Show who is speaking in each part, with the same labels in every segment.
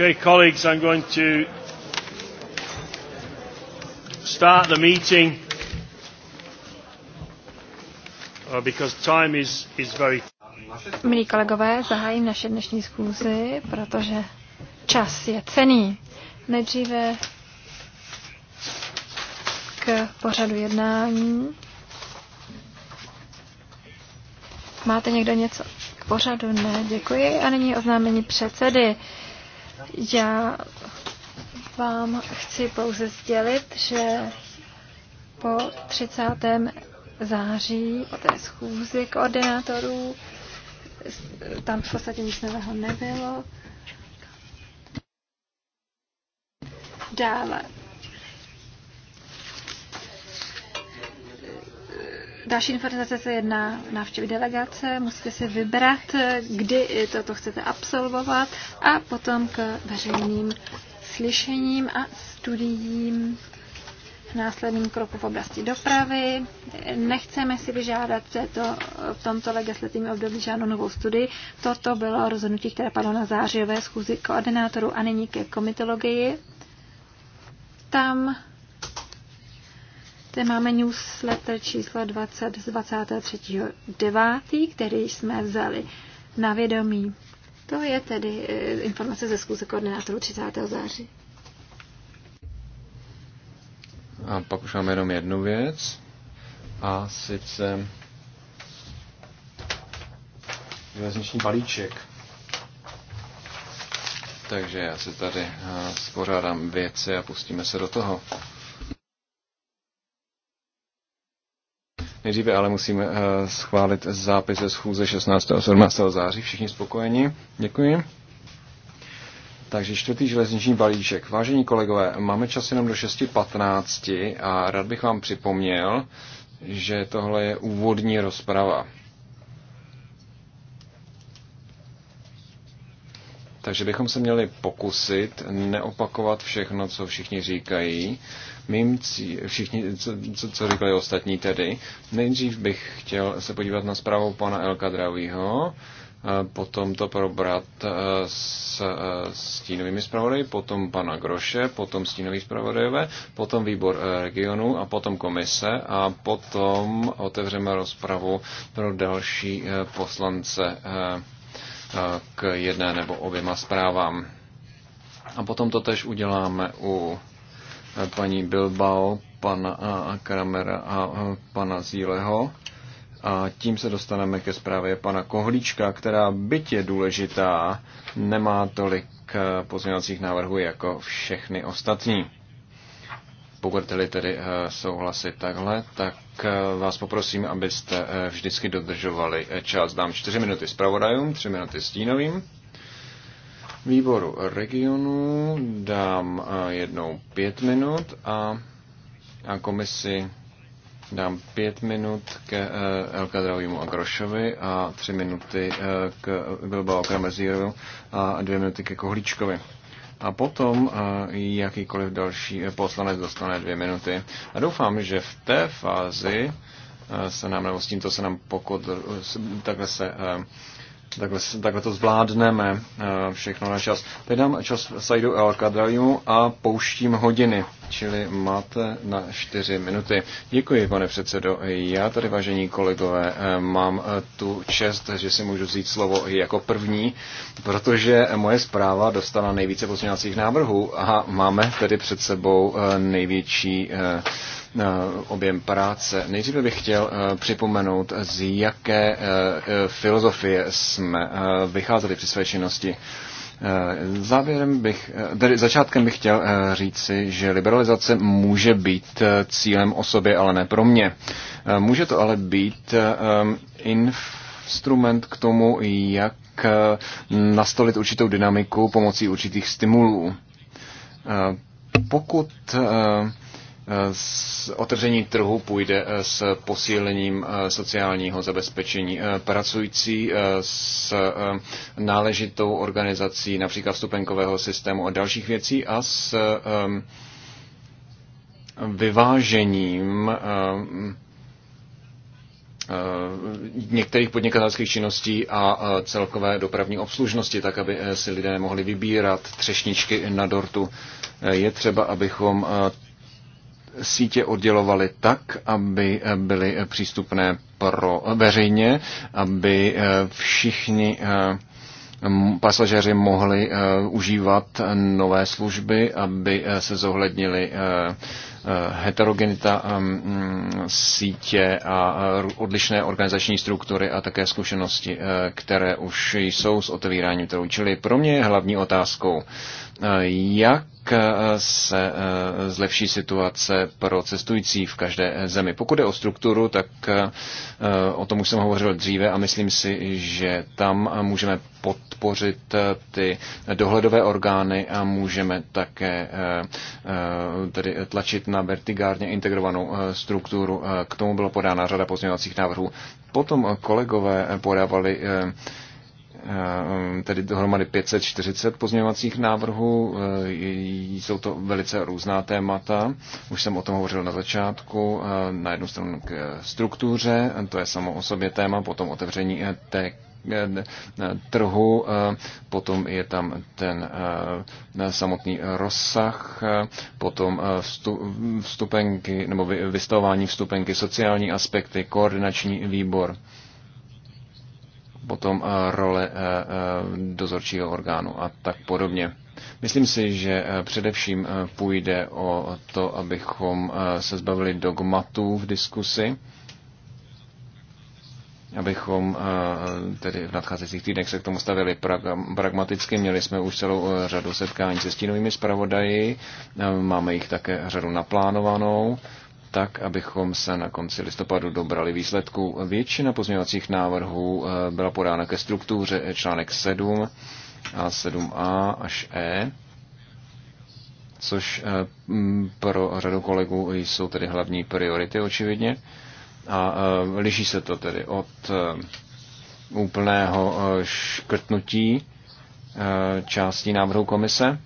Speaker 1: Okay, colleagues, I'm going to start the meeting uh, because time is, is very.
Speaker 2: Milí kolegové, zahájím naše dnešní schůzi, protože čas je cený. Nejdříve k pořadu jednání. Máte někdo něco k pořadu? Ne, děkuji. A nyní oznámení předsedy. Já vám chci pouze sdělit, že po 30. září, o té schůzi koordinátorů, tam v podstatě nic nového nebylo. Dále Další informace se jedná návštěvy delegace. Musíte si vybrat, kdy toto chcete absolvovat a potom k veřejným slyšením a studiím následným kroku v oblasti dopravy. Nechceme si vyžádat v, této, v tomto legislativním období žádnou novou studii. Toto bylo rozhodnutí, které padlo na zářijové schůzi koordinátorů a nyní ke komitologii. Tam zde máme newsletter číslo 20 z 23.9., který jsme vzali na vědomí. To je tedy e, informace ze zkouze koordinátorů 30. září.
Speaker 3: A pak už máme jenom jednu věc. A sice železniční balíček. Takže já si tady e, spořádám věci a pustíme se do toho. Nejdříve ale musíme eh, schválit zápis ze schůze 16. a 17. září. Všichni spokojeni. Děkuji. Takže čtvrtý železniční balíček. Vážení kolegové, máme čas jenom do 6.15 a rád bych vám připomněl, že tohle je úvodní rozprava. Takže bychom se měli pokusit neopakovat všechno, co všichni říkají, Mým cí, všichni, co, co říkali ostatní tedy, nejdřív bych chtěl se podívat na zprávu pana Elka Dravýho, eh, potom to probrat eh, s eh, stínovými zpravodaji, potom pana Groše, potom stínový zpravodajové, potom výbor regionu a potom komise a potom otevřeme rozpravu pro další poslance k jedné nebo oběma zprávám. A potom to tež uděláme u paní Bilbao, pana Kramera a pana Zíleho. A tím se dostaneme ke zprávě pana Kohlíčka, která byť je důležitá, nemá tolik eh, pozměňovacích návrhů jako všechny ostatní. pokud tedy tedy eh, souhlasit takhle, tak eh, vás poprosím, abyste vždycky dodržovali čas. Dám čtyři minuty zpravodajům, tři minuty stínovým výboru regionu dám eh, jednou pět minut a, a komisi dám pět minut uh, Elka Drahovýmu a Grošovi a tři minuty eh, k Bilbao Kramezírovi a dvě minuty ke Kohlíčkovi. A potom jakýkoliv další poslanec dostane dvě minuty. A doufám, že v té fázi se nám, nebo s tímto se nám pokud takhle se Takhle, takhle to zvládneme eh, všechno na čas. Teď dám čas Saidu El Kadraimu a pouštím hodiny, čili máte na čtyři minuty. Děkuji, pane předsedo. Já tady, vážení kolegové, eh, mám eh, tu čest, že si můžu vzít slovo jako první, protože moje zpráva dostala nejvíce pozměňovacích návrhů a máme tedy před sebou největší Eh, objem práce. Nejdříve bych chtěl eh, připomenout, z jaké eh, filozofie jsme vycházeli při své činnosti. Závěrem bych, tedy začátkem bych chtěl říci, že liberalizace může být cílem osoby, ale ne pro mě. Může to ale být instrument k tomu, jak nastolit určitou dynamiku pomocí určitých stimulů. Pokud s otevření trhu půjde eh, s posílením eh, sociálního zabezpečení eh, pracující, s náležitou organizací například vstupenkového systému a dalších věcí a s vyvážením některých podnikatelských činností a celkové dopravní obslužnosti, tak aby si lidé mohli vybírat třešničky na dortu. Je třeba, abychom sítě oddělovaly tak, aby byly přístupné pro veřejně, aby eh, všichni eh, pasažeři mohli eh, užívat nové služby, aby se zohlednili heterogenita sítě a odlišné organizační struktury a také zkušenosti, které už jsou s otevíráním trhu. Čili pro mě je hlavní otázkou, jak Eh, se eh, zlepší situace pro cestující v každé eh, zemi. Pokud je o strukturu, tak o tom už jsem hovořil dříve a myslím si, že tam můžeme podpořit ty dohledové orgány a můžeme také tedy tlačit na vertigárně integrovanou strukturu. K tomu byla podána řada pozměňovacích návrhů. Potom kolegové podávali Eh, tedy dohromady 540 pozměňovacích návrhů. Eh, jsou to velice různá témata. Už jsem o tom hovořil na začátku. Eh, na jednu stranu k struktuře, to je samo o sobě téma, potom otevření té trhu, potom je tam ten samotný rozsah, potom vstupenky nebo vystavování vstupenky, sociální aspekty, koordinační výbor potom eh, role eh, eh, dozorčího orgánu a tak podobně. Myslím si, že především půjde o to, abychom se zbavili dogmatů v diskusi, abychom tedy v nadcházejících týdnech se k tomu stavili pragmaticky. Měli jsme už celou řadu setkání se stínovými zpravodaji, máme jich také řadu naplánovanou tak, abychom se na konci listopadu dobrali výsledku. Většina pozměňovacích návrhů eh, byla podána ke struktuře eh, článek 7 a 7a až e, což eh, pro řadu kolegů jsou tedy hlavní priority očividně. A liší se to tedy od úplného škrtnutí částí návrhu komise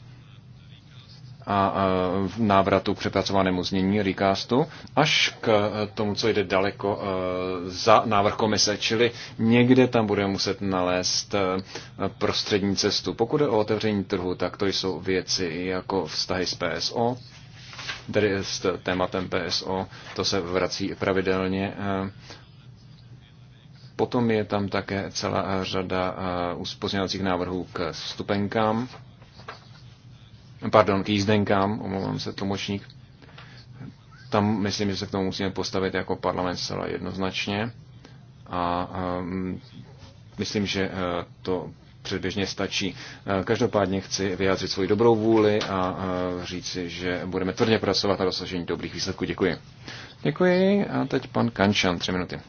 Speaker 3: a návratu k přepracovanému znění recastu, až k e, tomu, co jde daleko e, za návrh komise, čili někde tam budeme muset nalézt e, prostřední cestu. Pokud je o otevření trhu, tak to jsou věci jako vztahy s PSO, tedy s tématem PSO, to se vrací pravidelně. Potom je tam také celá řada pozměňovacích návrhů k stupenkám pardon, k jízdenkám, omlouvám se, tlumočník. Tam myslím, že se k tomu musíme postavit jako parlament zcela jednoznačně a um, myslím, že uh, to předběžně stačí. Uh, každopádně chci vyjádřit svoji dobrou vůli a uh, říci, že budeme tvrdě pracovat na dosažení dobrých výsledků. Děkuji. Děkuji a teď pan Kančan, tři minuty.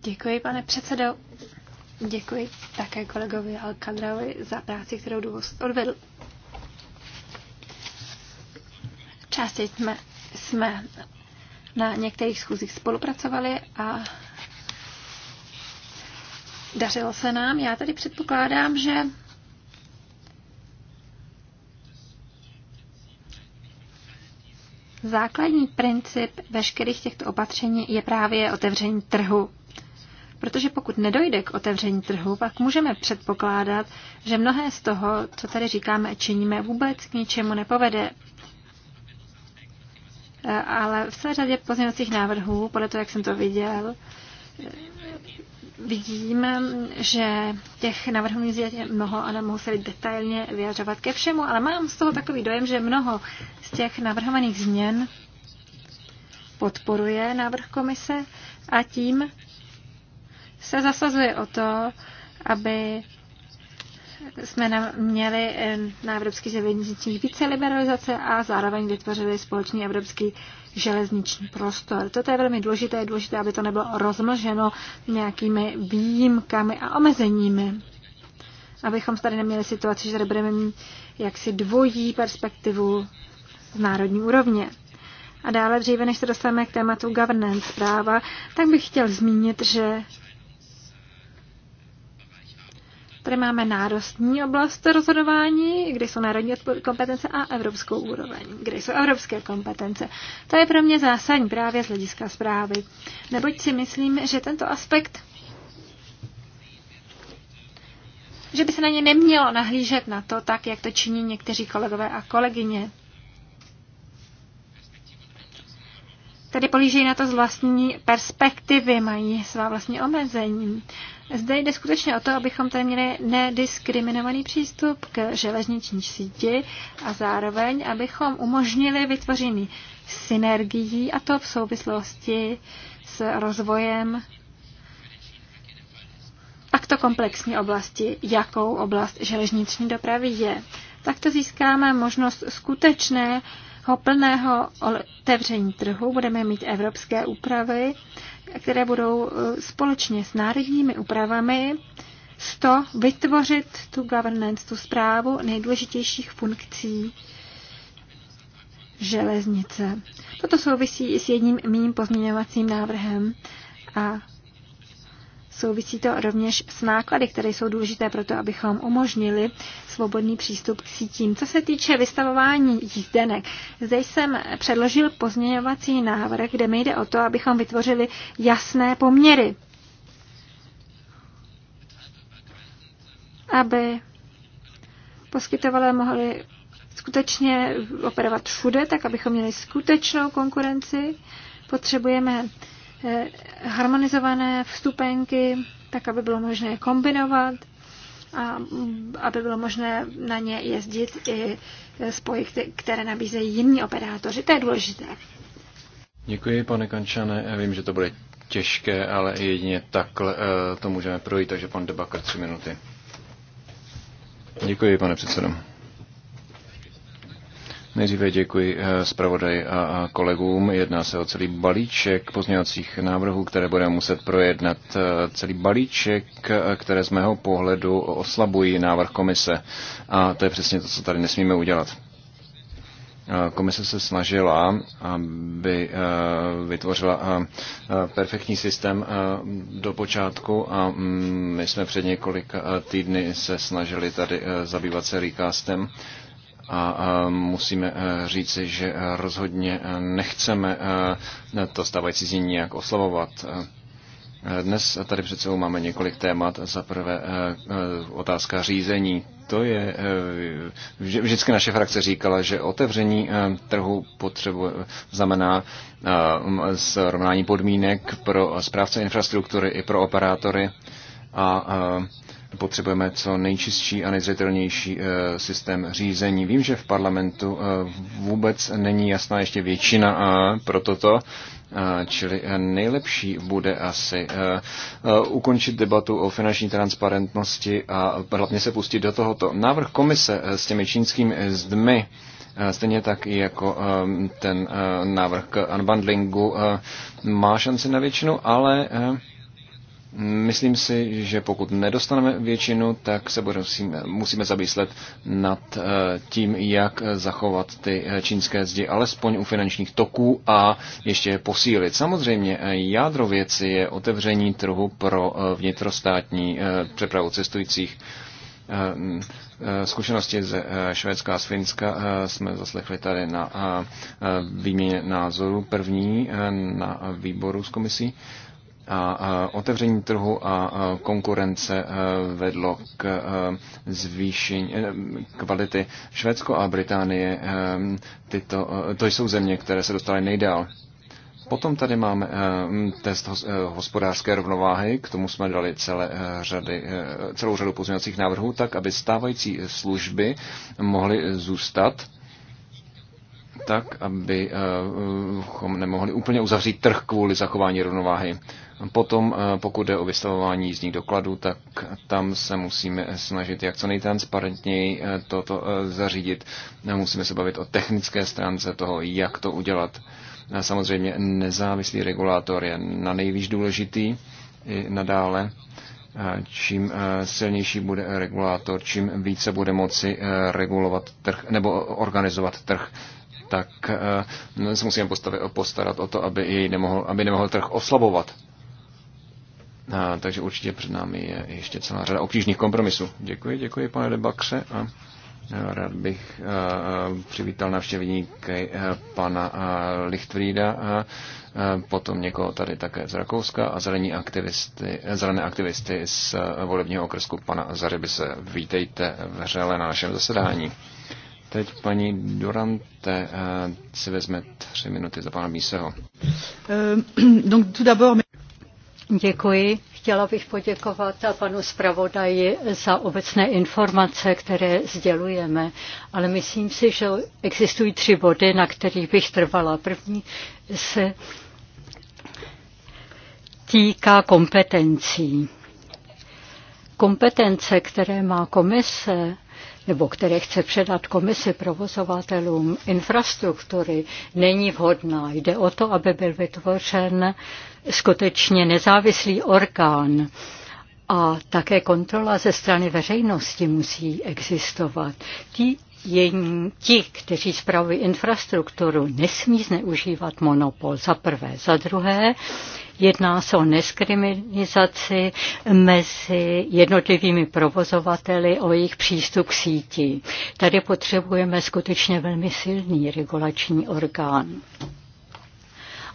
Speaker 2: Děkuji, pane předsedo. Děkuji také kolegovi al Kadraoui za práci, kterou důvost odvedl. Části jsme, jsme na některých schůzích spolupracovali a dařilo se nám. Já tady předpokládám, že Základní princip veškerých těchto opatření je právě otevření trhu. Protože pokud nedojde k otevření trhu, pak můžeme předpokládat, že mnohé z toho, co tady říkáme a činíme, vůbec k ničemu nepovede. E, ale v celé řadě pozměňovacích návrhů, podle toho, jak jsem to viděl, Vidím, že těch navrhovaných změn je mnoho a nemohu se detailně vyjadřovat ke všemu, ale mám z toho takový dojem, že mnoho z těch navrhovaných změn podporuje návrh komise a tím se zasazuje o to, aby jsme měli eh, na evropských železnicích více liberalizace a zároveň vytvořili společný evropský železniční prostor. Toto je velmi důležité, je důležité, aby to nebylo rozmlženo nějakými výjimkami a omezeními. Abychom tady neměli situaci, že tady budeme mít jaksi dvojí perspektivu z národní úrovně. A dále, dříve než se dostaneme k tématu governance práva, tak bych chtěl zmínit, že Tady máme národní oblast rozhodování, kde jsou národní kompetence a evropskou úroveň, kde jsou evropské kompetence. To je pro mě zásadní právě z hlediska zprávy, neboť si myslím, že tento aspekt že by se na ně nemělo nahlížet na to, tak jak to činí někteří kolegové a kolegyně. tedy polížejí na to z vlastní perspektivy, mají svá vlastní omezení. Zde jde skutečně o to, abychom tady měli nediskriminovaný přístup k železniční síti a zároveň, abychom umožnili vytvoření synergií, a to v souvislosti s rozvojem takto komplexní oblasti, jakou oblast železniční dopravy je. Takto získáme možnost skutečné uh, plného otevření trhu budeme mít evropské úpravy, které budou eh, společně s národními úpravami z to vytvořit tu governance, tu zprávu nejdůležitějších funkcí železnice. Toto souvisí i s jedním mým pozměňovacím návrhem a Souvisí to rovněž s náklady, které jsou důležité pro to, abychom umožnili svobodný přístup k sítím. Co se týče vystavování jízdenek, zde jsem předložil pozměňovací návrh, kde mi jde o to, abychom vytvořili jasné poměry. Aby poskytovatelé mohli skutečně operovat všude, tak abychom měli skutečnou konkurenci. Potřebujeme Eh, harmonizované vstupenky, tak aby bylo možné kombinovat a aby bylo možné na ně jezdit i spoji, eh, které nabízejí jiní operátoři. To je důležité.
Speaker 3: Děkuji, pane Kančane. Já vím, že to bude těžké, ale jedině takhle eh, to můžeme projít, takže pan Debakr tři minuty. Děkuji, pane předsedo. Nejdříve děkuji eh, zpravodaj a kolegům. Jedná se o celý balíček pozměňovacích návrhů, které budeme muset projednat. Eh, celý balíček, eh, které z mého pohledu oslabují návrh komise. A to je přesně to, co tady nesmíme udělat. Komise se snažila, aby vytvořila perfektní systém do počátku a mm, my jsme před několika týdny se snažili tady zabývat se recastem a musíme e, říci, že e, rozhodně e, nechceme to stávající znění nějak oslavovat. Dnes tady před sebou máme několik témat. Za prvé otázka řízení. To je, vždycky naše frakce říkala, že otevření trhu potřebu, znamená srovnání podmínek pro správce infrastruktury i pro operátory a Potřebujeme co nejčistší a nejzřetelnější eh, systém řízení. Vím, že v parlamentu eh, vůbec není jasná ještě většina eh, pro toto, čili nejlepší bude asi ukončit debatu o finanční transparentnosti a hlavně se pustit do tohoto. Návrh komise s těmi čínskými zdmi stejně tak i jako ten návrh k unbundlingu má šanci na většinu, ale Myslím si, že pokud nedostaneme většinu, tak se musíme, musíme zamyslet nad eh, tím, jak eh, zachovat ty eh, čínské zdi alespoň u finančních toků a ještě je posílit. Samozřejmě jádro věci je otevření trhu pro vnitrostátní přepravu cestujících. Zkušenosti ze Švédska a z Finska jsme zaslechli tady na výměně názoru první na výboru s komisí. A otevření trhu a konkurence e, vedlo k e, zvýšení e, kvality. Švédsko a Británie, tyto, to jsou země, které se dostaly nejdál. Potom tady máme test hospodářské rovnováhy, k tomu jsme dali celé řady, celou řadu pozměňovacích návrhů, tak aby stávající služby mohly zůstat tak, abychom eh, nemohli úplně uzavřít trh kvůli zachování rovnováhy. Potom, eh, pokud jde o vystavování jízdních dokladů, tak tam se musíme snažit jak co nejtransparentněji eh, toto zařídit. Musíme se bavit o technické stránce toho, jak to udělat. Samozřejmě nezávislý regulátor je na nejvíc důležitý i nadále čím silnější bude regulátor, čím více bude moci regulovat trh nebo organizovat trh, tak eh, se musíme postarat o to, aby, jej nemohl, aby nemohl trh oslabovat. A, takže určitě před námi je ještě celá řada obtížných kompromisů. Děkuji, děkuji pane Debakře a eh, rád bych a, eh, přivítal návštěvníky pana uh, Lichtfrieda a potom někoho tady také z Rakouska a zelení aktivisty, zelené aktivisty z volebního okrsku pana se Vítejte vřele na našem zasedání. Teď paní Durante eh, si vezme tři minuty za pana Míseho.
Speaker 4: Eh, Děkuji. Chtěla bych poděkovat panu zpravodaji za obecné informace, které sdělujeme, ale myslím si, že existují tři body, na kterých bych trvala. První se týká kompetencí. Kompetence, které má komise, nebo které chce předat komisi provozovatelům infrastruktury, není vhodná. Jde o to, aby byl vytvořen skutečně nezávislý orgán. A také kontrola ze strany veřejnosti musí existovat. Ti, jen ti, kteří spravují infrastrukturu, nesmí zneužívat monopol, za prvé. Za druhé, Jedná se o neskriminizaci mezi jednotlivými provozovateli o jejich přístup k síti. Tady potřebujeme skutečně velmi silný regulační orgán.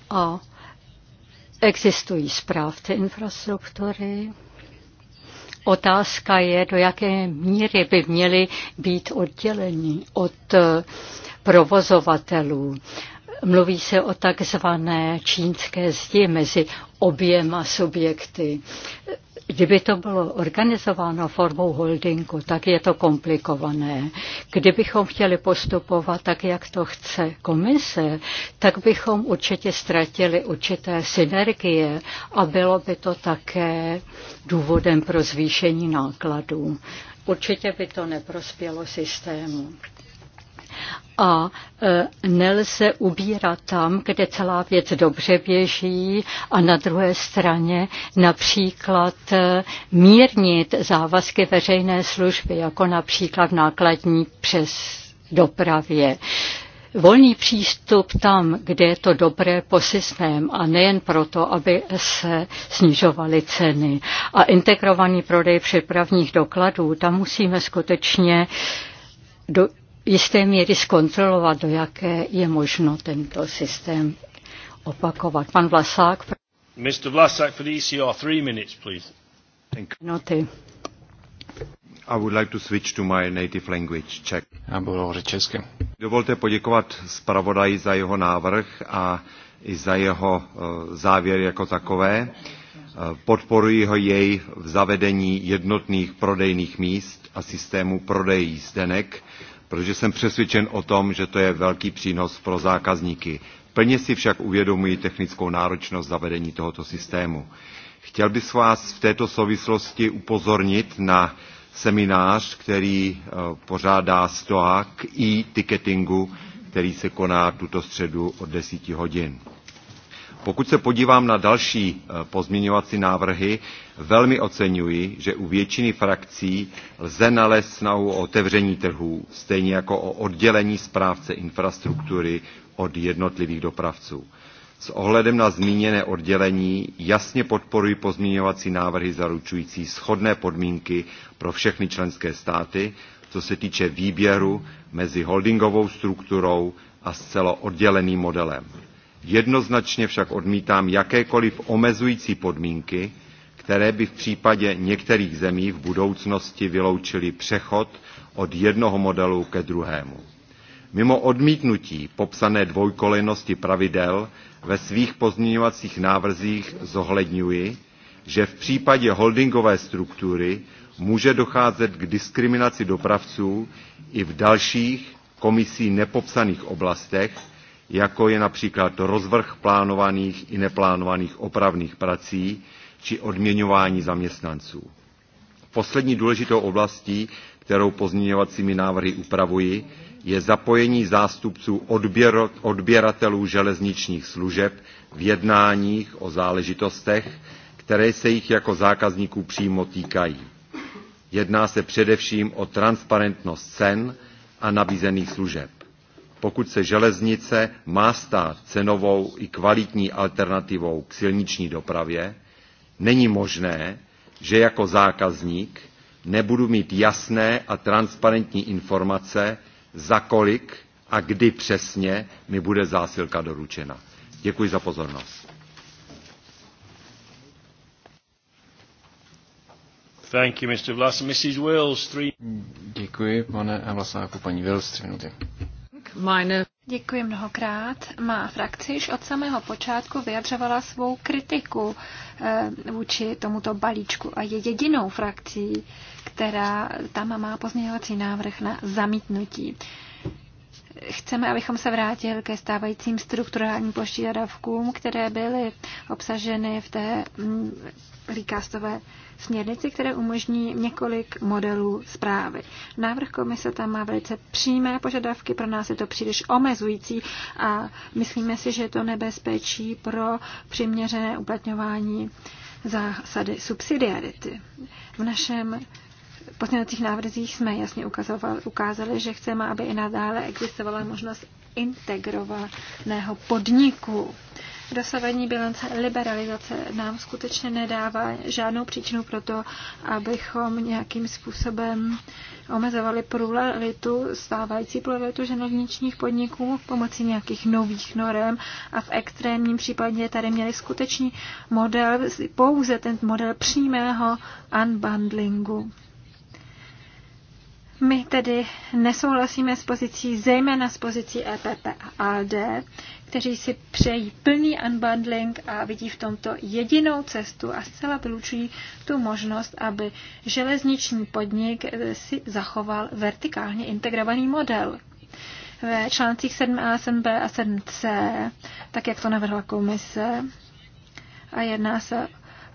Speaker 4: A existují správce infrastruktury, Otázka je, do jaké míry by měly být odděleni od provozovatelů. Mluví se o takzvané čínské zdi mezi oběma subjekty. Kdyby to bylo organizováno formou holdingu, tak je to komplikované. Kdybychom chtěli postupovat tak, jak to chce komise, tak bychom určitě ztratili určité synergie a bylo by to také důvodem pro zvýšení nákladů. Určitě by to neprospělo systému a e, nelze ubírat tam, kde celá věc dobře běží a na druhé straně například e, mírnit závazky veřejné služby, jako například nákladní přes dopravě volný přístup tam, kde je to dobré po systém a nejen proto, aby se snižovaly ceny. A integrovaný prodej přepravních dokladů, tam musíme skutečně do, jisté míry zkontrolovat, do jaké je možno tento systém opakovat. Pan Vlasák.
Speaker 1: Mr. Vlasák for the ECR, three minutes, please. Thank you. Noty. I would like to switch to my
Speaker 5: native language, Czech. Já budu hovořit česky. Dovolte poděkovat zpravodaji za jeho návrh a i za jeho eh, závěr jako takové. Eh, podporuji ho jej v zavedení jednotných prodejných míst a systému prodejí zdenek, protože jsem přesvědčen o tom, že to je velký přínos pro zákazníky. Plně si však uvědomuji technickou náročnost zavedení tohoto systému. Chtěl bych vás v této souvislosti upozornit na seminář, který eh, pořádá STOA k e-ticketingu, který se koná tuto středu od 10 hodin. Pokud se podívám na další eh, pozměňovací návrhy, velmi oceňuji, že u většiny frakcí lze nalézt snahu o otevření trhů, stejně jako o oddělení správce infrastruktury od jednotlivých dopravců. S ohledem na zmíněné oddělení jasně podporuji pozměňovací návrhy zaručující shodné podmínky pro všechny členské státy, co se týče výběru mezi holdingovou strukturou a zcela odděleným modelem. Jednoznačně však odmítám jakékoliv omezující podmínky, které by v případě některých zemí v budoucnosti vyloučily přechod od jednoho modelu ke druhému. Mimo odmítnutí popsané dvojkolejnosti pravidel ve svých pozměňovacích návrzích zohledňuji, že v případě holdingové struktury může docházet k diskriminaci dopravců i v dalších komisí nepopsaných oblastech, jako je například rozvrh plánovaných i neplánovaných opravných prací či odměňování zaměstnanců. Poslední důležitou oblastí, kterou pozměňovacími návrhy upravuji, je zapojení zástupců odběr, odběratelů železničních služeb v jednáních o záležitostech, které se jich jako zákazníků přímo týkají. Jedná se především o transparentnost cen a nabízených služeb pokud se železnice má stát cenovou i kvalitní alternativou k silniční dopravě, není možné, že jako zákazník nebudu mít jasné a transparentní informace, za kolik a kdy přesně mi bude zásilka doručena. Děkuji za pozornost.
Speaker 1: Thank you, Mr. Vlas. Mrs. Wills, three... Děkuji, pane Vlasáku, paní Wills, tři minuty.
Speaker 2: Děkuji mnohokrát. Má frakce již od samého počátku vyjadřovala svou kritiku eh, vůči tomuto balíčku a je jedinou frakcí, která tam má pozměňovací návrh na zamítnutí. Chceme, abychom se vrátili ke stávajícím strukturálním požadavkům, které byly obsaženy v té líkastové mm, směrnici, které umožní několik modelů zprávy. Návrh komise tam má velice přímé požadavky, pro nás je to příliš omezující a myslíme si, že je to nebezpečí pro přiměřené uplatňování zásady subsidiarity. V našem pozměňovacích návrzích jsme jasně ukazovali, ukázali, že chceme, aby i nadále existovala možnost integrovaného podniku dosavadní bilance liberalizace nám skutečně nedává žádnou příčinu pro to, abychom nějakým způsobem omezovali pluralitu, stávající pluralitu ženovničních podniků pomocí nějakých nových norem a v extrémním případě tady měli skutečný model, pouze ten model přímého unbundlingu. My tedy nesouhlasíme s pozicí, zejména s pozicí EPP a ALD, kteří si přejí plný unbundling a vidí v tomto jedinou cestu a zcela vylučují tu možnost, aby železniční podnik si zachoval vertikálně integrovaný model. Ve článcích 7a, 7b a 7c, tak jak to navrhla komise, a jedná se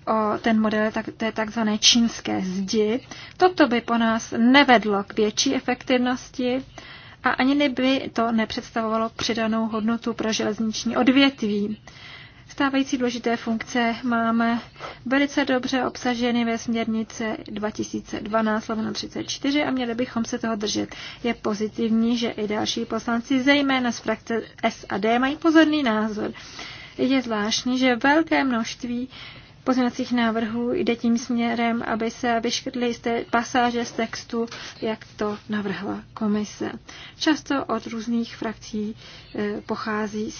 Speaker 2: o ten model tak, té takzvané čínské zdi. Toto by po nás nevedlo k větší efektivnosti a ani by to nepředstavovalo přidanou hodnotu pro železniční odvětví. Stávající důležité funkce máme velice dobře obsaženy ve směrnice 2012-34 a měli bychom se toho držet. Je pozitivní, že i další poslanci, zejména z frakce SAD, mají pozorný názor. Je zvláštní, že velké množství pozměňovacích návrhů jde tím směrem, aby se vyškrtly té pasáže z textu, jak to navrhla komise. Často od různých frakcí eh, pochází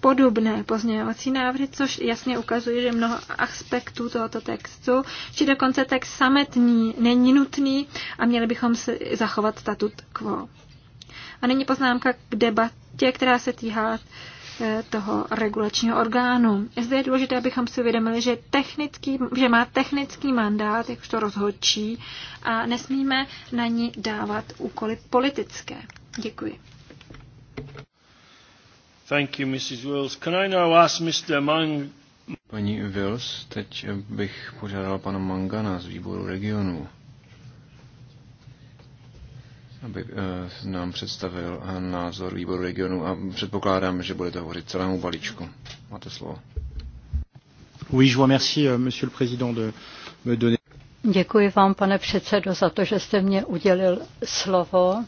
Speaker 2: podobné pozměňovací návrhy, což jasně ukazuje, že mnoho aspektů tohoto textu, či dokonce text sametný, není nutný a měli bychom se zachovat statut quo. A nyní poznámka k debatě, která se týká Eh, toho regulačního orgánu. Zde je důležité, abychom si uvědomili, že, technický, že má technický mandát, jak to rozhodčí, a nesmíme na ní dávat úkoly politické. Děkuji.
Speaker 1: Thank you, Mrs. Wills. Can I now ask Mr. Mang... Paní Wills, teď bych požádal pana Mangana z výboru regionu
Speaker 3: aby eh, nám představil eh, názor výboru regionu a předpokládám, že budete hovořit celému balíčku. Máte slovo.
Speaker 1: Oui, je vous remercie, euh, monsieur le président, de me donner...
Speaker 4: Děkuji vám, pane předsedo, za to, že jste mě udělil slovo.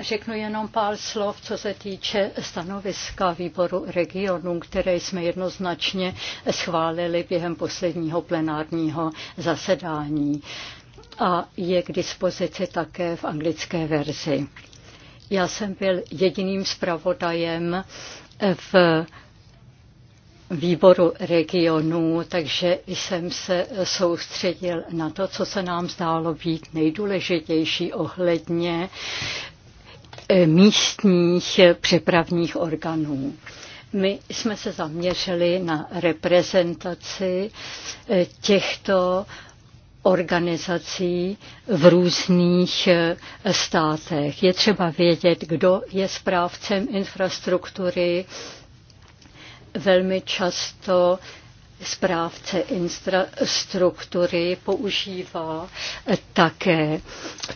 Speaker 4: Řeknu jenom pár slov, co se týče stanoviska výboru regionů, které jsme jednoznačně schválili během posledního plenárního zasedání. Uh, a je k dispozici také v anglické verzi. Já jsem byl jediným zpravodajem v výboru regionů, takže jsem se soustředil na to, co se nám zdálo být nejdůležitější ohledně eh, místních přepravních orgánů. My jsme se zaměřili na reprezentaci eh, těchto organizací v různých eh, státech. Je třeba vědět, kdo je správcem infrastruktury. Velmi často správce infrastruktury používá také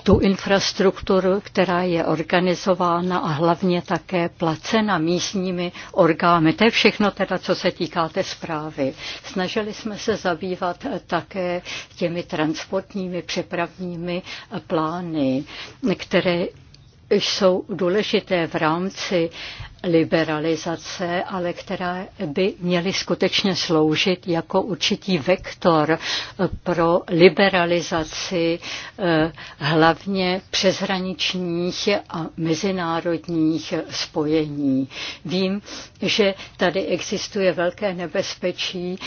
Speaker 4: tu infrastrukturu, která je organizována a hlavně také placena místními orgány. To je všechno teda, co se týká té zprávy. Snažili jsme se zabývat také těmi transportními přepravními plány, které jsou důležité v rámci liberalizace, ale které by měly skutečně sloužit jako určitý vektor eh, pro liberalizaci eh, hlavně přeshraničních a mezinárodních spojení. Vím, že tady existuje velké nebezpečí,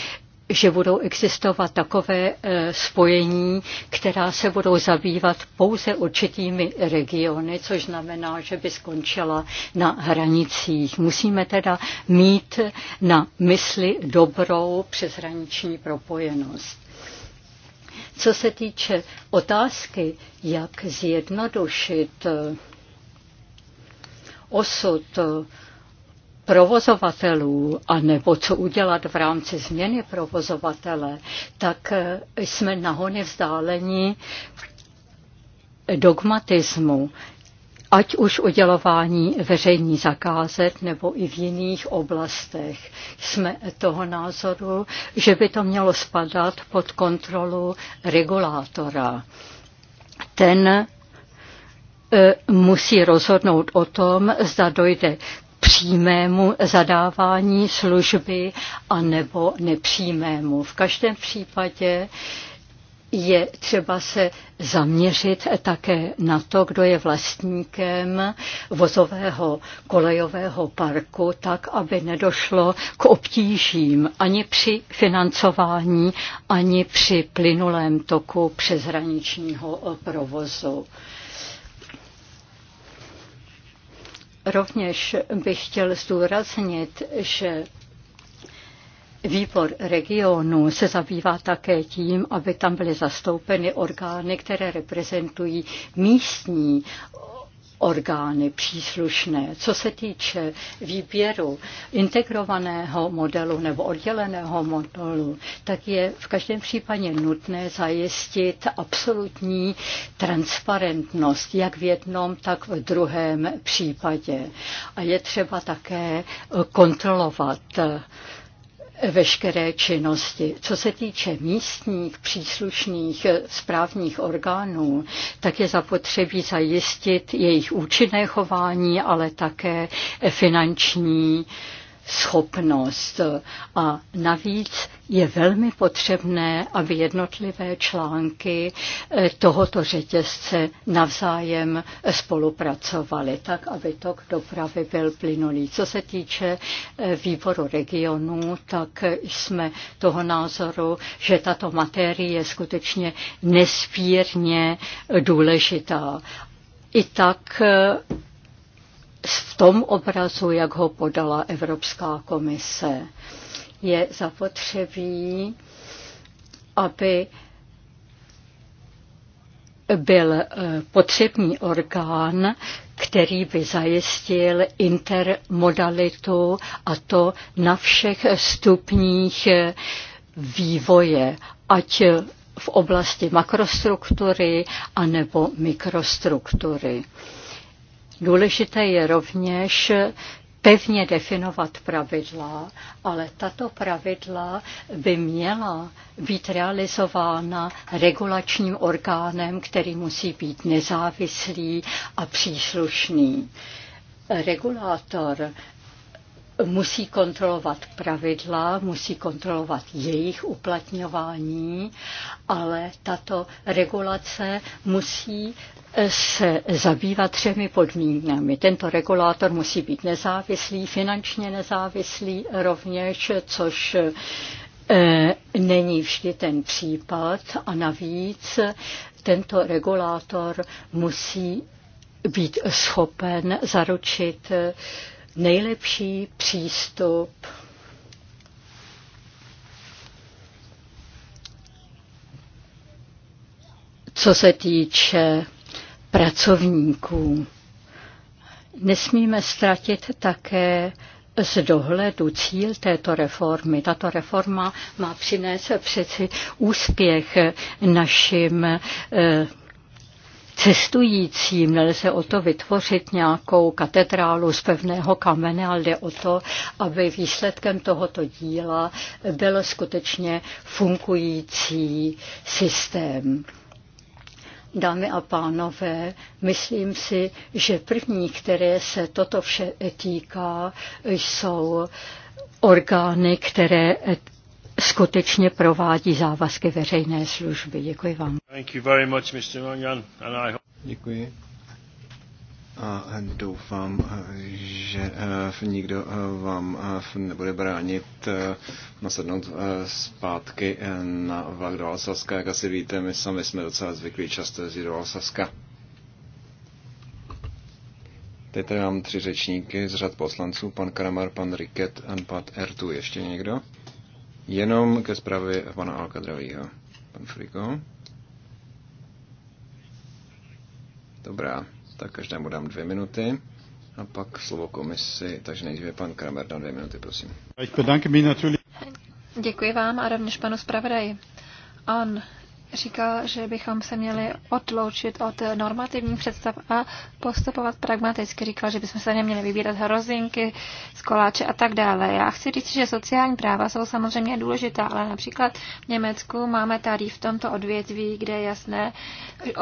Speaker 4: že budou existovat takové eh, spojení, která se budou zabývat pouze určitými regiony, což znamená, že by skončila na hranicích. Musíme teda mít na mysli dobrou přeshraniční propojenost. Co se týče otázky, jak zjednodušit eh, osud eh, provozovatelů, anebo co udělat v rámci změny provozovatele, tak eh, jsme nahony vzdálení dogmatismu, ať už udělování veřejní zakázek nebo i v jiných oblastech. Jsme toho názoru, že by to mělo spadat pod kontrolu regulátora. Ten eh, musí rozhodnout o tom, zda dojde přímému zadávání služby anebo nepřímému. V každém případě je třeba se zaměřit také na to, kdo je vlastníkem vozového kolejového parku, tak, aby nedošlo k obtížím ani při financování, ani při plynulém toku přeshraničního provozu. Rovněž bych chtěl zdůraznit, že Výbor regionu se zabývá také tím, aby tam byly zastoupeny orgány, které reprezentují místní orgány příslušné. Co se týče výběru integrovaného modelu nebo odděleného modelu, tak je v každém případě nutné zajistit absolutní transparentnost, jak v jednom, tak v druhém případě. A je třeba také kontrolovat veškeré činnosti. Co se týče místních příslušných eh, správních orgánů, tak je zapotřebí zajistit jejich účinné chování, ale také finanční schopnost. A navíc je velmi potřebné, aby jednotlivé články eh, tohoto řetězce navzájem eh, spolupracovaly, tak aby tok dopravy byl plynulý. Co se týče eh, výboru regionů, tak jsme toho názoru, že tato materie je skutečně nespírně důležitá. I tak v tom obrazu, jak ho podala Evropská komise. Je zapotřebí, aby byl eh, potřebný orgán, který by zajistil intermodalitu a to na všech stupních eh, vývoje, ať v oblasti makrostruktury anebo mikrostruktury. Důležité je rovněž pevně definovat pravidla, ale tato pravidla by měla být realizována regulačním orgánem, který musí být nezávislý a příslušný. Regulátor musí kontrolovat pravidla, musí kontrolovat jejich uplatňování, ale tato regulace musí se zabývá třemi podmínkami. Tento regulátor musí být nezávislý, finančně nezávislý rovněž, což e, není vždy ten případ a navíc tento regulátor musí být schopen zaručit nejlepší přístup co se týče pracovníků. Nesmíme ztratit také z dohledu cíl této reformy. Tato reforma má přinést přeci úspěch našim eh, cestujícím. Nelze o to vytvořit nějakou katedrálu z pevného kamene, ale jde o to, aby výsledkem tohoto díla byl skutečně fungující systém. Dámy a pánové, myslím si, že první, které se toto vše týká, jsou orgány, které skutečně provádí závazky veřejné služby. Děkuji vám.
Speaker 1: Děkuji
Speaker 3: a doufám, že eh, nikdo eh, vám eh, nebude bránit nasednout zpátky na vlak do Alsaska. Jak asi víte, my sami jsme docela zvyklí často jezdit do Alsaska. Teď tady mám tři řečníky z řad poslanců, pan Kramar, pan Riket a pan Ertu. Ještě někdo? Jenom ke zprávě pana Alkadravího. Pan Friko. Dobrá tak každému dám dvě minuty a pak slovo komisi, takže nejdříve pan Kramer
Speaker 5: na dvě minuty, prosím.
Speaker 2: Děkuji vám a rovněž panu zpravodaji. On říkal, že bychom se měli odloučit od normativních představ a postupovat pragmaticky. Říkal, že bychom se neměli vybírat hrozinky z koláče a tak dále. Já chci říct, že sociální práva jsou samozřejmě důležitá, ale například v Německu máme tady v tomto odvětví, kde je jasné,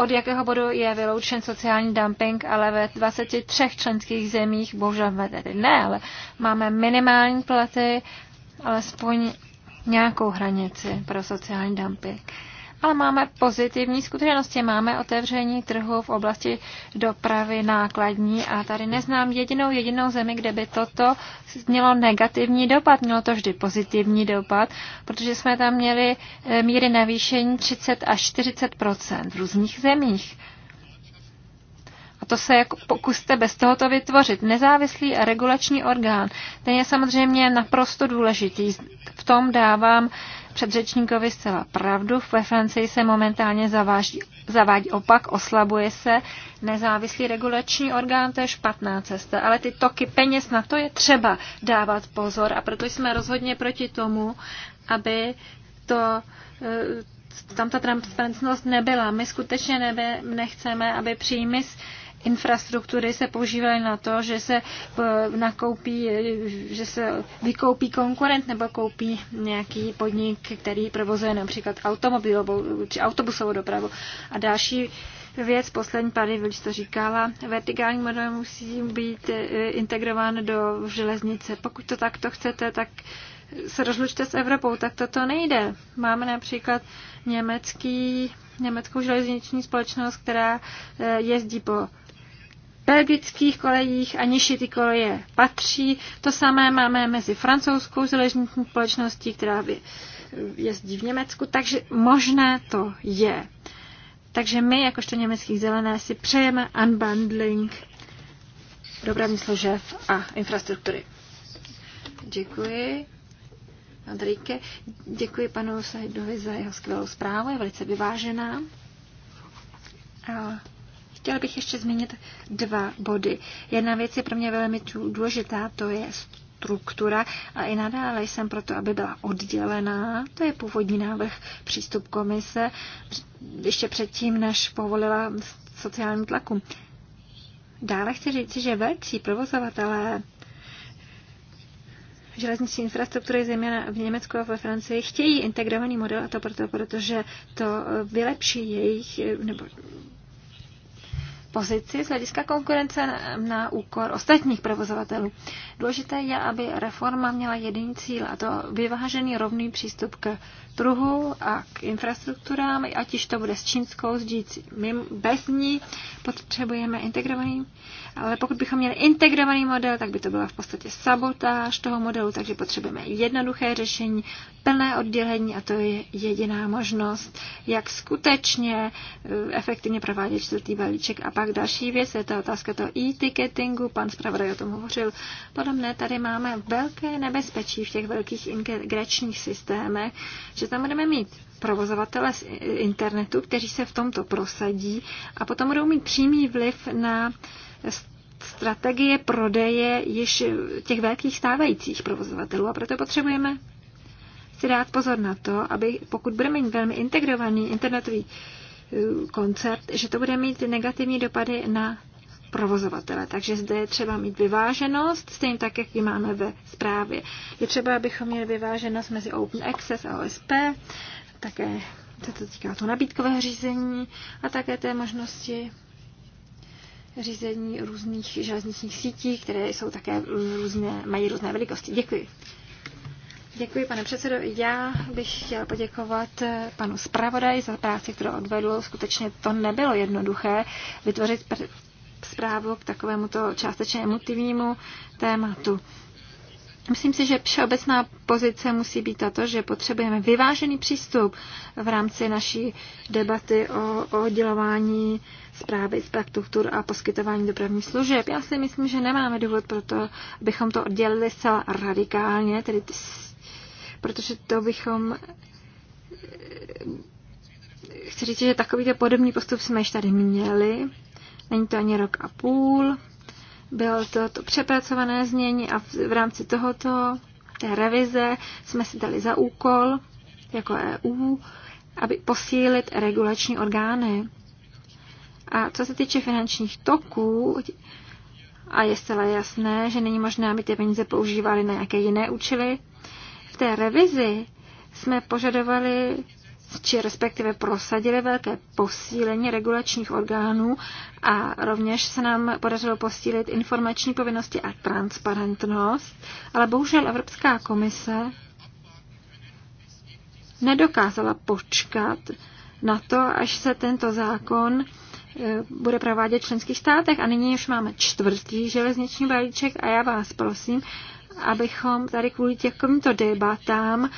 Speaker 2: od jakého bodu je vyloučen sociální dumping, ale ve 23 členských zemích, bohužel tedy ne, ale máme minimální platy, alespoň nějakou hranici pro sociální dumping ale máme pozitivní zkušenosti. Máme otevření trhu v oblasti dopravy nákladní a tady neznám jedinou jedinou zemi, kde by toto mělo negativní dopad. Mělo to vždy pozitivní dopad, protože jsme tam měli eh, míry navýšení 30 až 40 v různých zemích. A to se jako pokuste bez tohoto vytvořit. Nezávislý regulační orgán, ten je samozřejmě naprosto důležitý. V tom dávám předřečníkovi zcela pravdu. Ve Francii se momentálně zaváží, zavádí opak, oslabuje se nezávislý regulační orgán, to je špatná cesta. Ale ty toky peněz na to je třeba dávat pozor a proto jsme rozhodně proti tomu, aby to eh, tam ta transparentnost nebyla. My skutečně nebe, nechceme, aby příjmy z infrastruktury se používaly na to, že se eh, nakoupí, že se vykoupí konkurent nebo koupí nějaký podnik, který provozuje například automobilovou či autobusovou dopravu. A další věc, poslední pady když to říkala, vertikální model musí být eh, integrován do železnice. Pokud to takto chcete, tak se rozlučte s Evropou, tak toto nejde. Máme například německý, německou železniční společnost, která eh, jezdí po belgických kolejích a nižší ty koleje patří. To samé máme mezi francouzskou železniční společností, která jezdí v Německu, takže možné to je. Takže my, jakožto německých zelené, si přejeme unbundling dopravní služeb a infrastruktury. Děkuji. Andrejke, děkuji panu Saidovi za jeho skvělou zprávu, je velice vyvážená. A Chtěla bych ještě zmínit dva body. Jedna věc je pro mě velmi důležitá, to je struktura a i nadále jsem proto, aby byla oddělená. To je původní návrh přístup komise ještě předtím, než povolila sociální tlaku. Dále chci říct, že velcí provozovatelé železniční infrastruktury, zejména v Německu a ve Francii, chtějí integrovaný model a to proto, protože to vylepší jejich nebo pozici z hlediska konkurence na úkor ostatních provozovatelů. Důležité je, aby reforma měla jediný cíl, a to vyvážený rovný přístup k trhu a k infrastrukturám, ať již to bude s čínskou zdící. My bez ní potřebujeme integrovaný, ale pokud bychom měli integrovaný model, tak by to byla v podstatě sabotáž toho modelu, takže potřebujeme jednoduché řešení, plné oddělení a to je jediná možnost, jak skutečně eh, efektivně provádět čtvrtý balíček. A pak další věc je ta otázka toho e-ticketingu, pan zpravodaj o tom hovořil. Podobně tady máme velké nebezpečí v těch velkých integračních systémech, že že tam budeme mít provozovatele z internetu, kteří se v tomto prosadí a potom budou mít přímý vliv na strategie prodeje již těch velkých stávajících provozovatelů a proto potřebujeme si dát pozor na to, aby pokud budeme mít velmi integrovaný internetový eh, koncert, že to bude mít negativní dopady na provozovatele. Takže zde je třeba mít vyváženost, stejně tak, jak ji máme ve zprávě. Je třeba, abychom měli vyváženost mezi Open Access a OSP, také se to týká to nabídkového řízení a také té možnosti řízení různých železničních sítí, které jsou také různé, mají různé velikosti. Děkuji. Děkuji, pane předsedo. Já bych chtěla poděkovat panu zpravodaji za práci, kterou odvedl. Skutečně to nebylo jednoduché vytvořit zprávu k takovémuto částečně emotivnímu tématu. Myslím si, že všeobecná pozice musí být tato, že potřebujeme vyvážený přístup v rámci naší debaty o, o oddělování zprávy struktur a poskytování dopravních služeb. Já si myslím, že nemáme důvod pro to, abychom to oddělili zcela radikálně, tedy tis, protože to bychom eh, chci říct, že takovýto podobný postup jsme již tady měli není to ani rok a půl. Bylo to, to přepracované znění a v, v rámci tohoto, té revize, jsme si dali za úkol jako EU, aby posílit regulační orgány. A co se týče finančních toků, a je zcela jasné, že není možné, aby ty peníze používaly na nějaké jiné účely, v té revizi jsme požadovali či respektive prosadili velké posílení regulačních orgánů a rovněž se nám podařilo posílit informační povinnosti a transparentnost, ale bohužel Evropská komise nedokázala počkat na to, až se tento zákon e, bude provádět v členských státech. A nyní už máme čtvrtý železniční balíček a já vás prosím, abychom tady kvůli těmto debatám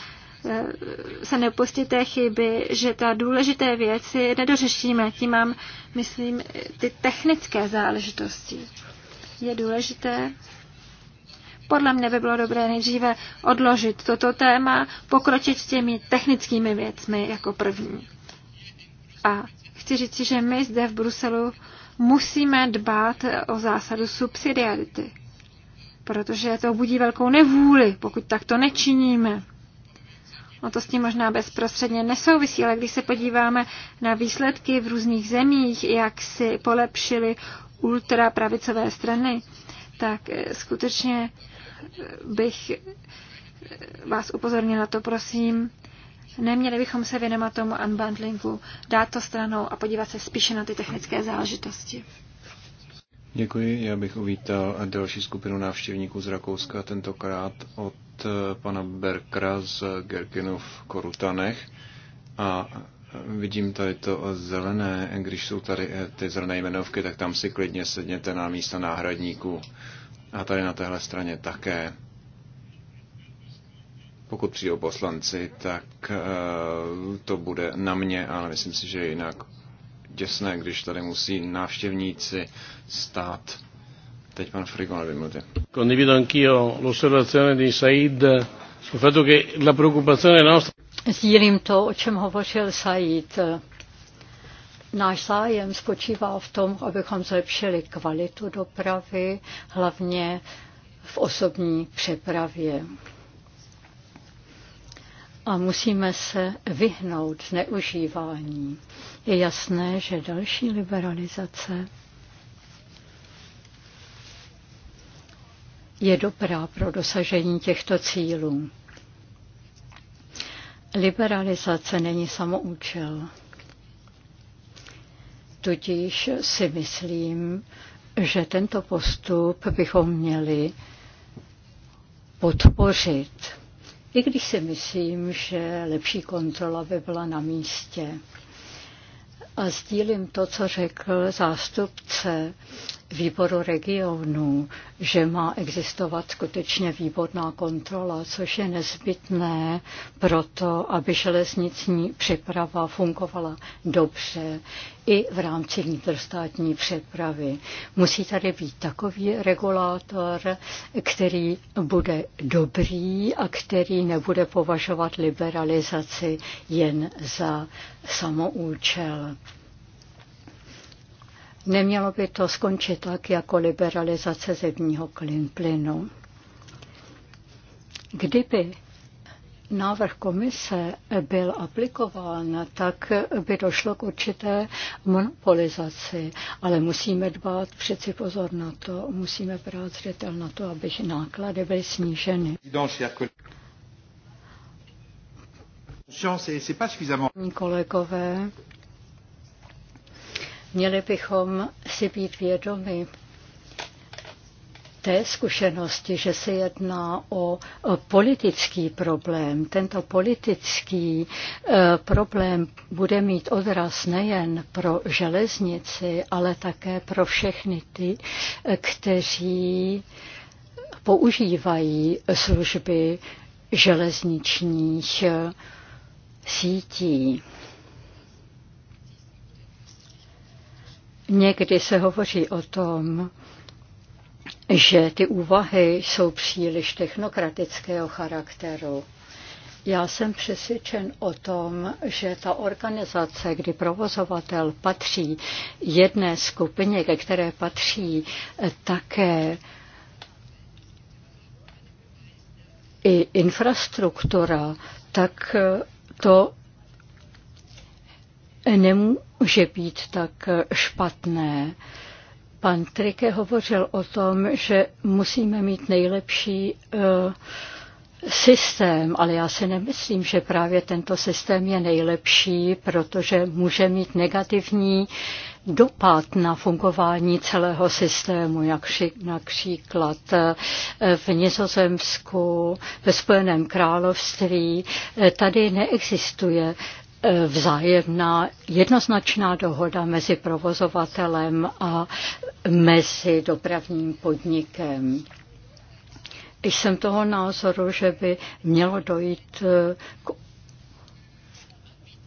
Speaker 2: se nepustit té chyby, že ta důležité věci nedořešíme. Tím mám, myslím, ty technické záležitosti. Je důležité, podle mě by bylo dobré nejdříve odložit toto téma, pokročit s těmi technickými věcmi jako první. A chci říct, že my zde v Bruselu musíme dbát o zásadu subsidiarity, protože to budí velkou nevůli, pokud tak to nečiníme. No to s tím možná bezprostředně nesouvisí, ale když se podíváme na výsledky v různých zemích, jak si polepšily ultrapravicové strany, tak eh, skutečně eh, bych eh, vás upozornila to, prosím, neměli bychom se věnovat tomu unbundlingu, dát to stranou a podívat se spíše na ty technické záležitosti.
Speaker 3: Děkuji, já bych uvítal další skupinu návštěvníků z Rakouska, tentokrát od Eh, pana Berkra z Gerkinu v Korutanech a eh, vidím tady to zelené, když jsou tady eh, ty zelené jmenovky, tak tam si klidně sedněte na místa náhradníků a tady na téhle straně také. Pokud přijdou poslanci, tak to bude na mě, ale myslím si, že jinak děsné, když tady musí návštěvníci stát Teď pan Frigo na dvě minuty.
Speaker 1: Condivido anch'io l'osservazione di Said sul fatto che la preoccupazione nostra...
Speaker 4: Sdílím to, o čem hovořil Said. Náš zájem spočívá v tom, abychom zlepšili kvalitu dopravy, hlavně v osobní přepravě. A musíme se vyhnout zneužívání. Je jasné, že další liberalizace je dobrá pro dosažení těchto cílů. Liberalizace není samoučel. Tudíž si myslím, že tento postup bychom měli podpořit, i když si myslím, že lepší kontrola by byla na místě. A sdílím to, co řekl zástupce výboru regionů, že má existovat skutečně výborná kontrola, což je nezbytné pro to, aby železniční přeprava fungovala dobře i v rámci vnitrostátní přepravy. Musí tady být takový regulátor, který bude dobrý a který nebude považovat liberalizaci jen za samoučel. Nemělo by to skončit tak jako liberalizace zemního plynu. Kdyby návrh komise byl aplikován, tak by došlo k určité monopolizaci, ale musíme dbát přeci pozor na to, musíme brát zřetel na to, aby náklady byly sníženy. Kolegové, Měli bychom si být vědomi té zkušenosti, že se jedná o politický problém. Tento politický e, problém bude mít odraz nejen pro železnici, ale také pro všechny ty, e, kteří používají služby železničních e, sítí. Někdy se hovoří o tom, že ty úvahy jsou příliš technokratického charakteru. Já jsem přesvědčen o tom, že ta organizace, kdy provozovatel patří jedné skupině, ke které patří eh, také i infrastruktura, tak eh, to nemůže být tak špatné. Pan Trike hovořil o tom, že musíme mít nejlepší uh, systém, ale já si nemyslím, že právě tento systém je nejlepší, protože může mít negativní dopad na fungování celého systému, jak například eh, v Nizozemsku, ve Spojeném království. Eh, tady neexistuje vzájemná jednoznačná dohoda mezi provozovatelem a mezi dopravním podnikem. Jsem toho názoru, že by mělo dojít eh, k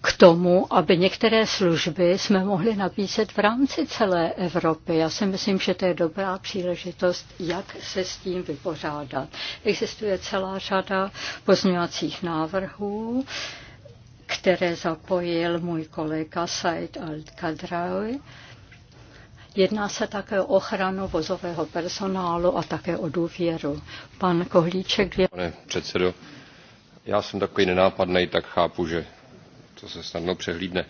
Speaker 4: k tomu, aby některé služby jsme mohli nabízet v rámci celé Evropy. Já si myslím, že to je dobrá příležitost, jak se s tím vypořádat. Existuje celá řada pozměňovacích návrhů, které zapojil můj kolega Said Al-Kadraoui. Jedná se také o ochranu vozového personálu a také o důvěru. Pan Kohlíček je...
Speaker 6: Pane předsedo, já jsem takový nenápadný, tak chápu, že to se snadno přehlídne.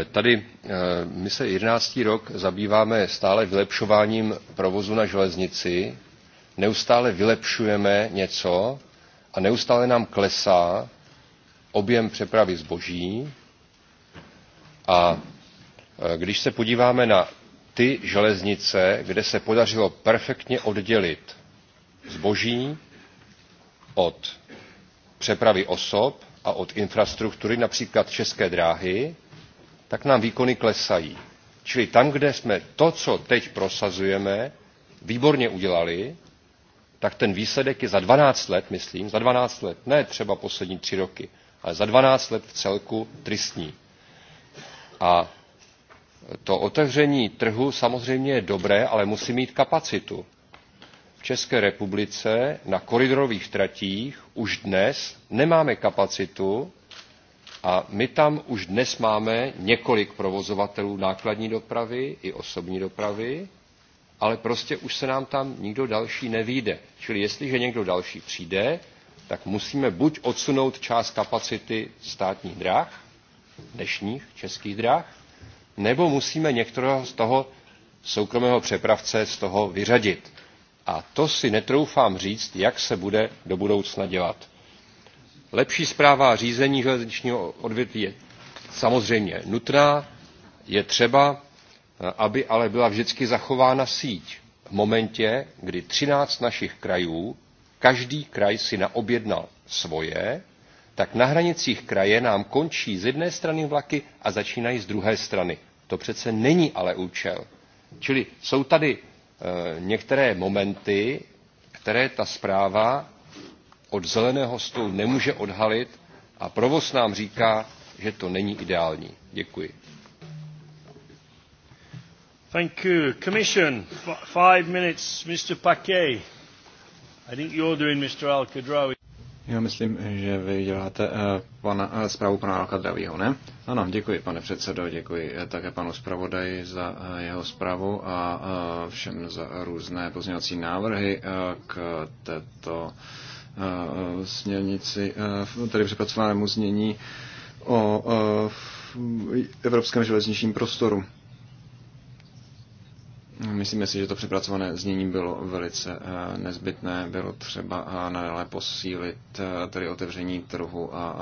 Speaker 6: Eh, tady eh, my se 11. rok zabýváme stále vylepšováním provozu na železnici, neustále vylepšujeme něco a neustále nám klesá objem přepravy zboží a e, když se podíváme na ty železnice, kde se podařilo perfektně oddělit zboží od přepravy osob a od infrastruktury, například české dráhy, tak nám výkony klesají. Čili tam, kde jsme to, co teď prosazujeme, výborně udělali, tak ten výsledek je za 12 let, myslím, za 12 let, ne třeba poslední tři roky, ale za 12 let v celku tristní. A to otevření trhu samozřejmě je dobré, ale musí mít kapacitu. V České republice na koridorových tratích už dnes nemáme kapacitu a my tam už dnes máme několik provozovatelů nákladní dopravy i osobní dopravy, ale prostě už se nám tam nikdo další nevíde. Čili jestliže někdo další přijde, tak musíme buď odsunout část kapacity státních dráh, dnešních českých dráh, nebo musíme některého z toho soukromého přepravce z toho vyřadit. A to si netroufám říct, jak se bude do budoucna dělat. Lepší zpráva řízení železničního odvětví je samozřejmě nutná, je třeba, aby ale byla vždycky zachována síť. V momentě, kdy 13 našich krajů každý kraj si naobjednal svoje, tak na hranicích kraje nám končí z jedné strany vlaky a začínají z druhé strany. To přece není ale účel. Čili jsou tady e, některé momenty, které ta zpráva od zeleného stolu nemůže odhalit a provoz nám říká, že to není
Speaker 1: ideální. Děkuji. Thank you. Commission, five minutes, Mr. Paquet.
Speaker 3: Já myslím, že vy děláte eh, pana, eh, zprávu pana Alkadravího, ne? Ano, děkuji, pane předsedo, děkuji eh, také panu zpravodaji za jeho zprávu a všem za různé pozměňovací návrhy k této směrnici, tedy přepracovanému znění o evropském železničním prostoru. Myslíme si, že to přepracované znění bylo velice eh, nezbytné. Bylo třeba eh, nadále posílit eh, tedy otevření trhu a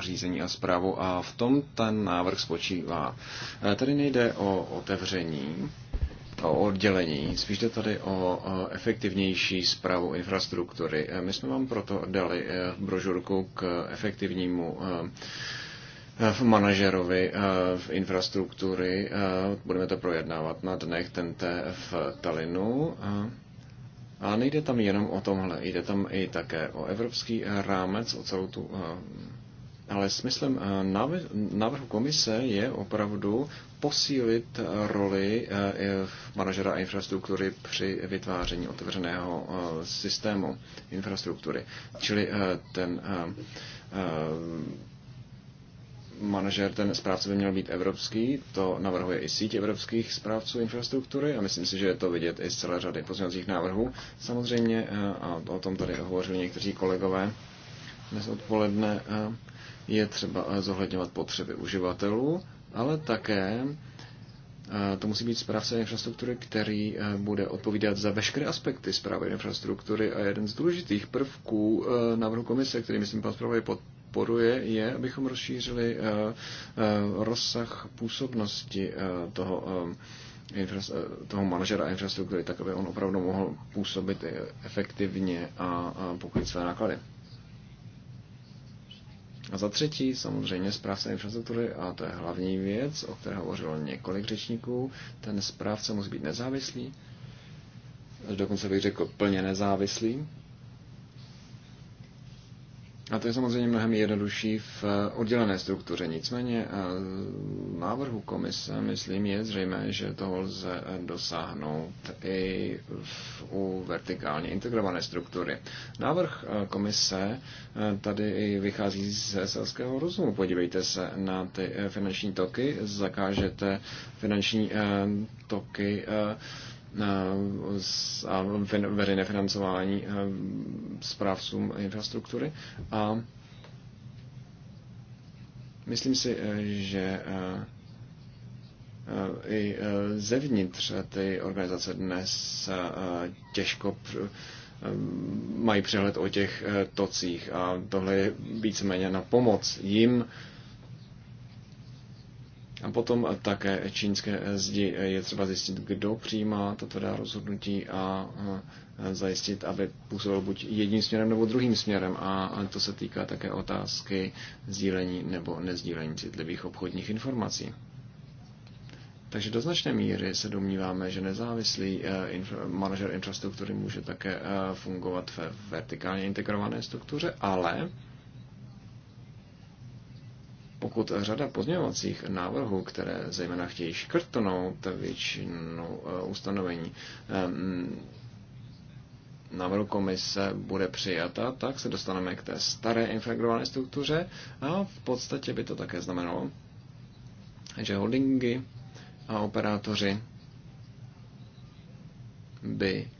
Speaker 3: řízení a zprávu. A v tom ten návrh spočívá. Tady nejde o otevření, o oddělení, spíš jde tady o efektivnější zprávu infrastruktury. My jsme vám proto dali brožurku k efektivnímu Eh, v manažerovi eh, v infrastruktury. Eh, budeme to projednávat na dnech tente v Talinu. A nejde tam jenom o tomhle, jde tam i také o evropský rámec, o celou tu. Ale smyslem návrhu komise je opravdu posílit roli manažera infrastruktury při vytváření otevřeného systému infrastruktury. Čili ten manažer, ten správce by měl být evropský, to navrhuje i síť evropských správců infrastruktury a myslím si, že je to vidět i z celé řady pozměňovacích návrhů. Samozřejmě, eh, a o tom tady hovořili někteří kolegové dnes odpoledne, eh, je třeba eh, zohledňovat potřeby uživatelů, ale také to musí být správce infrastruktury, který bude odpovídat za veškeré aspekty zprávy infrastruktury a jeden z důležitých prvků návrhu komise, který myslím pan zpravodaj podporuje, je, abychom rozšířili eh, eh, rozsah působnosti eh, toho toho manažera infrastruktury, tak aby on opravdu mohl působit efektivně a pokryt své náklady. A za třetí, samozřejmě správce infrastruktury, a to je hlavní věc, o které hovořilo několik řečníků, ten správce musí být nezávislý, dokonce bych řekl plně nezávislý, a to je samozřejmě mnohem jednodušší v eh, oddělené struktuře. Nicméně eh, návrhu komise, myslím, je zřejmé, že toho lze eh, dosáhnout i v, u vertikálně integrované struktury. Návrh komise tady i vychází ze selského rozumu. Podívejte se na ty finanční toky, zakážete finanční toky Eh, a veřejné financování zprávcům eh, infrastruktury. A myslím si, eh, že i zevnitř ty organizace dnes těžko mají přehled o těch tocích a tohle je víceméně na pomoc jim a potom také čínské zdi je třeba zjistit, kdo přijímá toto dá rozhodnutí a zajistit, aby působil buď jedním směrem nebo druhým směrem. A to se týká také otázky sdílení nebo nezdílení citlivých obchodních informací. Takže do značné míry se domníváme, že nezávislý eh, manažer infrastruktury může také eh, fungovat ve vertikálně integrované struktuře, ale pokud řada pozměňovacích návrhů, které zejména chtějí škrtnout většinu eh, ustanovení ehm, návrhu komise bude přijata, tak se dostaneme k té staré infragrované struktuře a v podstatě by to také znamenalo, že holdingy a operátoři by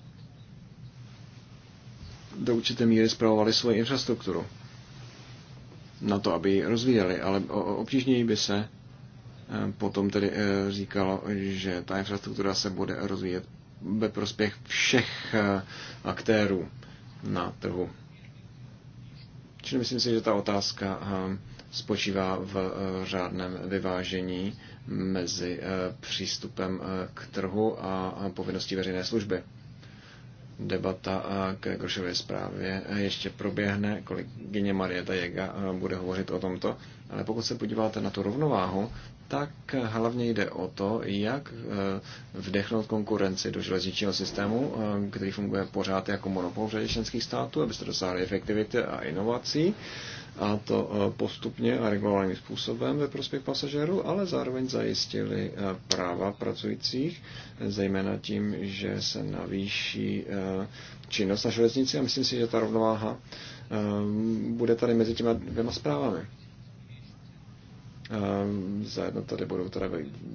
Speaker 3: do určité míry zpravovali svoji infrastrukturu na to, aby ji rozvíjeli, ale obtížněji by se eh, potom tedy eh, říkalo, že ta infrastruktura se bude rozvíjet ve prospěch všech eh, aktérů na trhu. Čili myslím si, že ta otázka spočívá v řádném vyvážení mezi přístupem k trhu a povinností veřejné služby debata k Grošově zprávě ještě proběhne. Kolegyně Marieta Jega eh, bude hovořit o tomto. Ale pokud se podíváte na tu rovnováhu, tak hlavně jde o to, jak eh, vdechnout konkurenci do železničního systému, eh, který funguje pořád jako monopol v řadě členských států, abyste dosáhli efektivity a inovací a to eh, postupně a regulovaným způsobem ve prospěch pasažérů, ale zároveň zajistili práva pracujících, zejména tím, že se navýší činnost na železnici a myslím si, že ta rovnováha bude tady mezi těma dvěma zprávami. Ehm, zajedno tady budou teda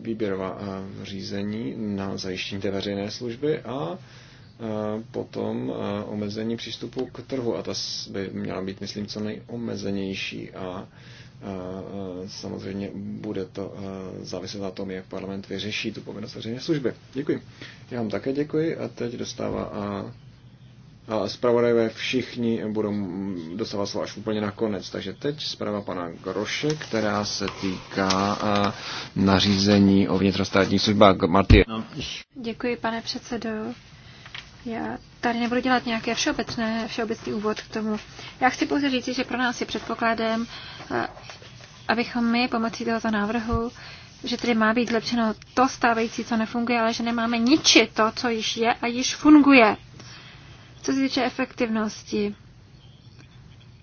Speaker 3: výběrová eh, řízení na zajištění té veřejné služby a eh, potom eh, omezení přístupu k trhu. A ta by měla být, myslím, co nejomezenější. A samozřejmě bude to záviset na tom, jak parlament vyřeší tu povinnost veřejné služby. Děkuji. Já vám také děkuji a teď dostává Zpravodajové všichni budou dostávat slovo až úplně nakonec. Takže teď zpráva pana Groše, která se týká nařízení o vnitrostátních službách. Marty. No,
Speaker 2: Děkuji, pane předsedo. Já tady nebudu dělat nějaké všeobecné, všeobecný úvod k tomu. Já chci pouze říct, že pro nás je předpokladem, abychom my pomocí tohoto návrhu že tedy má být zlepšeno to stávající, co nefunguje, ale že nemáme ničit to, co již je a již funguje. Co se týče efektivnosti,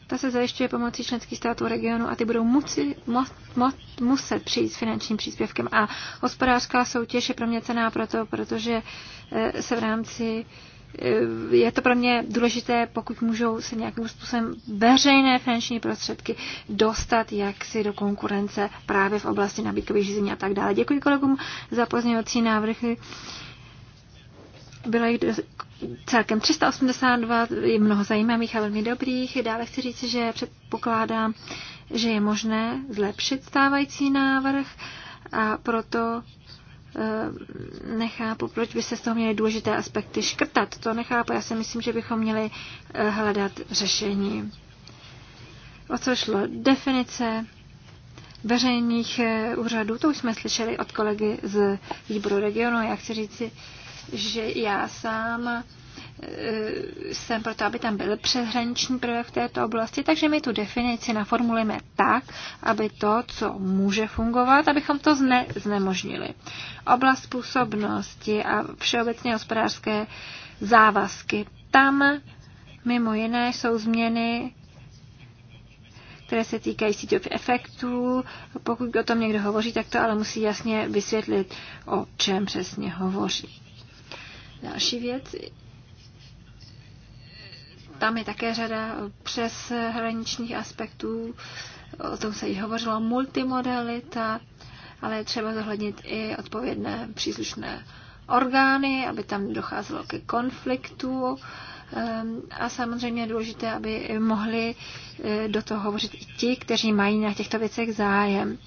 Speaker 2: ta se zajišťuje pomocí členských států regionu a ty budou muci, mo, mo, muset přijít s finančním příspěvkem. A hospodářská soutěž je pro mě cená proto, protože eh, se v rámci eh, je to pro mě důležité, pokud můžou se nějakým způsobem veřejné finanční prostředky dostat jaksi do konkurence právě v oblasti nabídkových řízení a tak dále. Děkuji kolegům za pozměňovací návrhy. Bylo jich celkem 382, je mnoho zajímavých a velmi dobrých. Dále chci říct, že předpokládám, že je možné zlepšit stávající návrh a proto eh, nechápu, proč by se z toho měly důležité aspekty škrtat. To nechápu, já si myslím, že bychom měli eh, hledat řešení. O co šlo? Definice veřejných eh, úřadů, to už jsme slyšeli od kolegy z výboru regionu. Já chci říci, že já sám e, jsem proto, aby tam byl přeshraniční prvek v této oblasti, takže my tu definici naformulujeme tak, aby to, co může fungovat, abychom to zne- znemožnili. Oblast působnosti a všeobecně hospodářské závazky. Tam mimo jiné jsou změny které se týkají síťových efektů. Pokud o tom někdo hovoří, tak to ale musí jasně vysvětlit, o čem přesně hovoří. Další věc, tam je také řada přes aspektů, o tom se ji hovořilo, multimodalita, ale je třeba zohlednit i odpovědné příslušné orgány, aby tam docházelo ke konfliktu ehm, a samozřejmě je důležité, aby mohli e, do toho hovořit i ti, kteří mají na těchto věcech zájem.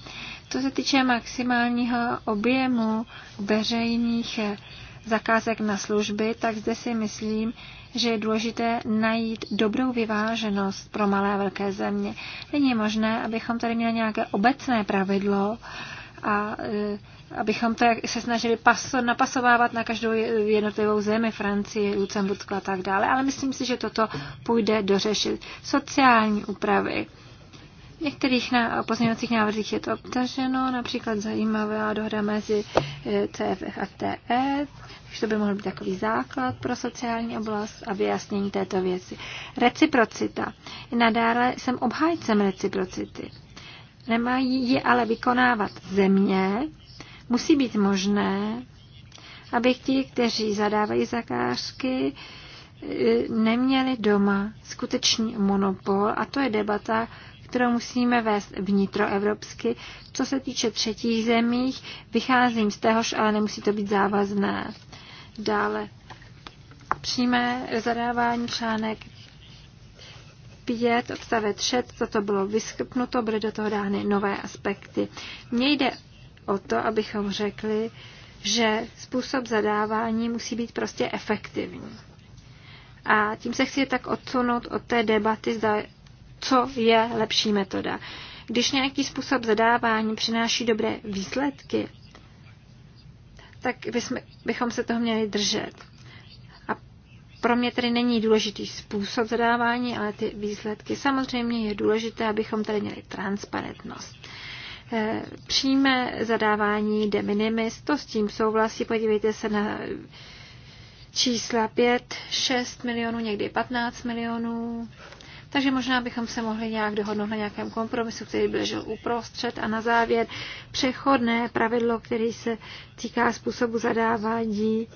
Speaker 2: Co se týče maximálního objemu veřejných zakázek na služby, tak zde si myslím, že je důležité najít dobrou vyváženost pro malé a velké země. Není možné, abychom tady měli nějaké obecné pravidlo a e, abychom to se snažili paso, napasovávat na každou jednotlivou zemi, Francii, Lucembursko a tak dále, ale myslím si, že toto půjde dořešit. Sociální úpravy některých na pozměňovacích návrzích je to obtaženo, například zajímavá dohoda mezi eh, CFF a TE, takže to by mohl být takový základ pro sociální oblast a vyjasnění této věci. Reciprocita. Nadále jsem obhájcem reciprocity. Nemají ji ale vykonávat země. Musí být možné, aby ti, kteří zadávají zakázky, eh, neměli doma skutečný monopol a to je debata, kterou musíme vést vnitroevropsky. Co se týče třetích zemích, vycházím z téhož, ale nemusí to být závazné. Dále přímé zadávání článek 5 odstavec 6, toto bylo vyskpnuto, bude do toho dány nové aspekty. Mně jde o to, abychom řekli, že způsob zadávání musí být prostě efektivní. A tím se chci tak odsunout od té debaty, zda co je lepší metoda. Když nějaký způsob zadávání přináší dobré výsledky, tak bychom se toho měli držet. A pro mě tedy není důležitý způsob zadávání, ale ty výsledky. Samozřejmě je důležité, abychom tady měli transparentnost eh, přímé zadávání de minimis, to s tím souhlasí, podívejte se na čísla 5, 6 milionů, někdy 15 milionů. Takže možná bychom se mohli nějak dohodnout na nějakém kompromisu, který by ležel uprostřed a na závěr přechodné pravidlo, které se týká způsobu zadávání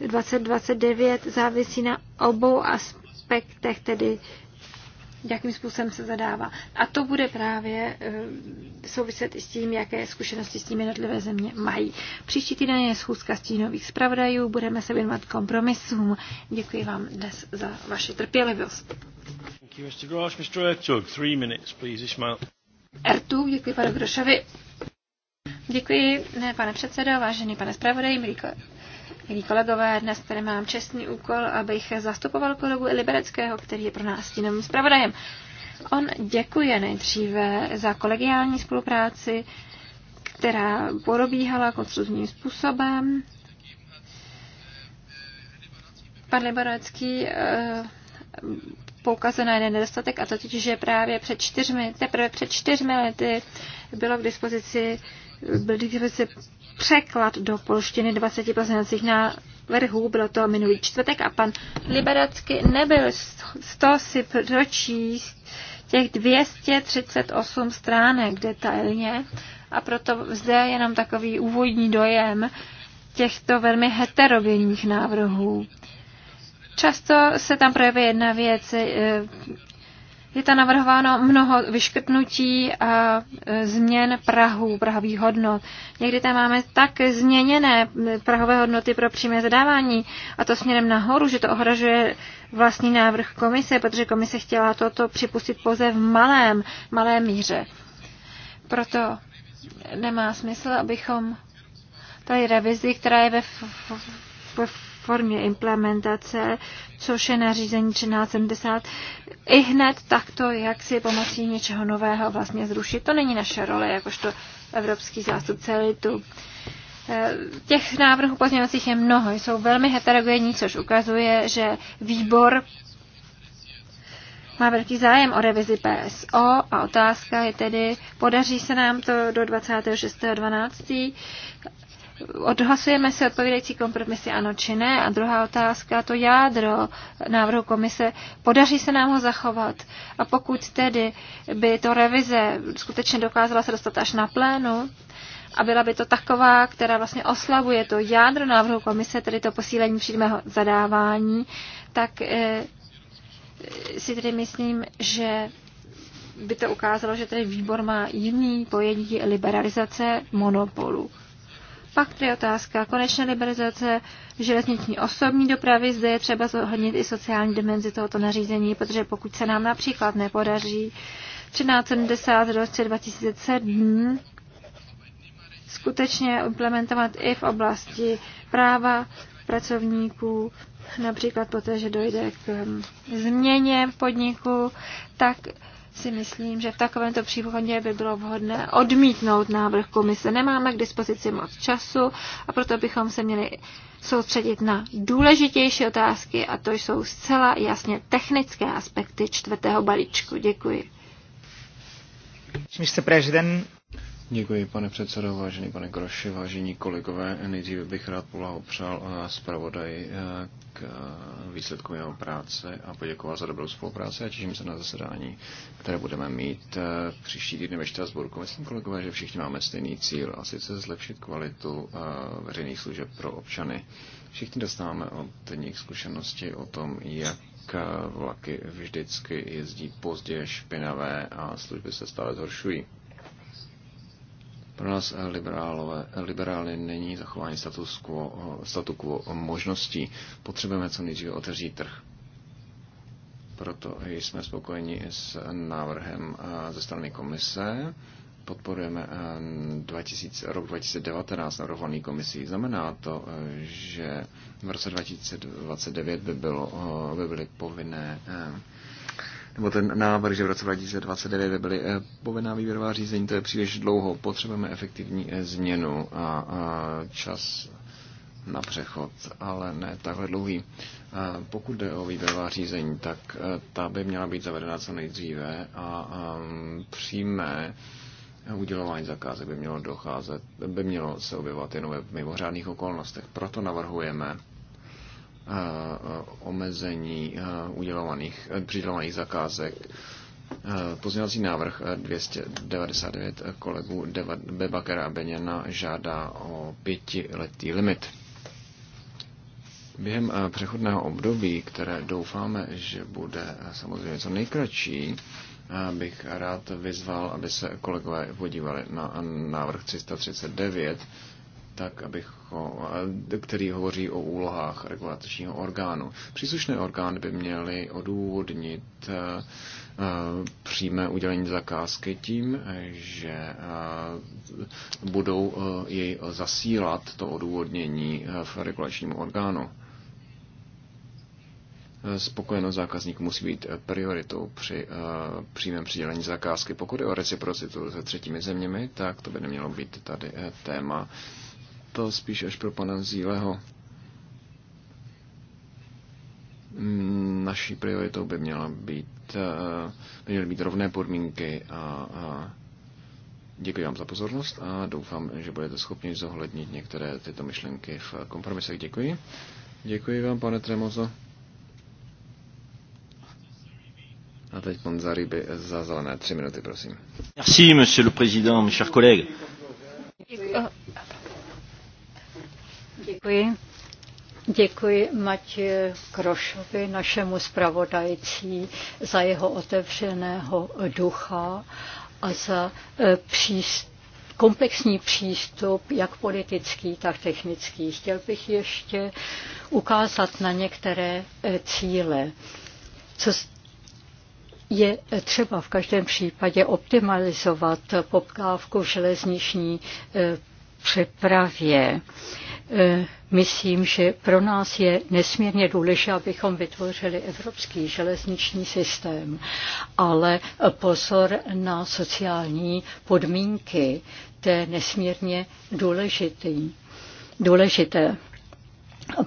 Speaker 2: 2029, závisí na obou aspektech, tedy jakým způsobem se zadává. A to bude právě eh, souviset i s tím, jaké zkušenosti s tím jednotlivé země mají. Příští týden je schůzka stínových zpravodajů, budeme se věnovat kompromisům. Děkuji vám dnes za vaši trpělivost.
Speaker 1: Ertu, děkuji panu Grošovi.
Speaker 2: Děkuji, ne, pane předsedo, vážený pane zpravodaj, milí Milí kolegové, dnes tady mám čestný úkol, abych zastupoval kolegu Libereckého, který je pro nás stínovým zpravodajem. On děkuje nejdříve za kolegiální spolupráci, která porobíhala konstruktivním způsobem. Pan Liberecký eh, poukazuje na jeden nedostatek, a to totiž, že právě před čtyřmi, teprve před čtyřmi lety bylo k dispozici byl k dispozici překlad do polštiny 20 poslaneckých návrhů, bylo to minulý čtvrtek a pan Liberacky nebyl z toho si pročíst těch 238 stránek detailně a proto zde jenom takový úvodní dojem těchto velmi heterogenních návrhů. Často se tam projevuje jedna věc, eh, je tam navrhováno mnoho vyškrtnutí a e, změn Prahu, prahových hodnot. Někdy tam máme tak změněné prahové hodnoty pro přímé zadávání a to směrem nahoru, že to ohrožuje vlastní návrh komise, protože komise chtěla toto připustit pouze v malém, malé míře. Proto nemá smysl, abychom tady revizi, která je ve, ve formě implementace, což je nařízení 1370, i hned takto, jak si pomocí něčeho nového vlastně zrušit. To není naše role, jakožto evropský zástupce celitu. Eh, těch návrhů pozměňovacích je mnoho, jsou velmi heterogenní, což ukazuje, že výbor má velký zájem o revizi PSO a otázka je tedy, podaří se nám to do 26.12. Odhlasujeme se odpovídající kompromisy ano či ne? A druhá otázka, to jádro návrhu komise, podaří se nám ho zachovat? A pokud tedy by to revize skutečně dokázala se dostat až na plénu, a byla by to taková, která vlastně oslabuje to jádro návrhu komise, tedy to posílení přímého zadávání, tak e, si tedy myslím, že by to ukázalo, že tedy výbor má jiný pojetí liberalizace monopolu. Pak tady otázka konečné liberalizace železniční osobní dopravy. Zde je třeba zohlednit i sociální dimenzi tohoto nařízení, protože pokud se nám například nepodaří 1370 do roce 2007 skutečně implementovat i v oblasti práva pracovníků, například poté, že dojde k um, změně podniku, tak si myslím, že v takovémto případě by bylo vhodné odmítnout návrh komise. Nemáme k dispozici moc času a proto bychom se měli soustředit na důležitější otázky a to jsou zcela jasně technické aspekty čtvrtého balíčku. Děkuji. Mr. President,
Speaker 3: Děkuji, pane předsedo, vážený pane Groši, vážení kolegové. Nejdříve bych rád poblahopřál eh, zpravodaji eh, k eh, výsledku jeho práce a poděkoval za dobrou spolupráci a těším se na zasedání, které budeme mít příští týden ve Štrasburku. Myslím, kolegové, že všichni máme stejný cíl a sice zlepšit kvalitu veřejných služeb pro občany. Všichni dostáváme od nich zkušenosti o tom, jak vlaky vždycky jezdí pozdě, špinavé a služby se stále zhoršují. Pro nás eh, liberálové, eh, liberály není zachování status quo, eh, statu quo možností. Potřebujeme co nejdříve otevřít trh. Proto jsme spokojeni s návrhem ze strany komise. Podporujeme 2000, rok 2019 navrhovaný komisí. Znamená to, že v roce 2029 by, bylo, by byly povinné nebo ten návrh, že v roce 2029 by byly eh, povinná výběrová řízení, to je příliš dlouho. Potřebujeme efektivní eh, změnu a, čas na přechod, ale ne takhle dlouhý. Pokud jde o výběrová řízení, tak eh, ta by měla být zavedena co nejdříve a přímé udělování zakázek by mělo docházet, by mělo se objevovat jenom v mimořádných okolnostech. Proto navrhujeme Eh, omezení eh, udělovaných, eh, přidělovaných zakázek. Pozměňovací návrh 299 kolegů Bebakera a Beněna žádá o pětiletý limit. Během přechodného období, které doufáme, že bude samozřejmě co nejkratší, bych rád vyzval, aby se kolegové podívali na návrh 339, tak abychom, který hovoří o úlohách regulačního orgánu. Příslušné orgány by měly odůvodnit eh, přímé udělení zakázky tím, že eh, budou eh, jej zasílat to odůvodnění v regulačním orgánu. Spokojenost zákazníků musí být prioritou při přímém přidělení zakázky. Pokud je o reciprocitu se třetími zeměmi, tak to by nemělo být tady téma to spíš až pro pana Zíleho. Mm, naší prioritou by měla být, eh, by měly být rovné podmínky a, a děkuji vám za pozornost a doufám, že budete schopni zohlednit některé tyto myšlenky v kompromisech. Děkuji. Děkuji vám,
Speaker 1: pane Tremozo.
Speaker 3: A teď pan Zaryby za zelené tři minuty, prosím.
Speaker 1: Merci, monsieur le président, mes chers collègues.
Speaker 4: Děkuji. Děkuji Matěji Krošovi, našemu zpravodajcí, za jeho otevřeného ducha a za eh, přístup komplexní přístup, jak politický, tak technický. Chtěl bych ještě ukázat na některé eh, cíle. Co je třeba v každém případě optimalizovat poptávku v železniční eh, přepravě. E, myslím, že pro nás je nesmírně důležité, abychom vytvořili evropský železniční systém, ale pozor na sociální podmínky, to je nesmírně důležitý. důležité.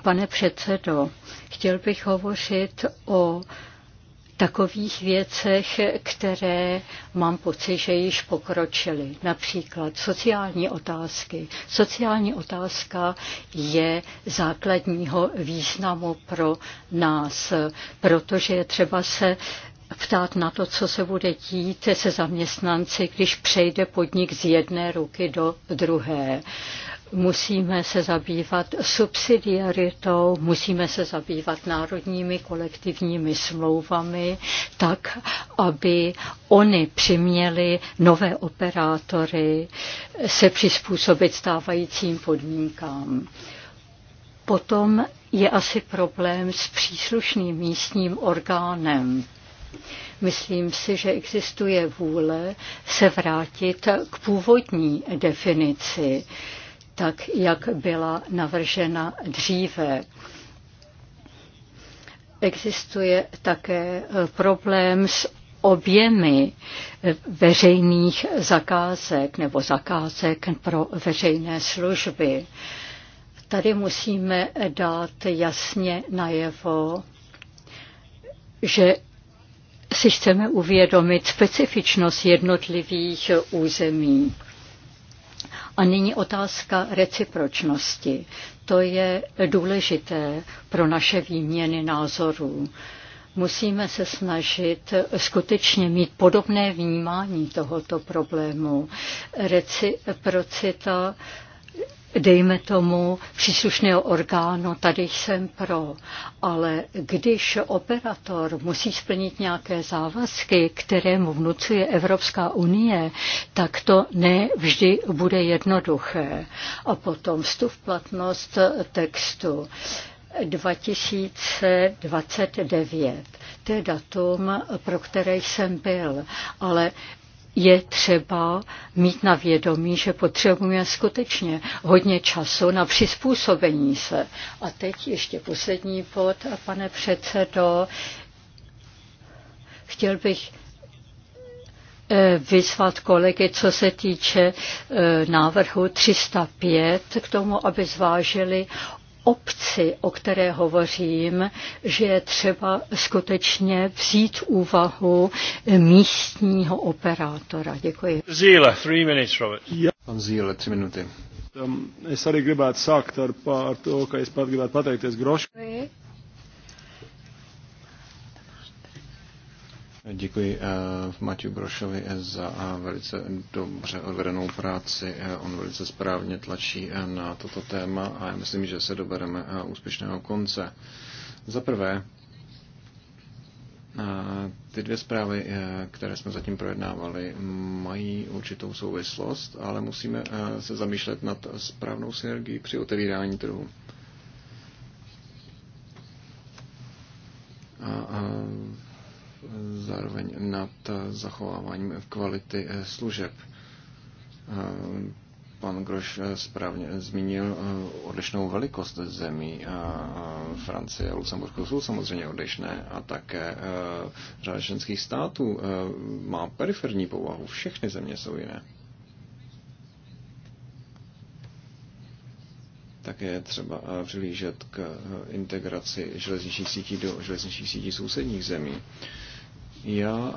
Speaker 4: Pane předsedo, chtěl bych hovořit o takových věcech, které mám pocit, že již pokročily. Například sociální otázky. Sociální otázka je základního významu pro nás, protože je třeba se ptát na to, co se bude dít se zaměstnanci, když přejde podnik z jedné ruky do druhé musíme se zabývat subsidiaritou, musíme se zabývat národními kolektivními smlouvami, tak, aby oni přiměli nové operátory se přizpůsobit stávajícím podmínkám. Potom je asi problém s příslušným místním orgánem. Myslím si, že existuje vůle se vrátit k původní definici tak jak byla navržena dříve. Existuje také eh, problém s objemy eh, veřejných zakázek nebo zakázek pro veřejné služby. Tady musíme dát jasně najevo, že si chceme uvědomit specifičnost jednotlivých území. A nyní otázka recipročnosti. To je důležité pro naše výměny názorů. Musíme se snažit skutečně mít podobné vnímání tohoto problému. Reciprocita dejme tomu, příslušného orgánu, tady jsem pro. Ale když operator musí splnit nějaké závazky, které mu vnucuje Evropská unie, tak to ne vždy bude jednoduché. A potom vstup platnost textu. 2029. To je datum, pro které jsem byl, ale je třeba mít na vědomí, že potřebujeme skutečně hodně času na přizpůsobení se. A teď ještě poslední bod, pane předsedo. Chtěl bych eh, vyzvat kolegy, co se týče eh, návrhu 305, k tomu, aby zvážili obci, o které hovořím, že je třeba skutečně vzít úvahu místního operátora. Děkuji.
Speaker 1: Zíle, three minutes, Robert. Ja. Pan Zíle, tři minuty. Um, es arī gribētu sākt ar, ar to, ka es pat gribētu pateikties Grošu.
Speaker 3: Děkuji eh, Matiu Brošovi eh, za eh, velice dobře odvedenou práci. On velice správně tlačí na toto téma a já myslím, že se dobereme úspěšného konce. Za prvé, ty dvě zprávy, které jsme zatím projednávali, mají určitou souvislost, ale musíme se zamýšlet nad správnou synergií při otevírání trhu. Uh, uh, zároveň nad zachováváním kvality eh, služeb. Eh, pan Groš eh, správně zmínil odlišnou velikost zemí. Francie a Lucembursko jsou samozřejmě odlišné a také řada členských států má periferní povahu. Všechny země jsou jiné. také je třeba přilížet k integraci železničních sítí do železničních sítí sousedních zemí. Já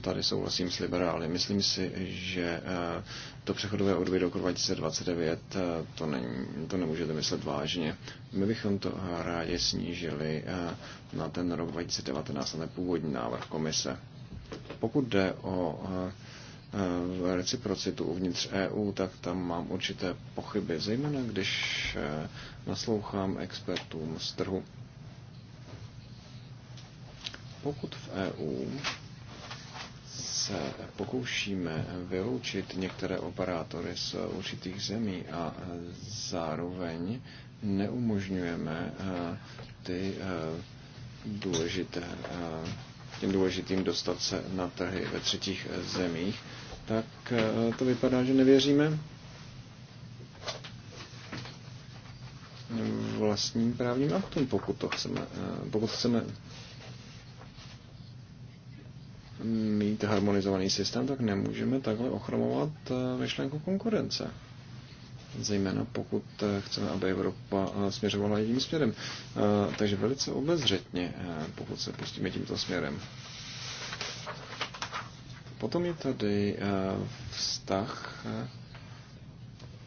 Speaker 3: tady souhlasím s liberály. Myslím si, že to přechodové období do roku 2029 to, není, to nemůžete myslet vážně. My bychom to rádi snížili na ten rok 2019, na ten původní návrh komise. Pokud jde o reciprocitu uvnitř EU, tak tam mám určité pochyby, zejména když naslouchám expertům z trhu pokud v EU se pokoušíme vyloučit některé operátory z určitých zemí a zároveň neumožňujeme eh, ty eh, důležité, eh, těm důležitým dostat se na trhy ve třetích zemích, tak to vypadá, že nevěříme vlastním právním aktům, pokud to chceme, pokud chceme mít harmonizovaný systém, tak nemůžeme takhle ochromovat eh, myšlenku konkurence. Zejména pokud eh, chceme, aby Evropa eh, směřovala jedním směrem. Takže velice obezřetně, pokud se pustíme tímto směrem. Potom je tady vztah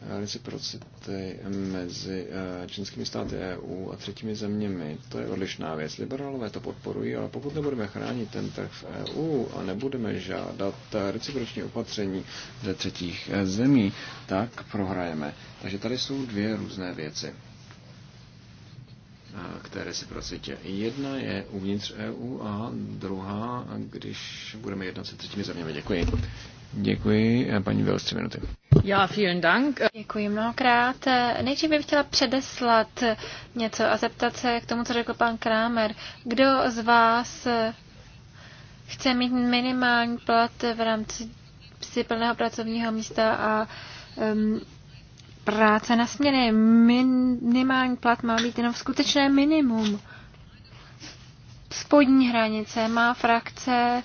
Speaker 3: reciprocity mezi eh, členskými státy EU a třetími zeměmi, to je odlišná věc. Liberálové to podporují, ale pokud nebudeme chránit ten trh v EU a nebudeme žádat reciproční opatření ze třetích eh, zemí, tak prohrajeme. Takže tady jsou dvě různé věci eh, k té reciprocitě. Jedna je uvnitř EU a druhá, když budeme jednat se třetími zeměmi. Děkuji. Děkuji, eh, paní Vils, tři minuty.
Speaker 4: Já, vielen Dank. Děkuji
Speaker 2: mnohokrát. Eh, nejdřív bych chtěla předeslat eh, něco a zeptat se k tomu, co řekl pan Kramer. Kdo z vás chce mít minimální plat v rámci plného pracovního místa a um, práce na směny. Minimální plat má být jenom skutečné minimum. Spodní hranice má frakce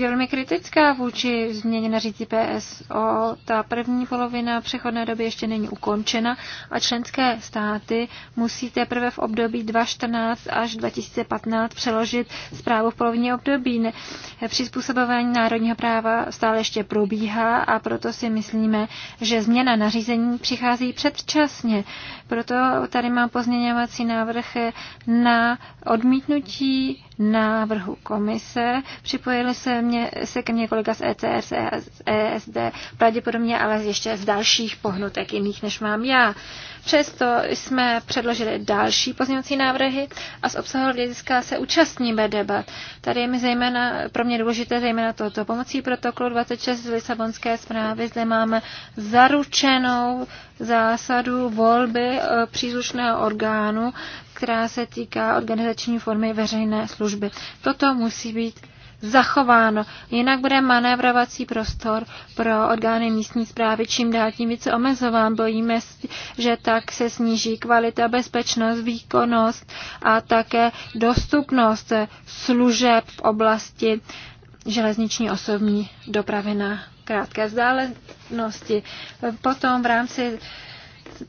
Speaker 2: velmi kritická vůči změně nařízení PSO. Ta první polovina přechodné doby ještě není ukončena a členské státy musí teprve v období 2014 až 2015 přeložit zprávu v polovině období. Přizpůsobování národního práva stále ještě probíhá a proto si myslíme, že změna nařízení přichází předčasně. Proto tady mám pozměňovací návrh na odmítnutí návrhu komise. Připojili se, mě, se ke mně kolega z ECR, z ESD, pravděpodobně ale ještě z dalších pohnutek jiných, než mám já. Přesto jsme předložili další pozměňovací návrhy a z obsahu hlediska se účastníme debat. Tady je mi zejména, pro mě důležité zejména toto. Pomocí protokolu 26 z Lisabonské zprávy zde máme zaručenou zásadu volby e, příslušného orgánu která se týká organizační formy veřejné služby. Toto musí být zachováno. Jinak bude manévrovací prostor pro orgány místní zprávy čím dál tím více omezován. Bojíme, že tak se sníží kvalita, bezpečnost, výkonnost a také dostupnost služeb v oblasti železniční osobní dopravy na krátké vzdálenosti. Potom v rámci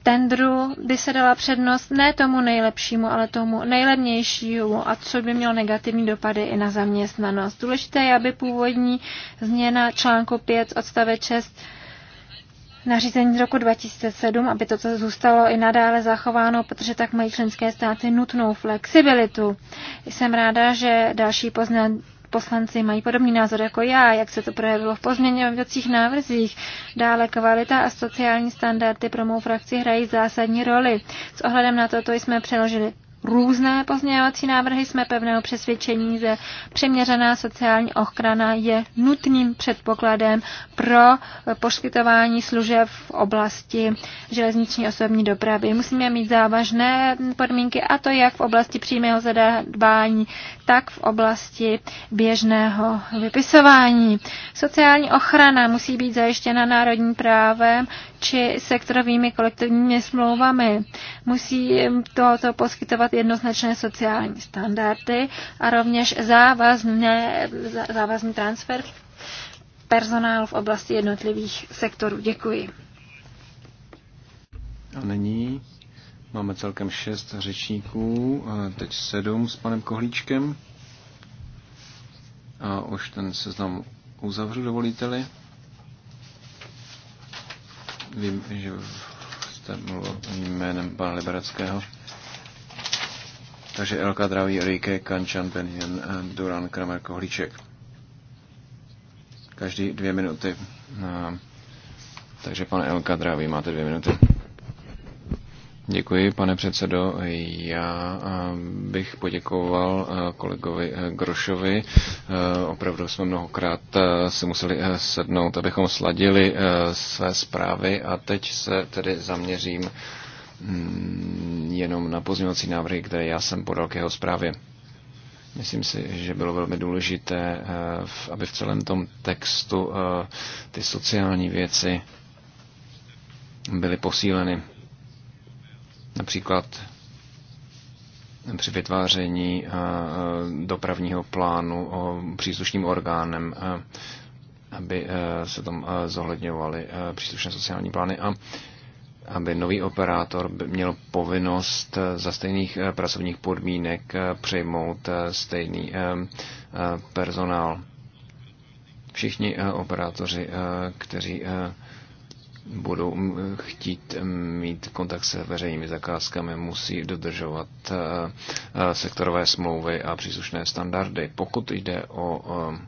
Speaker 2: tendru by se dala přednost ne tomu nejlepšímu, ale tomu nejlevnějšímu, a co by mělo negativní dopady i na zaměstnanost. Důležité je, aby původní změna článku 5 odstavec 6 nařízení z roku 2007, aby co zůstalo i nadále zachováno, protože tak mají členské státy nutnou flexibilitu. Jsem ráda, že další poznání poslanci mají podobný názor jako já, jak se to projevilo v pozměňovacích návrzích. Dále kvalita a sociální standardy pro mou frakci hrají zásadní roli. S ohledem na to, to jsme přeložili různé pozměňovací návrhy. Jsme pevného přesvědčení, že přeměřená sociální ochrana je nutným předpokladem pro poskytování služeb v oblasti železniční osobní dopravy. Musíme mít závažné podmínky, a to jak v oblasti přímého zadávání, tak v oblasti běžného vypisování. Sociální ochrana musí být zajištěna národním právem, či sektorovými kolektivními smlouvami. Musí toto poskytovat jednoznačné sociální standardy a rovněž závazné, závazný transfer personálu v oblasti jednotlivých sektorů. Děkuji.
Speaker 3: A nyní máme celkem šest řečníků, teď sedm s panem Kohlíčkem. A už ten seznam uzavřu, dovolíte-li. Vím, že jste mluvil jménem pana Liberackého. Takže Elka Draví, Rike, Kančan, Benjen, eh, Duran, Kramer, Kohlíček. Každý dvě minuty. No, takže pane Elka Draví, máte dvě minuty. Děkuji, pane předsedo. Já eh, bych poděkoval eh, kolegovi eh, Grošovi. Opravdu jsme mnohokrát si museli sednout, abychom sladili své zprávy a teď se tedy zaměřím mm, jenom na pozměňovací návrhy, které já jsem podal k jeho zprávě. Myslím si, že bylo velmi důležité, aby v celém tom textu ty sociální věci byly posíleny Například při vytváření eh, eh, dopravního plánu příslušným orgánem, eh, aby se tam zohledňovaly příslušné sociální plány a aby nový operátor měl povinnost za stejných pracovních podmínek přejmout stejný personál. Všichni operátoři, kteří budou mm, chtít mít kontakt se veřejnými zakázkami, musí dodržovat eh, eh, sektorové smlouvy a příslušné standardy. Pokud jde o eh,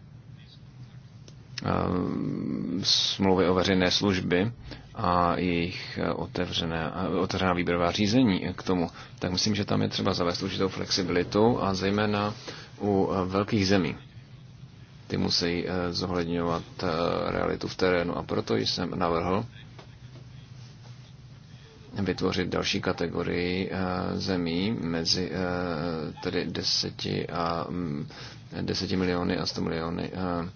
Speaker 3: smlouvy o veřejné služby a jejich otevřené, otevřená výběrová řízení k tomu, tak myslím, že tam je třeba zavést určitou flexibilitu a zejména u velkých zemí. Ty musí zohledňovat realitu v terénu a proto jsem navrhl, vytvořit další kategorii eh, zemí mezi eh, tedy 10 a 10 mm, miliony a 100 miliony eh,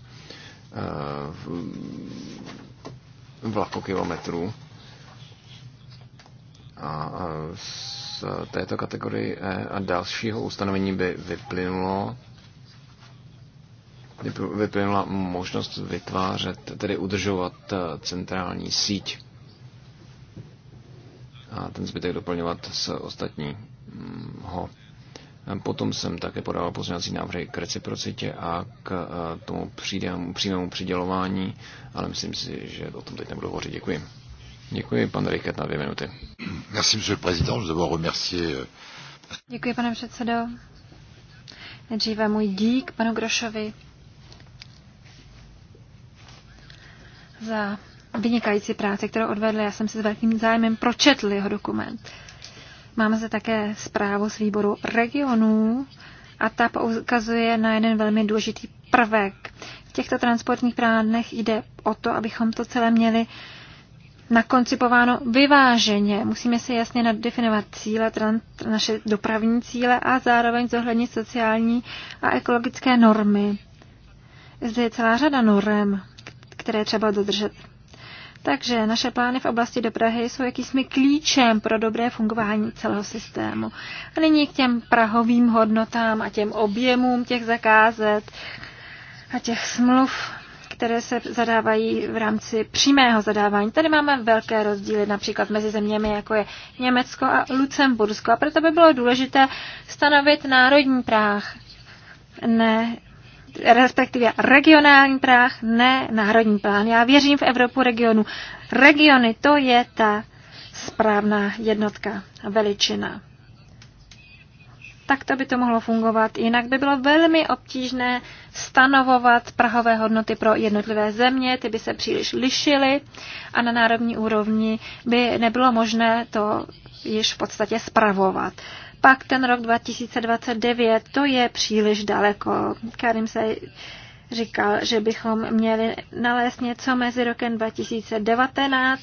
Speaker 3: vlakokilometrů. A z této kategorie a dalšího ustanovení by vyplynulo vyplynula možnost vytvářet, tedy udržovat centrální síť a ten zbytek doplňovat s ostatního. Potom jsem také podával pozměňovací návrhy k reciprocitě a k eh, tomu přímému přidělování, ale myslím si, že o tom teď nebudu hovořit. Děkuji. Děkuji, pan Rikert, na dvě minuty. Merci, monsieur le président, eh,
Speaker 2: Děkuji, pane předsedo. Nejdříve můj dík panu Grošovi za vynikající práci, kterou odvedl. Já jsem si s velkým zájmem pročetl jeho dokument. Máme zde také zprávu z výboru regionů a ta poukazuje na jeden velmi důležitý prvek. V těchto transportních plánech jde o to, abychom to celé měli nakoncipováno vyváženě. Musíme si jasně nadefinovat cíle, naše dopravní cíle a zároveň zohlednit sociální a ekologické normy. Zde je celá řada norm, které třeba dodržet. Takže naše plány v oblasti dopravy jsou jakýsmi klíčem pro dobré fungování celého systému. A nyní k těm prahovým hodnotám a těm objemům těch zakázet a těch smluv, které se zadávají v rámci přímého zadávání. Tady máme velké rozdíly například mezi zeměmi, jako je Německo a Lucembursko. A proto by bylo důležité stanovit národní práh ne respektive regionální práh, ne národní plán. Já věřím v Evropu regionu. Regiony, to je ta správná jednotka, veličina. Tak to by to mohlo fungovat. Jinak by bylo velmi obtížné stanovovat prahové hodnoty pro jednotlivé země, ty by se příliš lišily a na národní úrovni by nebylo možné to již v podstatě spravovat pak ten rok 2029, to je příliš daleko. Karim se říkal, že bychom měli nalézt něco mezi rokem 2019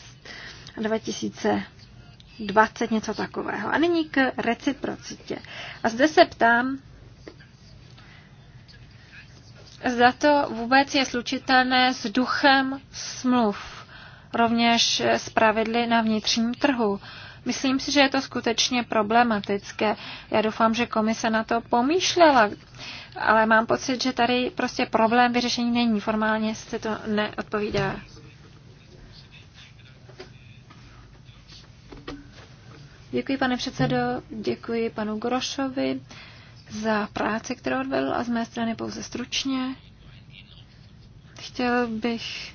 Speaker 2: a 2020, něco takového. A nyní k reciprocitě. A zde se ptám, zda to vůbec je slučitelné s duchem smluv, rovněž s pravidly na vnitřním trhu. Myslím si, že je to skutečně problematické. Já doufám, že komise na to pomýšlela, ale mám pocit, že tady prostě problém vyřešení není. Formálně se to neodpovídá. Děkuji, pane předsedo, děkuji panu Grošovi za práci, kterou odvedl a z mé strany pouze stručně. Chtěl bych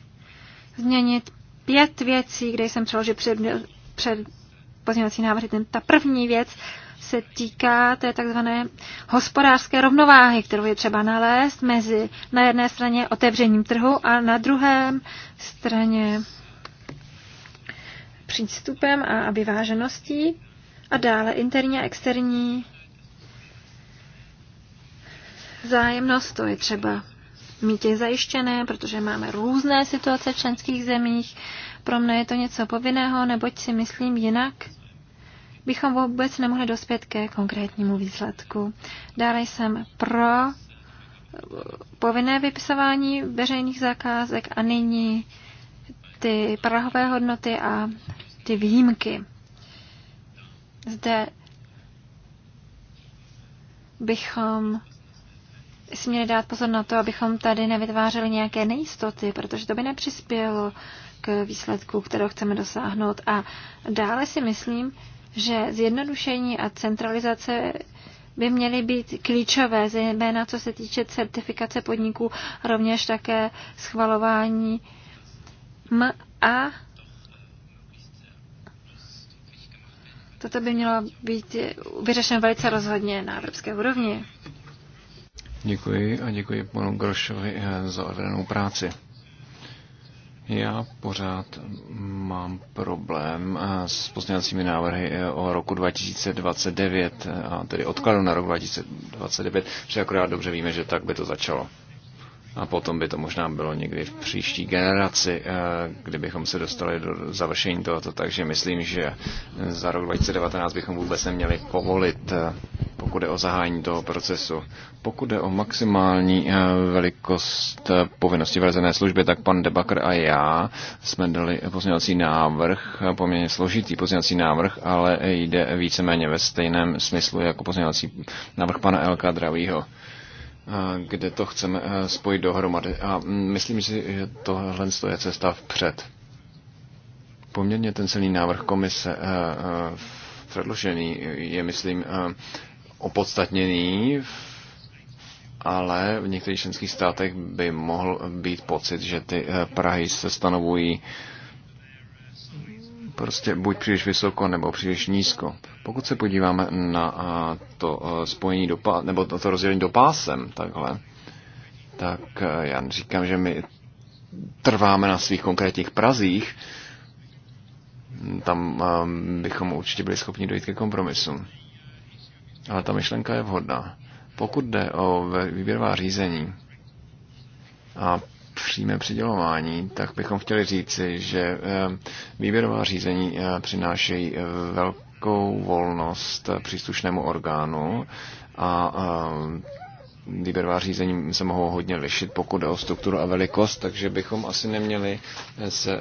Speaker 2: změnit pět věcí, kde jsem přeložil před, před pozměňovací návrhy. Ten, ta první věc se týká té takzvané hospodářské rovnováhy, kterou je třeba nalézt mezi na jedné straně otevřením trhu a na druhé straně přístupem a vyvážeností a dále interní a externí zájemnost, to je třeba mít je zajištěné, protože máme různé situace v členských zemích pro mne je to něco povinného, neboť si myslím jinak, bychom vůbec nemohli dospět ke konkrétnímu výsledku. Dále jsem pro povinné vypisování veřejných zakázek a nyní ty prahové hodnoty a ty výjimky. Zde bychom si měli dát pozor na to, abychom tady nevytvářeli nějaké nejistoty, protože to by nepřispělo k výsledku, kterého chceme dosáhnout. A dále si myslím, že zjednodušení a centralizace by měly být klíčové, zejména co se týče certifikace podniků, rovněž také schvalování M a toto by mělo být vyřešeno velice rozhodně na evropské úrovni.
Speaker 3: Děkuji a děkuji panu Grošovi eh, za odvedenou práci. Já pořád mám problém eh, s pozměňovacími návrhy eh, o roku 2029, eh, a tedy odkladu na rok 2029, že akorát dobře víme, že tak by to začalo. A potom by to možná bylo někdy v příští generaci, eh, kdybychom se dostali do završení tohoto. Takže myslím, že za rok 2019 bychom vůbec neměli povolit, eh, pokud je o zahájení toho procesu. Pokud je o maximální eh, velikost povinnosti vrazené služby, tak pan Debakr a já jsme dali pozměňovací návrh, poměrně složitý pozměňovací návrh, ale jde víceméně ve stejném smyslu jako pozměňovací návrh pana Elka Dravýho kde to chceme spojit dohromady. A mm, myslím si, že tohle je cesta vpřed. Poměrně ten celý návrh komise předložený je, myslím, opodstatněný, ale v některých členských státech by mohl být pocit, že ty Prahy se stanovují prostě buď příliš vysoko nebo příliš nízko. Pokud se podíváme na to spojení do pá, nebo to, to rozdělení do pásem, takhle, tak já říkám, že my trváme na svých konkrétních prazích, tam bychom určitě byli schopni dojít ke kompromisu. Ale ta myšlenka je vhodná. Pokud jde o výběrová řízení a přímé přidělování, tak bychom chtěli říci, že eh, výběrová řízení eh, přinášejí velkou volnost eh, příslušnému orgánu a výběrová řízení se mohou hodně lišit, pokud jde o strukturu a velikost, takže bychom asi neměli se eh,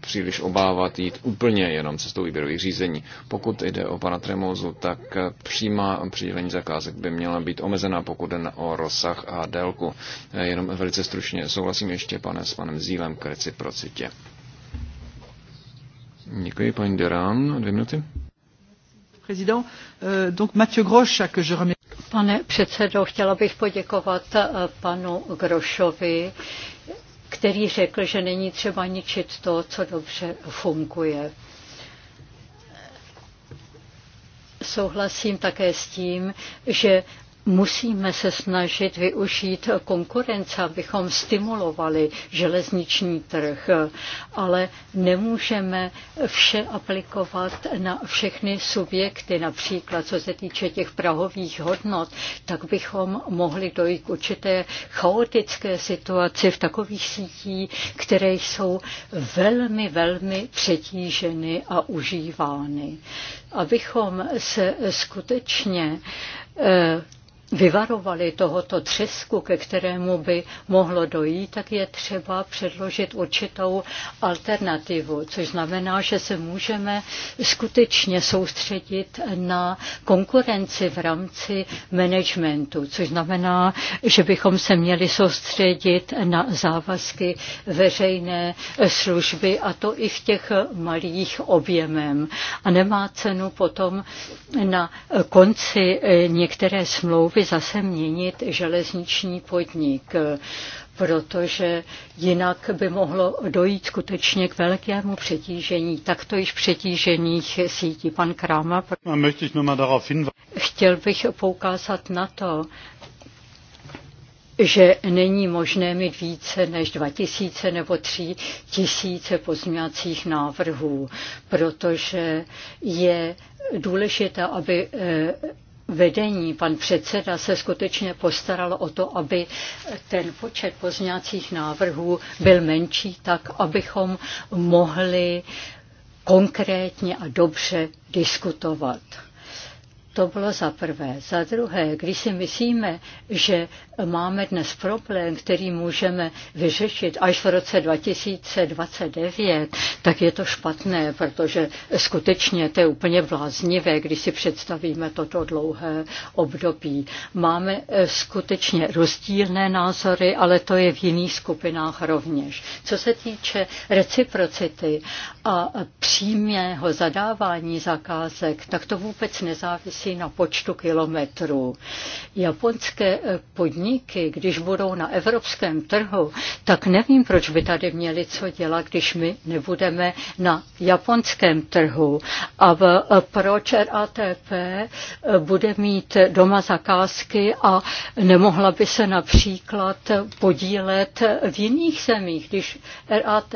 Speaker 3: příliš obávat jít úplně jenom cestou výběrových řízení. Pokud jde o pana Tremozu, tak eh, přímá přidělení zakázek by měla být omezená, pokud jde o rozsah a délku. Eh, jenom velice stručně souhlasím ještě, pane, s panem Zílem k reciprocitě. Děkuji, paní Duran. Dvě minuty.
Speaker 4: Président, euh, donc Mathieu Grosch, que je remercie. Pane předsedo, chtěla bych poděkovat eh, panu Grošovi, který řekl, že není třeba ničit to, co dobře funguje. Souhlasím také s tím, že Musíme se snažit využít konkurence, abychom stimulovali železniční trh, ale nemůžeme vše aplikovat na všechny subjekty. Například, co se týče těch prahových hodnot, tak bychom mohli dojít k určité chaotické situaci v takových sítí, které jsou velmi, velmi přetíženy a užívány. Abychom se skutečně eh, vyvarovali tohoto třesku, ke kterému by mohlo dojít, tak je třeba předložit určitou alternativu, což znamená, že se můžeme skutečně soustředit na konkurenci v rámci managementu, což znamená, že bychom se měli soustředit na závazky veřejné služby a to i v těch malých objemem. A nemá cenu potom na konci některé smlouvy by zase měnit železniční podnik, protože jinak by mohlo dojít skutečně k velkému přetížení takto již přetížených sítí. Pan Kráma, chtěl bych poukázat na to, že není možné mít více než 2000 nebo 3000 pozměňovacích návrhů, protože je důležité, aby eh, vedení, pan předseda se skutečně postaral o to, aby ten počet pozňacích návrhů byl menší, tak abychom mohli konkrétně a dobře diskutovat. To bylo za prvé. Za druhé, když si myslíme, že máme dnes problém, který můžeme vyřešit až v roce 2029, tak je to špatné, protože skutečně to je úplně bláznivé, když si představíme toto dlouhé období. Máme eh, skutečně rozdílné názory, ale to je v jiných skupinách rovněž. Co se týče reciprocity a přímého zadávání zakázek, tak to vůbec nezávisí závisí na počtu kilometrů. Japonské eh, podniky, když budou na evropském trhu, tak nevím, proč by tady měli co dělat, když my nebudeme na japonském trhu. A v, eh, proč RATP eh, bude mít doma zakázky a nemohla by se například podílet v jiných zemích, když RATP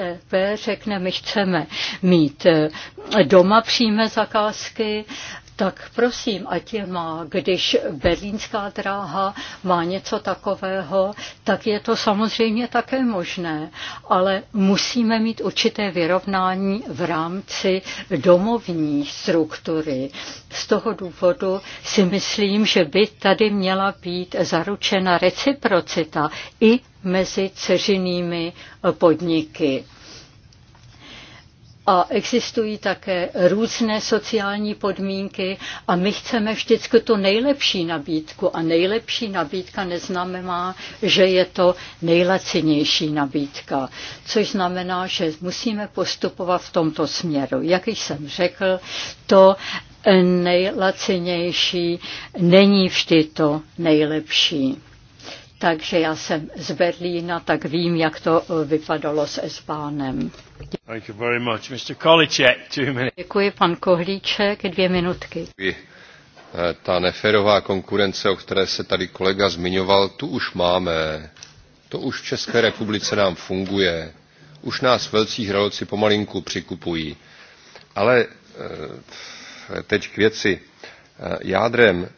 Speaker 4: řekne, my chceme mít doma přímé zakázky, tak prosím, ať je má, když berlínská dráha má něco takového, tak je to samozřejmě také možné, ale musíme mít určité vyrovnání v rámci domovní struktury. Z toho důvodu si myslím, že by tady měla být zaručena reciprocita i mezi ceřinými podniky a existují také různé sociální podmínky a my chceme vždycky to nejlepší nabídku a nejlepší nabídka neznamená, že je to nejlacinější nabídka, což znamená, že musíme postupovat v tomto směru. Jak již jsem řekl, to nejlacinější není vždy to nejlepší takže já jsem z Berlína, tak vím, jak to eh, vypadalo s Espánem. Děkuji, pan Kohlíček, dvě minutky.
Speaker 1: Eh, ta
Speaker 6: neferová konkurence, o které se tady kolega zmiňoval, tu už máme. To už v České republice nám funguje. Už nás velcí hráči pomalinku přikupují. Ale eh, teď k věci. Jádrem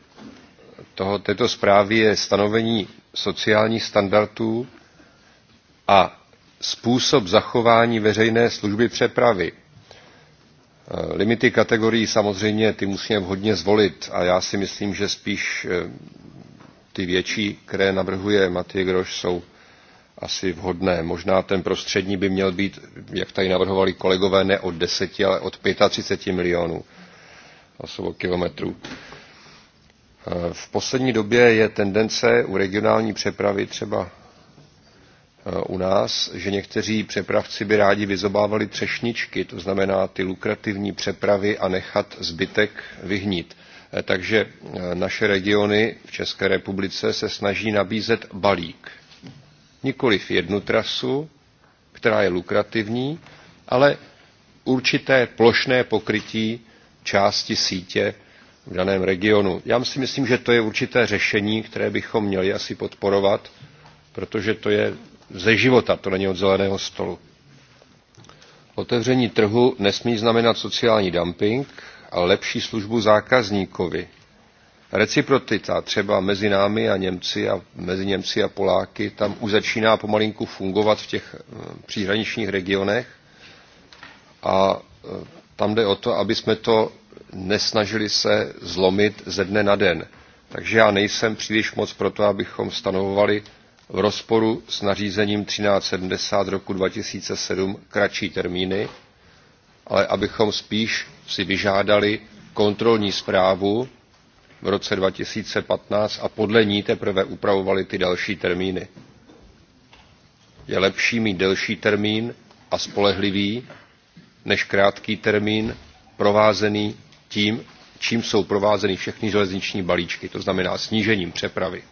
Speaker 6: toho, této zprávy je stanovení sociálních standardů a způsob zachování veřejné služby přepravy. Eh, limity kategorií samozřejmě ty musíme vhodně zvolit a já si myslím, že spíš eh, ty větší, které navrhuje Matěj Groš, jsou asi vhodné. Možná ten prostřední by měl být, jak tady navrhovali kolegové, ne od 10, ale od 35 milionů osobokilometrů. kilometrů v poslední době je tendence u regionální přepravy třeba eh, u nás, že někteří přepravci by rádi vyzobávali třešničky, to znamená ty lukrativní přepravy a nechat zbytek vyhnít. Eh, takže eh, naše regiony v České republice se snaží nabízet balík. Nikoliv jednu trasu, která je lukrativní, ale určité plošné pokrytí části sítě v daném regionu. Já si myslím, že to je určité řešení, které bychom měli asi podporovat, protože to je ze života, to není od zeleného stolu. Otevření trhu nesmí znamenat sociální dumping, ale lepší službu zákazníkovi. Reciprocita třeba mezi námi a Němci a mezi Němci a Poláky tam už začíná pomalinku fungovat v těch eh, příhraničních regionech a eh, tam jde o to, aby jsme to nesnažili se zlomit ze dne na den. Takže já nejsem příliš moc proto, abychom stanovovali v rozporu s nařízením 1370 roku 2007 kratší termíny, ale abychom spíš si vyžádali kontrolní zprávu v roce 2015 a podle ní teprve upravovali ty další termíny. Je lepší mít delší termín a spolehlivý, než krátký termín provázený tím, čím jsou provázeny všechny železniční balíčky, to znamená snížením přepravy.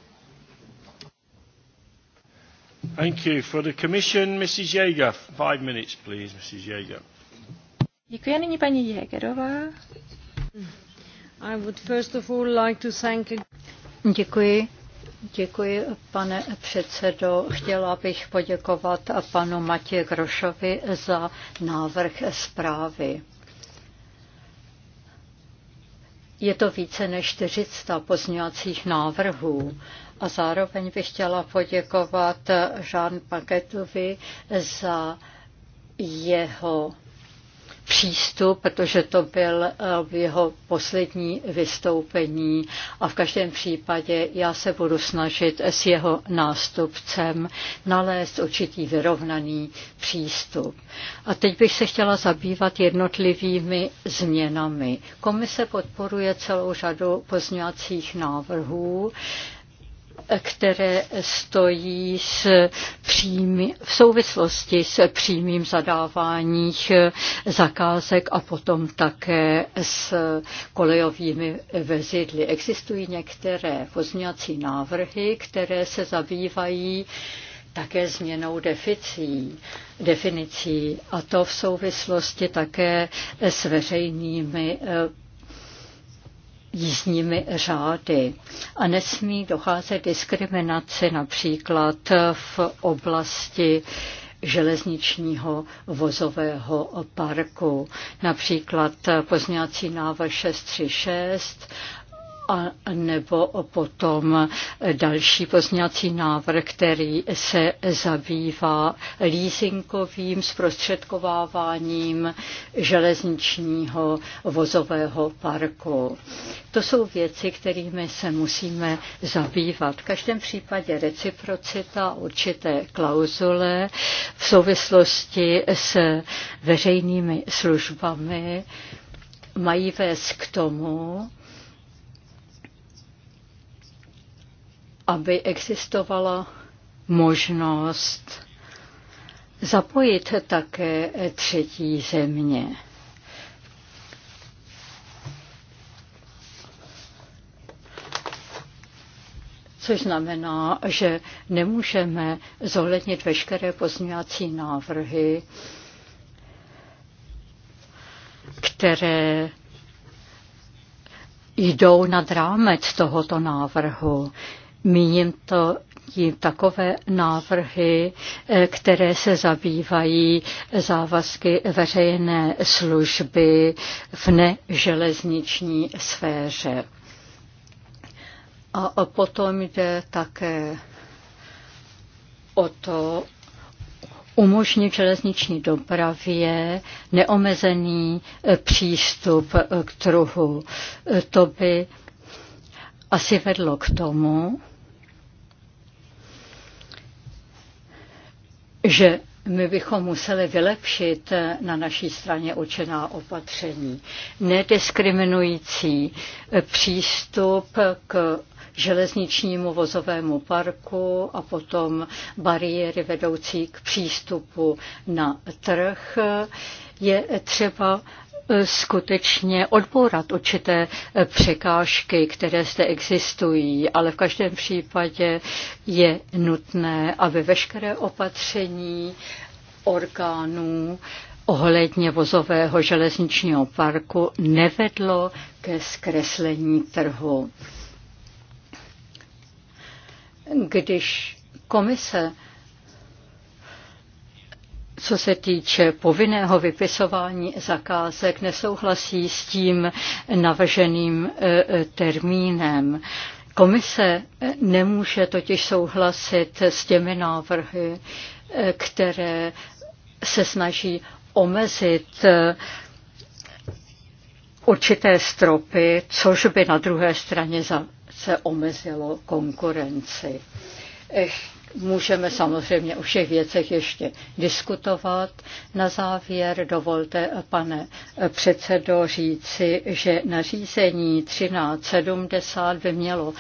Speaker 1: Thank you. For the commission, Mrs. Jäger. Five minutes, please, Mrs. Jäger.
Speaker 2: Děkuji, nyní paní Jaegerová. I would first of all like to thank...
Speaker 4: Děkuji. Děkuji, pane předsedo. Chtěla bych poděkovat panu Matěji Grošovi za návrh zprávy. Je to více než 400 pozňovacích návrhů. A zároveň bych chtěla poděkovat Jean Paketovi za jeho přístup, protože to byl eh, jeho poslední vystoupení a v každém případě já se budu snažit s jeho nástupcem nalézt určitý vyrovnaný přístup. A teď bych se chtěla zabývat jednotlivými změnami. Komise podporuje celou řadu pozňovacích návrhů, které stojí s přímý, v souvislosti s přímým zadáváních zakázek a potom také s kolejovými vezidly. Existují některé pozměňovací návrhy, které se zabývají také změnou deficí, definicí a to v souvislosti také s veřejnými eh, jízdními řády a nesmí docházet diskriminaci například v oblasti železničního vozového parku. Například pozněcí návrh 636 a nebo potom další pozněcí návrh, který se zabývá leasingovým zprostředkováváním železničního vozového parku. To jsou věci, kterými se musíme zabývat. V každém případě reciprocita určité klauzule v souvislosti s veřejnými službami mají vést k tomu, aby existovala možnost zapojit také třetí země. Což znamená, že nemůžeme zohlednit veškeré pozměňovací návrhy, které jdou nad rámec tohoto návrhu. Míním to tím takové návrhy, eh, které se zabývají závazky veřejné služby v neželezniční sféře. A potom jde také o to, umožnit železniční dopravě neomezený eh, přístup eh, k trhu. To by asi vedlo k tomu, že my bychom museli vylepšit na naší straně určená opatření. Nediskriminující přístup k železničnímu vozovému parku a potom bariéry vedoucí k přístupu na trh je třeba skutečně odbourat určité eh, překážky, které zde existují, ale v každém případě je nutné, aby veškeré opatření orgánů ohledně vozového železničního parku nevedlo ke zkreslení trhu. Když komise co se týče povinného vypisování zakázek, nesouhlasí s tím navrženým e, e, termínem. Komise e, nemůže totiž souhlasit s těmi návrhy, které se snaží omezit určité stropy, což by na druhé straně se omezilo konkurenci Můžeme samozřejmě o všech věcech ještě diskutovat. Na závěr dovolte, pane předsedo, říci, že nařízení 1370 by mělo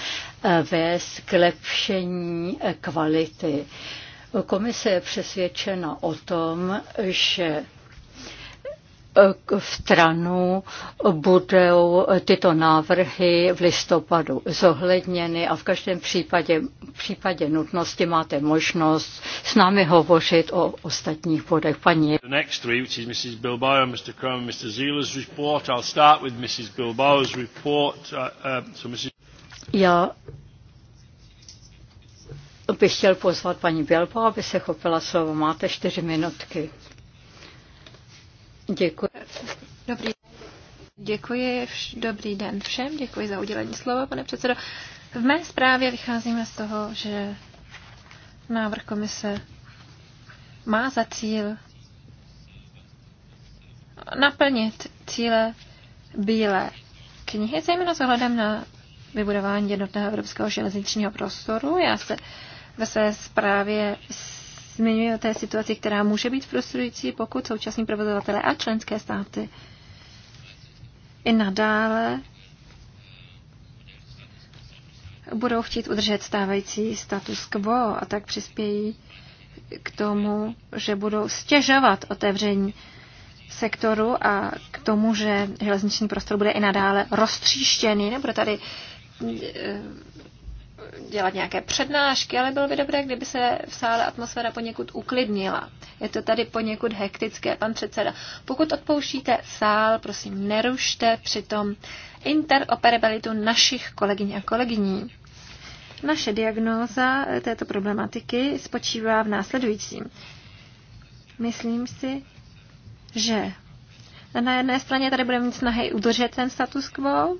Speaker 4: eh, vést k lepšení eh, kvality. Komise je přesvědčena o tom, že stranu budou tyto návrhy v listopadu zohledněny a v každém případě, v případě nutnosti máte možnost s námi hovořit o ostatních bodech. Paní. The
Speaker 1: next three, which is Mrs. Bilbao, Mr. Crum, Mr. Zeeler's report. I'll start with Mrs. Bilbao's report. Uh, uh, so Mrs.
Speaker 4: Já bych chtěl pozvat paní Bilbao, aby se chopila slovo. Máte čtyři minutky. Děkuji.
Speaker 2: Dobrý Děkuji, dobrý den všem, děkuji za udělení slova, pane předsedo. V mé zprávě vycházíme z toho, že návrh komise má za cíl naplnit cíle bílé knihy, zejména s ohledem na vybudování jednotného evropského železničního prostoru. Já se ve své zprávě zmiňuje o té situaci, která může být frustrující, pokud současní provozovatele a členské státy i nadále budou chtít udržet stávající status quo a tak přispějí k tomu, že budou stěžovat otevření sektoru a k tomu, že železniční prostor bude i nadále roztříštěný, nebo tady eh, dělat nějaké přednášky, ale bylo by dobré, kdyby se v sále atmosféra poněkud uklidnila. Je to tady poněkud hektické, pan předseda. Pokud odpouštíte sál, prosím, nerušte přitom interoperabilitu našich kolegyň a kolegyní. Naše diagnóza této problematiky spočívá v následujícím. Myslím si, že na jedné straně tady budeme mít snahy udržet ten status quo,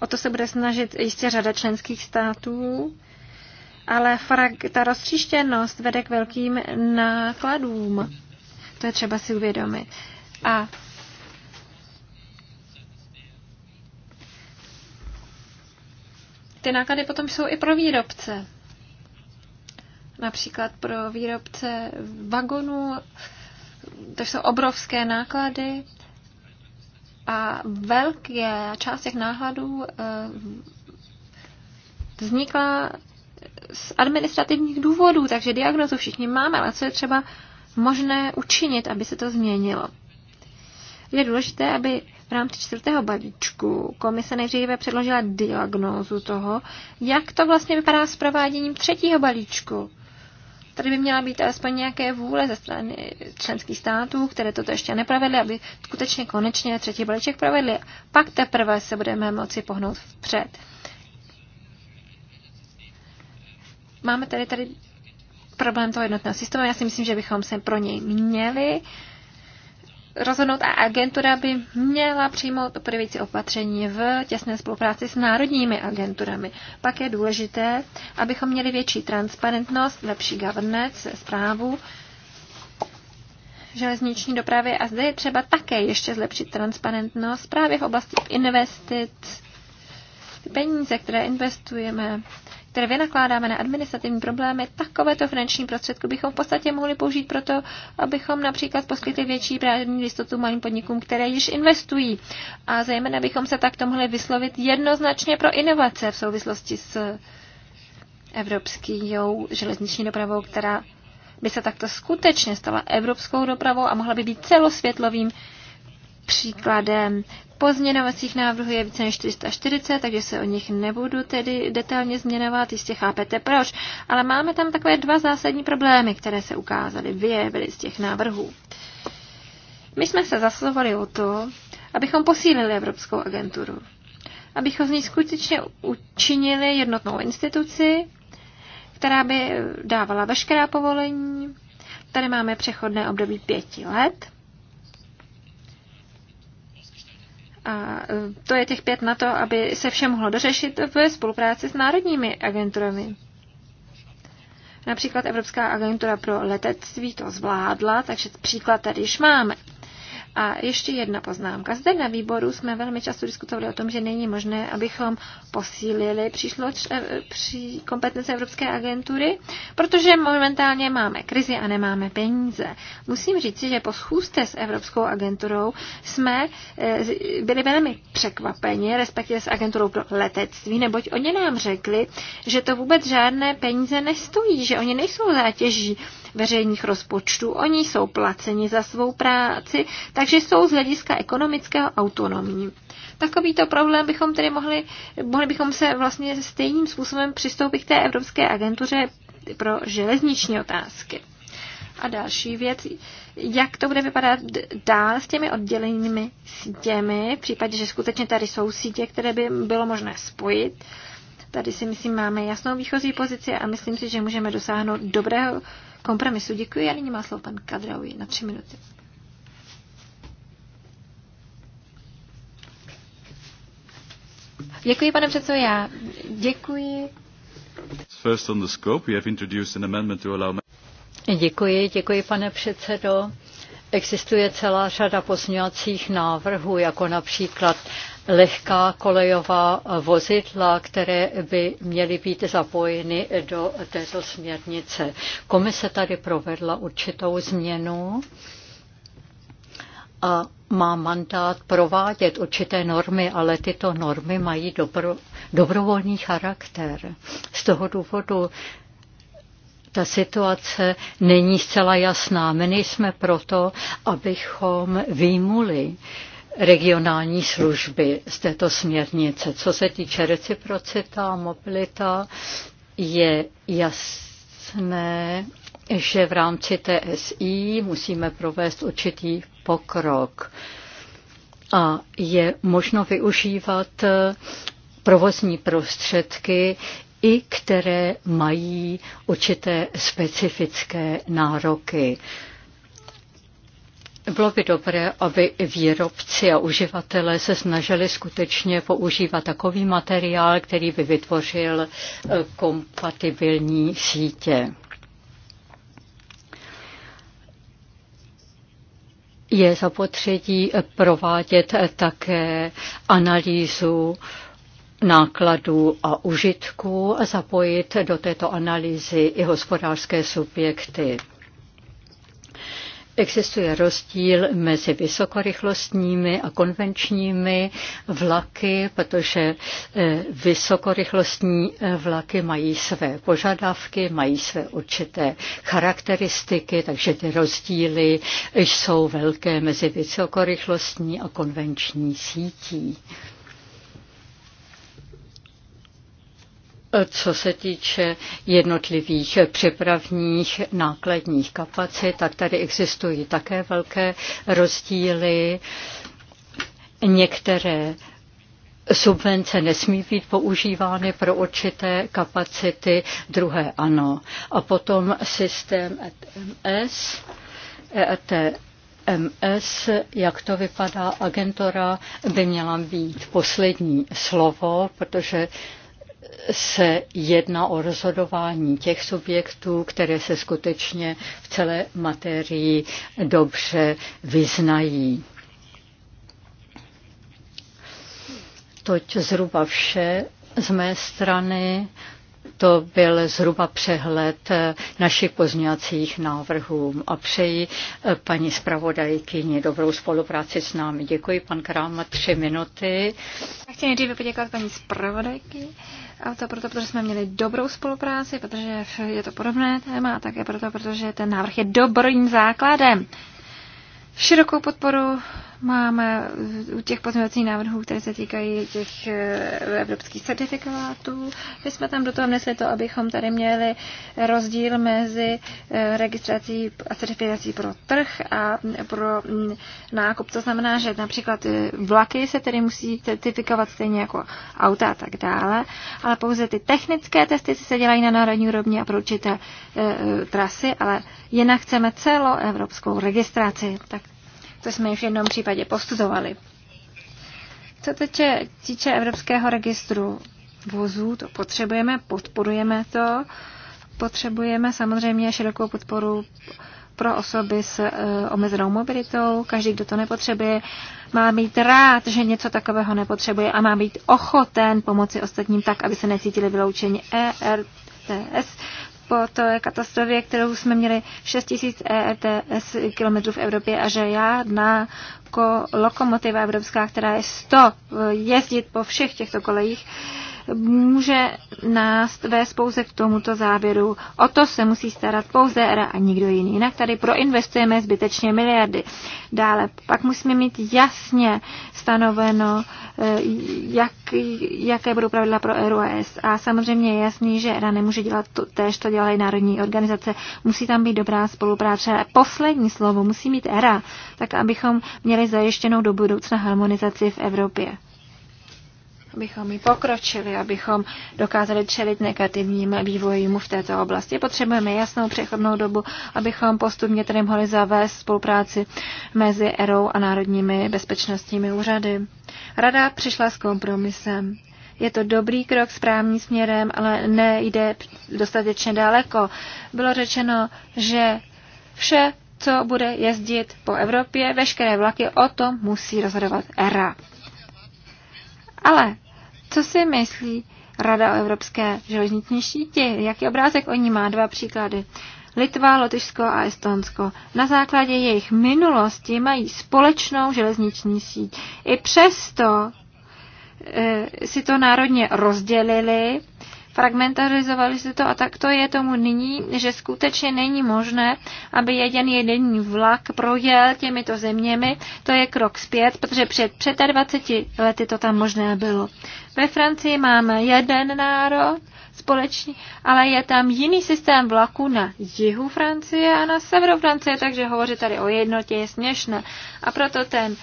Speaker 2: O to se bude snažit jistě řada členských států, ale ta roztříštěnost vede k velkým nákladům. To je třeba si uvědomit. A ty náklady potom jsou i pro výrobce. Například pro výrobce vagonů, to jsou obrovské náklady a velké část těch náhladů eh, vznikla z administrativních důvodů, takže diagnozu všichni máme, ale co je třeba možné učinit, aby se to změnilo. Je důležité, aby v rámci čtvrtého balíčku komise nejdříve předložila diagnózu toho, jak to vlastně vypadá s prováděním třetího balíčku. Tady by měla být alespoň nějaké vůle ze strany členských států, které toto ještě nepravedly, aby skutečně konečně třetí balíček provedli. Pak teprve se budeme moci pohnout vpřed. Máme tady tady problém toho jednotného systému. Já si myslím, že bychom se pro něj měli rozhodnout a agentura by měla přijmout opravující opatření v těsné spolupráci s národními agenturami. Pak je důležité, abychom měli větší transparentnost, lepší governance, zprávu železniční dopravy a zde je třeba také ještě zlepšit transparentnost právě v oblasti investic, peníze, které investujeme které vynakládáme na administrativní problémy, takovéto finanční prostředky bychom v podstatě mohli použít proto, abychom například poskytli větší právní jistotu malým podnikům, které již investují. A zejména bychom se takto mohli vyslovit jednoznačně pro inovace v souvislosti s evropskou železniční dopravou, která by se takto skutečně stala evropskou dopravou a mohla by být celosvětlovým příkladem pozměňovacích návrhů je více než 440, takže se o nich nebudu tedy detailně změnovat, jistě chápete proč. Ale máme tam takové dva zásadní problémy, které se ukázaly, vyjevily z těch návrhů. My jsme se zaslovali o to, abychom posílili Evropskou agenturu, abychom z ní skutečně učinili jednotnou instituci, která by dávala veškerá povolení. Tady máme přechodné období pěti let A e, to je těch pět na to, aby se vše mohlo dořešit ve spolupráci s národními agenturami. Například Evropská agentura pro letectví to zvládla, takže příklad tady již máme. A ještě jedna poznámka. Zde na výboru jsme velmi často diskutovali o tom, že není možné, abychom posílili přišlo eh, při kompetence Evropské agentury, protože momentálně máme krizi a nemáme peníze. Musím říci, že po schůzce s Evropskou agenturou jsme eh, byli velmi překvapeni, respektive s agenturou pro letectví, neboť oni nám řekli, že to vůbec žádné peníze nestojí, že oni nejsou zátěží veřejných rozpočtů. Oni jsou placeni za svou práci, takže jsou z hlediska ekonomického autonomní. Takovýto problém bychom tedy mohli, mohli bychom se vlastně stejným způsobem přistoupit k té Evropské agentuře pro železniční otázky. A další věc, jak to bude vypadat dál s těmi oddělenými sítěmi, v případě, že skutečně tady jsou sítě, které by bylo možné spojit. Tady si myslím, máme jasnou výchozí pozici a myslím si, že můžeme dosáhnout dobrého kompromisu. Děkuji a nyní má slovo pan Kadraoui na tři minuty. Děkuji, pane předsedo, já
Speaker 4: děkuji.
Speaker 5: First on the scope, we have introduced an amendment to allow...
Speaker 4: Děkuji, děkuji, pane předsedo. Existuje celá řada pozměňovacích návrhů, jako například lehká kolejová vozidla, které by měly být zapojeny do této směrnice. Komise tady provedla určitou změnu a má mandát provádět určité normy, ale tyto normy mají dobro, dobrovolný charakter. Z toho důvodu ta situace není zcela jasná. My nejsme proto, abychom výmuli uh, regionální služby z této směrnice. Co se týče reciprocita a mobilita, je jasné, že v rámci TSI musíme provést určitý pokrok a je možno využívat provozní prostředky, i které mají určité specifické nároky. Bylo by dobré, aby výrobci a uživatelé se snažili skutečně používat takový materiál, který by vytvořil eh, kompatibilní sítě. Je zapotřebí eh, provádět eh, také analýzu nákladů a užitků a zapojit do této analýzy i hospodářské subjekty. Existuje rozdíl mezi vysokorychlostními a konvenčními vlaky, protože eh, vysokorychlostní eh, vlaky mají své požadavky, mají své určité charakteristiky, takže ty rozdíly jsou velké mezi vysokorychlostní a konvenční sítí. co se týče jednotlivých přepravních nákladních kapacit, tak tady existují také velké rozdíly. Některé subvence nesmí být používány pro určité kapacity, druhé ano. A potom systém ETMS, ETMS, jak to vypadá, agentora by měla být poslední slovo, protože se jedná o rozhodování těch subjektů, které se skutečně v celé materii dobře vyznají. Toť zhruba vše z mé strany to byl zhruba přehled eh, našich pozměňovacích návrhů a přeji eh, paní zpravodajkyni dobrou spolupráci s námi. Děkuji, pan Krám, tři minuty. Já
Speaker 2: chci nejdříve poděkovat paní
Speaker 4: zpravodajky.
Speaker 2: A to proto, protože jsme měli dobrou spolupráci, protože je to podobné téma, a také proto, protože ten návrh je dobrým základem. Širokou podporu Máme u těch pozměňovacích návrhů, které se týkají těch eh, evropských certifikátů. My jsme tam do toho vnesli to, abychom tady měli rozdíl mezi eh, registrací a certifikací pro trh a pro mm, nákup. To znamená, že například eh, vlaky se tedy musí certifikovat stejně jako auta a tak dále, ale pouze ty technické testy se dělají na národní úrovni a pro určité trasy, ale jinak chceme celoevropskou registraci. Tak to jsme již v jednom případě postudovali. Co teče týče Evropského registru vozů, to potřebujeme, podporujeme to. Potřebujeme samozřejmě širokou podporu pro osoby s e, omezenou mobilitou. Každý, kdo to nepotřebuje, má být rád, že něco takového nepotřebuje a má být ochoten pomoci ostatním tak, aby se necítili vyloučení ERTS po té katastrofě, kterou jsme měli 6000 ETS kilometrů v Evropě a že já na žádná lokomotiva evropská, která je 100 e, jezdit po všech těchto kolejích, může nás vést pouze k tomuto závěru. O to se musí starat pouze ERA a nikdo jiný. Jinak tady proinvestujeme zbytečně miliardy. Dále pak musíme mít jasně stanoveno, eh, jak, jaké budou pravidla pro ERU a S. A samozřejmě je jasný, že ERA nemůže dělat to, též, to dělají národní organizace. Musí tam být dobrá spolupráce. A poslední slovo musí mít ERA, tak abychom měli zajištěnou do budoucna harmonizaci v Evropě abychom ji pokročili, abychom dokázali čelit negativním vývojům v této oblasti. Potřebujeme jasnou přechodnou dobu, abychom postupně tedy mohli zavést spolupráci mezi ERou a národními bezpečnostními úřady. Rada přišla s kompromisem. Je to dobrý krok správným směrem, ale nejde dostatečně daleko. Bylo řečeno, že vše, co bude jezdit po Evropě, veškeré vlaky, o tom musí rozhodovat ERA. Ale co si myslí Rada o evropské železniční štíti? Jaký obrázek o ní má? Dva příklady. Litva, Lotyšsko a Estonsko. Na základě jejich minulosti mají společnou železniční síť. I přesto e, si to národně rozdělili fragmentarizovali si to a tak to je tomu nyní, že skutečně není možné, aby jeden jediný vlak projel těmito zeměmi. To je krok zpět, protože před 25 lety to tam možné bylo. Ve Francii máme jeden národ, společný, ale je tam jiný systém vlaku na jihu Francie a na severu Francie, takže hovořit tady o jednotě je směšné. A proto ten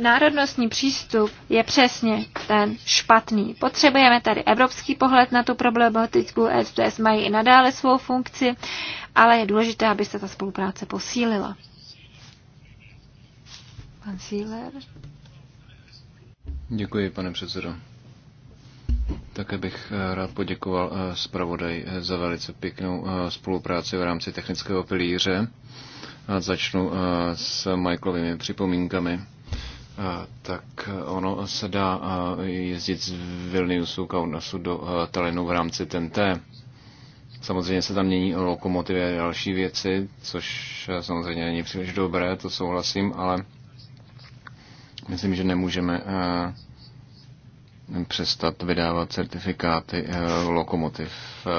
Speaker 2: národnostní přístup je přesně ten špatný. Potřebujeme tady evropský pohled na tu problematiku, STS mají i nadále svou funkci, ale je důležité, aby se ta spolupráce posílila. Pan Sýler.
Speaker 3: Děkuji, pane předsedo. Také bych eh, rád poděkoval eh, zpravodaj eh, za velice pěknou spolupráci v rámci technického pilíře. A začnu s Michaelovými připomínkami tak eh, ono se dá eh, jezdit z Vilniusu, Kaunasu do eh, Talinu v rámci TNT. Samozřejmě se tam mění lokomotivy a další věci, což samozřejmě není příliš dobré, to souhlasím, ale myslím, že nemůžeme přestat vydávat certifikáty lokomotiv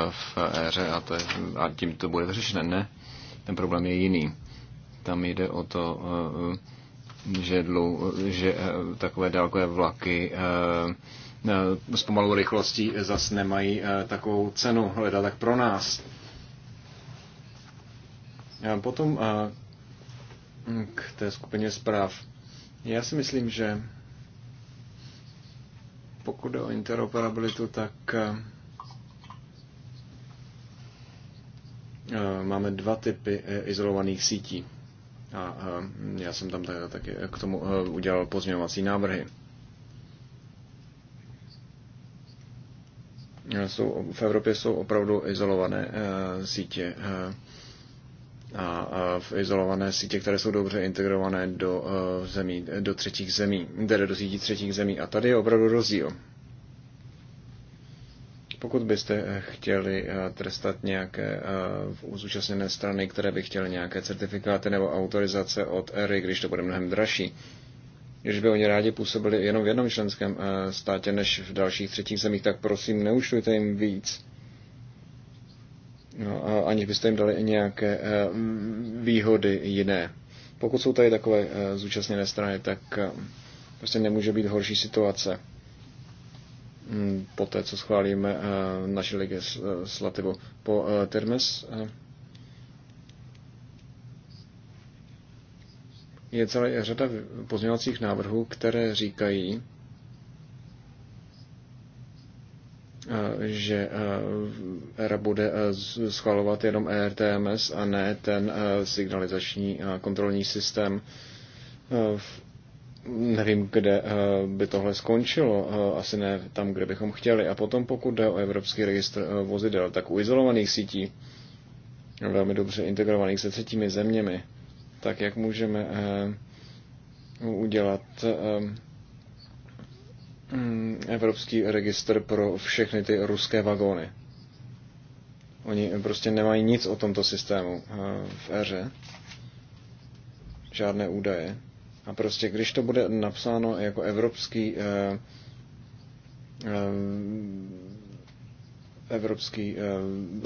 Speaker 3: v éře a, to je, a tím to bude řešené. Ne, ten problém je jiný. Tam jde o to, že, dlou, že eh, takové dálkové vlaky eh, s pomalou rychlostí zas nemají eh, takovou cenu, hledat tak pro nás. A potom k té skupině zpráv. Já si myslím, že pokud jde o interoperabilitu, tak máme dva typy izolovaných sítí. A já jsem tam taky k tomu e, udělal pozměňovací návrhy. E, jsou, v Evropě jsou opravdu izolované e, sítě a v izolované sítě, které jsou dobře integrované do zemí, do třetích zemí, tedy do sítí třetích zemí. A tady je opravdu rozdíl pokud byste eh, chtěli eh, trestat nějaké eh, zúčastněné strany, které by chtěly nějaké certifikáty nebo autorizace od ERY, když to bude mnohem dražší, když by oni rádi působili jenom v jednom členském státě než v dalších třetích zemích, tak prosím, neušlujte jim víc. No, aniž byste jim dali nějaké výhody jiné. Pokud jsou tady takové zúčastněné strany, tak prostě nemůže být horší situace. Mm, po té, co schválíme eh, naši legislativu. Po eh, Termes eh, je celá řada pozměňovacích návrhů, které říkají, že ERA bude schvalovat jenom ERTMS a ne ten signalizační kontrolní systém nevím, kde eh, by tohle skončilo, eh, asi ne tam, kde bychom chtěli. A potom, pokud jde o Evropský registr eh, vozidel, tak u izolovaných sítí, velmi dobře integrovaných se třetími zeměmi, tak jak můžeme udělat mm, Evropský registr pro všechny ty ruské vagóny. Oni prostě nemají nic o tomto systému v éře, žádné údaje. A prostě, když to bude napsáno jako evropský eh, eh, evropský eh,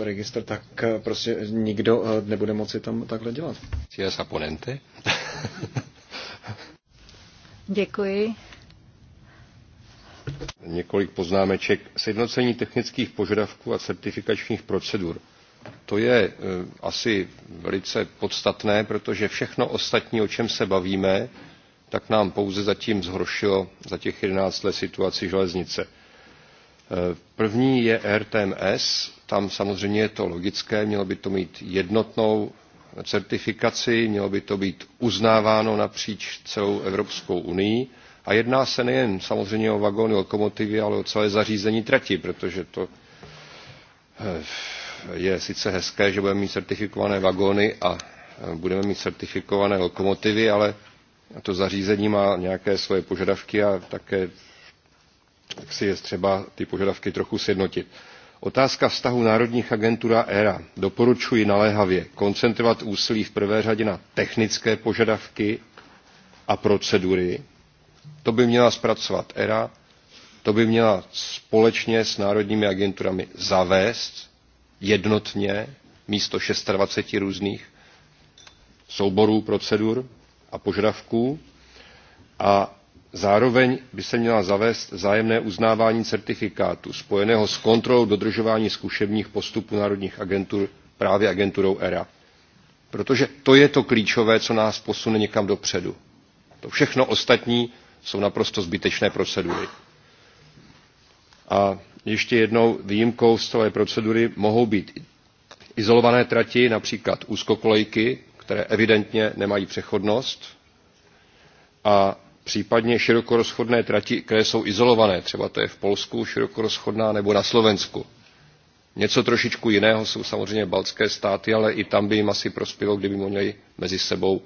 Speaker 3: registr, tak eh, prostě nikdo eh, nebude moci tam
Speaker 6: takhle dělat. Cíles s ponente.
Speaker 4: Děkuji.
Speaker 6: Několik poznámeček. Sjednocení technických požadavků a certifikačních procedur to je eh, asi velice podstatné, protože všechno ostatní, o čem se bavíme, tak nám pouze zatím zhoršilo za těch 11 let situaci železnice. Eh, první je RTMS, tam samozřejmě je to logické, mělo by to mít jednotnou certifikaci, mělo by to být uznáváno napříč celou Evropskou unii. A jedná se nejen samozřejmě o vagóny, lokomotivy, ale o celé zařízení trati, protože to eh, je sice hezké, že budeme mít certifikované vagóny a e, budeme mít certifikované lokomotivy, ale to zařízení má nějaké svoje požadavky a také tak si je třeba ty požadavky trochu sjednotit. Otázka vztahu národních agentur ERA. Doporučuji naléhavě koncentrovat úsilí v prvé řadě na technické požadavky a procedury. To by měla zpracovat ERA, to by měla společně s národními agenturami zavést jednotně místo 26 různých souborů procedur a požadavků a zároveň by se měla zavést zájemné uznávání certifikátu spojeného s kontrolou dodržování zkušebních postupů národních agentur právě agenturou ERA. Protože to je to klíčové, co nás posune někam dopředu. To všechno ostatní jsou naprosto zbytečné procedury. A ještě jednou výjimkou z celé procedury mohou být izolované trati, například úzkokolejky, které evidentně nemají přechodnost, a případně širokorozchodné trati, které jsou izolované, třeba to je v Polsku širokorozchodná nebo na Slovensku. Něco trošičku jiného jsou samozřejmě baltské státy, ale i tam by jim asi prospělo, kdyby měli mezi sebou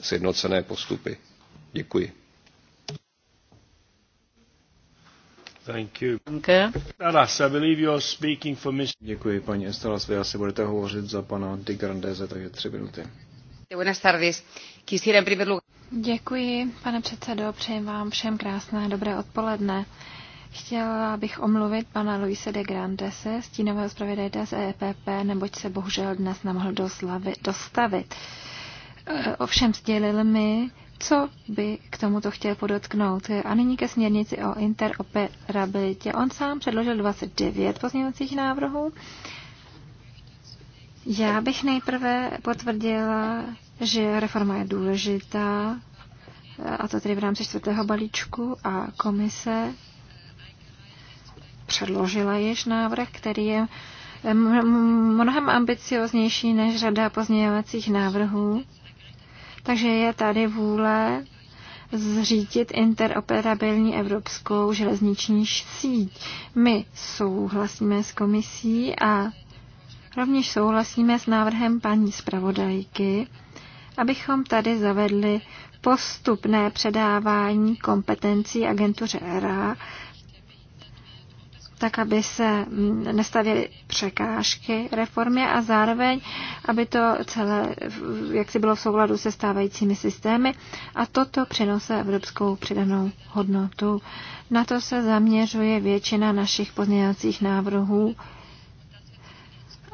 Speaker 6: sjednocené postupy. Děkuji.
Speaker 3: Děkuji, paní Estalas, vy asi budete hovořit za pana Di Grandeze, takže tři minuty.
Speaker 4: tardes.
Speaker 2: Děkuji, pane předsedo, přeji vám všem krásné dobré odpoledne. Chtěla bych omluvit pana Luise de Grandese, stínového zpravodajta z EPP, neboť se bohužel dnes nemohl doslavit, dostavit. E, ovšem sdělil mi, co by k tomuto chtěl podotknout. A nyní ke směrnici o interoperabilitě. On sám předložil 29 pozměňovacích návrhů. Já bych nejprve potvrdila, že reforma je důležitá, a to tedy v rámci čtvrtého balíčku a komise předložila již návrh, který je mnohem ambicioznější než řada pozměňovacích návrhů takže je tady vůle zřídit interoperabilní evropskou železniční síť. My souhlasíme s komisí a rovněž souhlasíme s návrhem paní zpravodajky, abychom tady zavedli postupné předávání kompetencí agentuře ERA tak aby se mm, nestavěly překážky reformy a zároveň, aby to celé, jak si bylo v souladu se stávajícími systémy a toto přinose evropskou přidanou hodnotu. Na to se zaměřuje většina našich pozměňovacích návrhů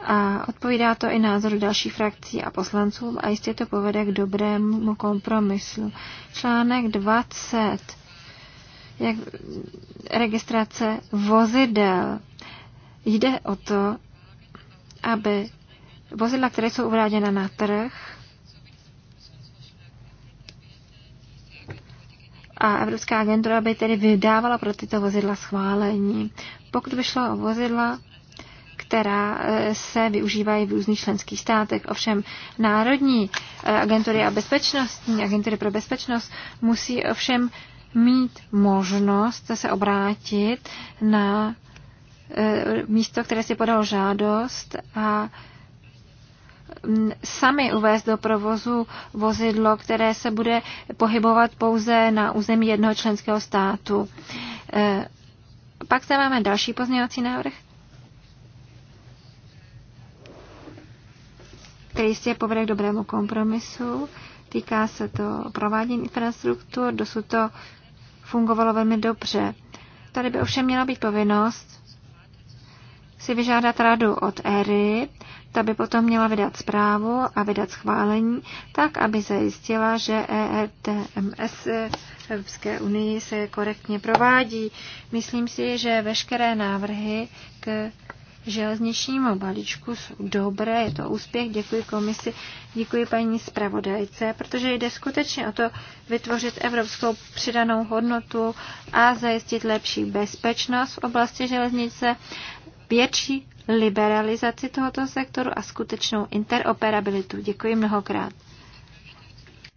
Speaker 2: a odpovídá to i názoru dalších frakcí a poslancům a jistě to povede k dobrému kompromisu. Článek 20 jak registrace vozidel. Jde o to, aby vozidla, které jsou uváděna na trh, a Evropská agentura by tedy vydávala pro tyto vozidla schválení. Pokud by šlo o vozidla, která eh, se využívají v různých členských státech. Ovšem národní eh, agentury a bezpečnostní agentury pro bezpečnost musí ovšem mít možnost se obrátit na e, místo, které si podal žádost a sami uvést do provozu vozidlo, které se bude pohybovat pouze na území jednoho členského státu. E, pak zde máme další pozměňovací návrh, který jistě povede k dobrému kompromisu. Týká se to provádění infrastruktur, dosud to fungovalo velmi dobře. Tady by ovšem měla být povinnost si vyžádat radu od ERY, ta by potom měla vydat zprávu a vydat schválení, tak aby zajistila, že ERTMS v Evropské unii se korektně provádí. Myslím si, že veškeré návrhy k železničnímu balíčku jsou dobré, je to úspěch, děkuji komisi, děkuji paní zpravodajce, protože jde skutečně o to vytvořit evropskou přidanou hodnotu a zajistit lepší bezpečnost v oblasti železnice, větší liberalizaci tohoto sektoru a skutečnou interoperabilitu. Děkuji mnohokrát.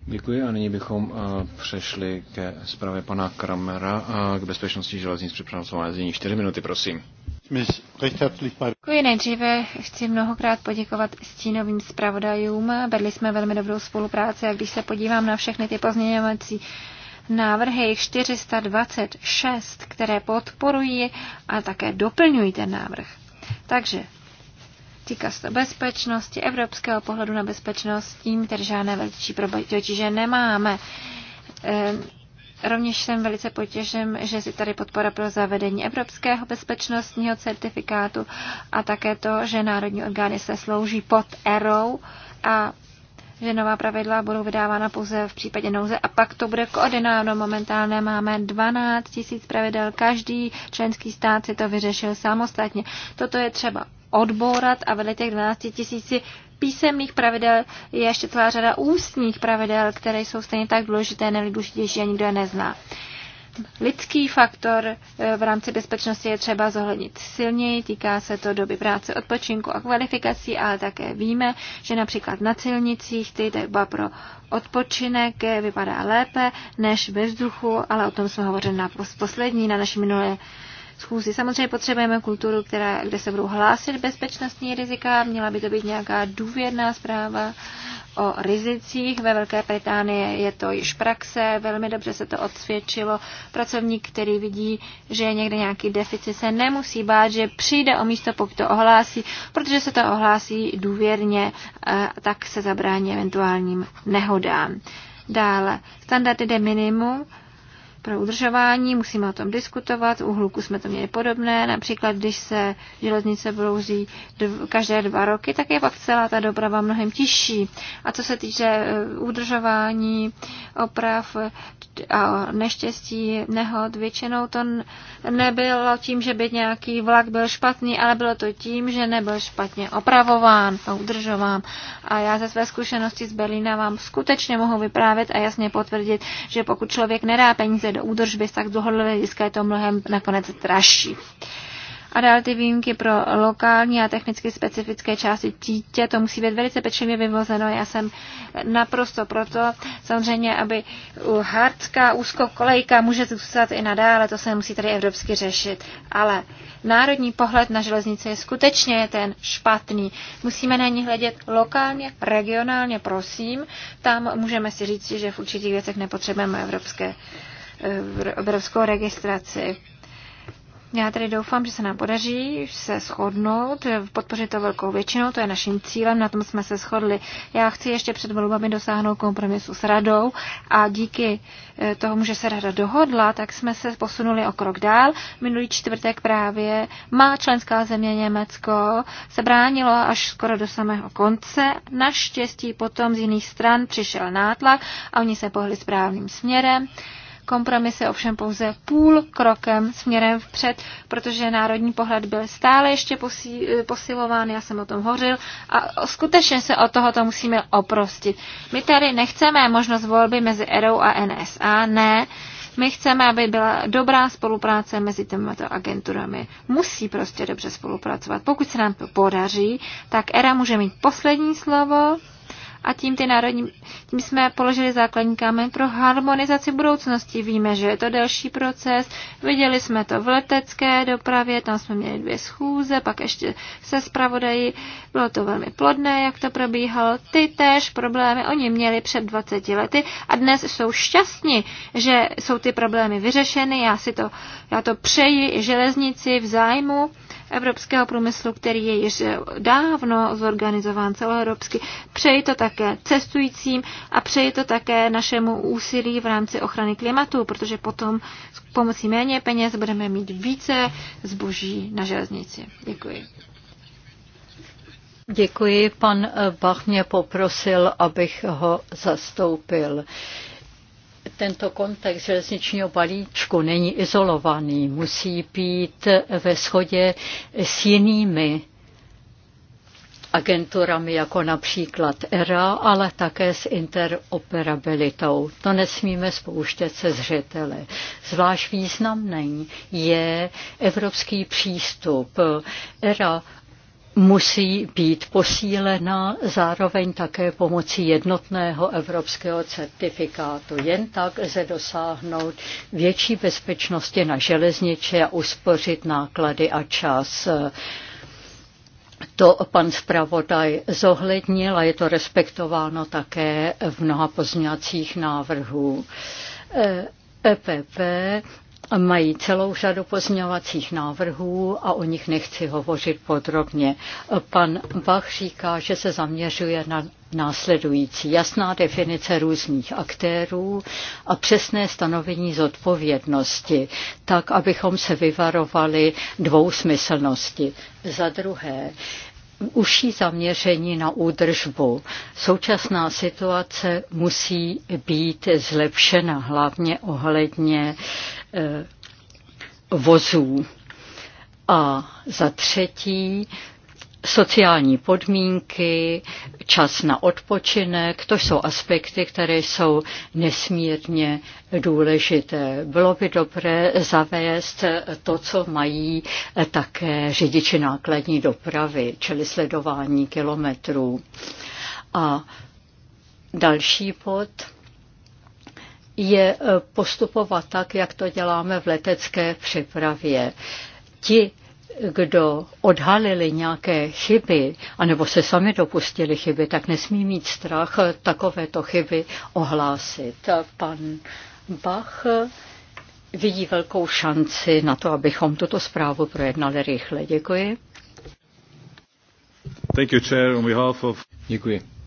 Speaker 3: Děkuji a nyní bychom eh, přešli ke zprávě pana Kramera a eh, k bezpečnosti železnic přepracované znění. 4 minuty, prosím.
Speaker 5: Děkuji.
Speaker 2: Nejdříve chci mnohokrát poděkovat stínovým zpravodajům. Vedli jsme velmi dobrou spolupráci a když se podívám na všechny ty pozměňovací návrhy 426, které podporují a také doplňují ten návrh. Takže týká se to bezpečnosti, evropského pohledu na bezpečnost, tím tedy žádné velčí že nemáme. Ehm Rovněž jsem velice potěšen, že si tady podpora pro zavedení evropského bezpečnostního certifikátu a také to, že národní orgány se slouží pod ERO a že nová pravidla budou vydávána pouze v případě nouze a pak to bude koordinováno. Momentálně máme 12 tisíc pravidel, každý členský stát si to vyřešil samostatně. Toto je třeba odbourat a vedle těch 12 tisíci písemných pravidel je ještě celá řada ústních pravidel, které jsou stejně tak důležité, nejdůležitější a nikdo je nezná. Lidský faktor eh, v rámci bezpečnosti je třeba zohlednit silněji, týká se to doby práce, odpočinku a kvalifikací, ale také víme, že například na silnicích ty doba pro odpočinek eh, vypadá lépe než ve vzduchu, ale o tom jsme hovořili na poslední, na naší minulé schůzi. Samozřejmě potřebujeme kulturu, která, kde se budou hlásit bezpečnostní rizika, měla by to být nějaká důvěrná zpráva o rizicích. Ve Velké Británii je to již praxe, velmi dobře se to odsvědčilo. Pracovník, který vidí, že je někde nějaký deficit, se nemusí bát, že přijde o místo, pokud to ohlásí, protože se to ohlásí důvěrně, eh, tak se zabrání eventuálním nehodám. Dále, standardy de minimum, pro udržování, musíme o tom diskutovat. U hluku jsme to měli podobné, například když se železnice brouzí každé dva roky, tak je pak celá ta doprava mnohem těžší. A co se týče eh, udržování, oprav a neštěstí, nehod, většinou to nebylo tím, že by nějaký vlak byl špatný, ale bylo to tím, že nebyl špatně opravován a udržován. A já ze své zkušenosti z Berlína vám skutečně mohu vyprávět a jasně potvrdit, že pokud člověk nedá peníze do do údržby, tak z dlouhodobého hlediska je to mnohem nakonec dražší. A dál ty výjimky pro lokální a technicky specifické části títě, to musí být velice pečlivě vyvozeno. Já jsem naprosto proto, samozřejmě, aby hardská úzkokolejka může zůstat i nadále, to se musí tady evropsky řešit. Ale národní pohled na železnice je skutečně ten špatný. Musíme na ní hledět lokálně, regionálně, prosím. Tam můžeme si říct, že v určitých věcech nepotřebujeme evropské obrovskou registraci. Já tedy doufám, že se nám podaří se shodnout, podpořit to velkou většinou, to je naším cílem, na tom jsme se shodli. Já chci ještě před volbami dosáhnout kompromisu s radou a díky eh, tomu, že se rada dohodla, tak jsme se posunuli o krok dál. Minulý čtvrtek právě má členská země Německo se bránilo až skoro do samého konce. Naštěstí potom z jiných stran přišel nátlak a oni se pohli správným směrem. Kompromis je ovšem pouze půl krokem směrem vpřed, protože národní pohled byl stále ještě posí, eh, posilován, já jsem o tom hořil a skutečně se od tohoto musíme oprostit. My tady nechceme možnost volby mezi ERO a NSA, ne. My chceme, aby byla dobrá spolupráce mezi těmito agenturami. Musí prostě dobře spolupracovat. Pokud se nám to podaří, tak ERA může mít poslední slovo a tím, ty národní, tím jsme položili základní kámen pro harmonizaci budoucnosti. Víme, že je to delší proces, viděli jsme to v letecké dopravě, tam jsme měli dvě schůze, pak ještě se zpravodají, bylo to velmi plodné, jak to probíhalo. Ty též problémy oni měli před 20 lety a dnes jsou šťastní, že jsou ty problémy vyřešeny, já si to, já to přeji železnici v zájmu evropského průmyslu, který je již dávno zorganizován celoevropsky. Přeji to také cestujícím a přeji to také našemu úsilí v rámci ochrany klimatu, protože potom pomocí méně peněz budeme mít více zboží na železnici. Děkuji.
Speaker 4: Děkuji. Pan Bach mě poprosil, abych ho zastoupil. Tento kontext železničního balíčku není izolovaný, musí být ve shodě s jinými agenturami jako například ERA, ale také s interoperabilitou. To nesmíme spouštět se zřetele. Zvlášť významný je evropský přístup. ERA musí být posílena zároveň také pomocí jednotného evropského certifikátu. Jen tak lze dosáhnout větší bezpečnosti na železniče a uspořit náklady a čas. To pan zpravodaj zohlednil a je to respektováno také v mnoha pozměňovacích návrhů. EPP e mají celou řadu pozměňovacích návrhů a o nich nechci hovořit podrobně. Pan Bach říká, že se zaměřuje na následující jasná definice různých aktérů a přesné stanovení zodpovědnosti, tak abychom se vyvarovali dvou smyslnosti. Za druhé, užší zaměření na údržbu. Současná situace musí být zlepšena, hlavně ohledně Eh, vozů. A za třetí sociální podmínky, čas na odpočinek, to jsou aspekty, které jsou nesmírně důležité. Bylo by dobré zavést to, co mají také řidiči nákladní dopravy, čili sledování kilometrů. A další bod je eh, postupovat tak, jak to děláme v letecké přepravě. Ti, kdo odhalili nějaké chyby, anebo se sami dopustili chyby, tak nesmí mít strach eh, takovéto chyby ohlásit. Pan Bach eh, vidí velkou šanci na to, abychom tuto zprávu projednali rychle. Děkuji.
Speaker 3: Thank you, chair, on behalf of... Děkuji.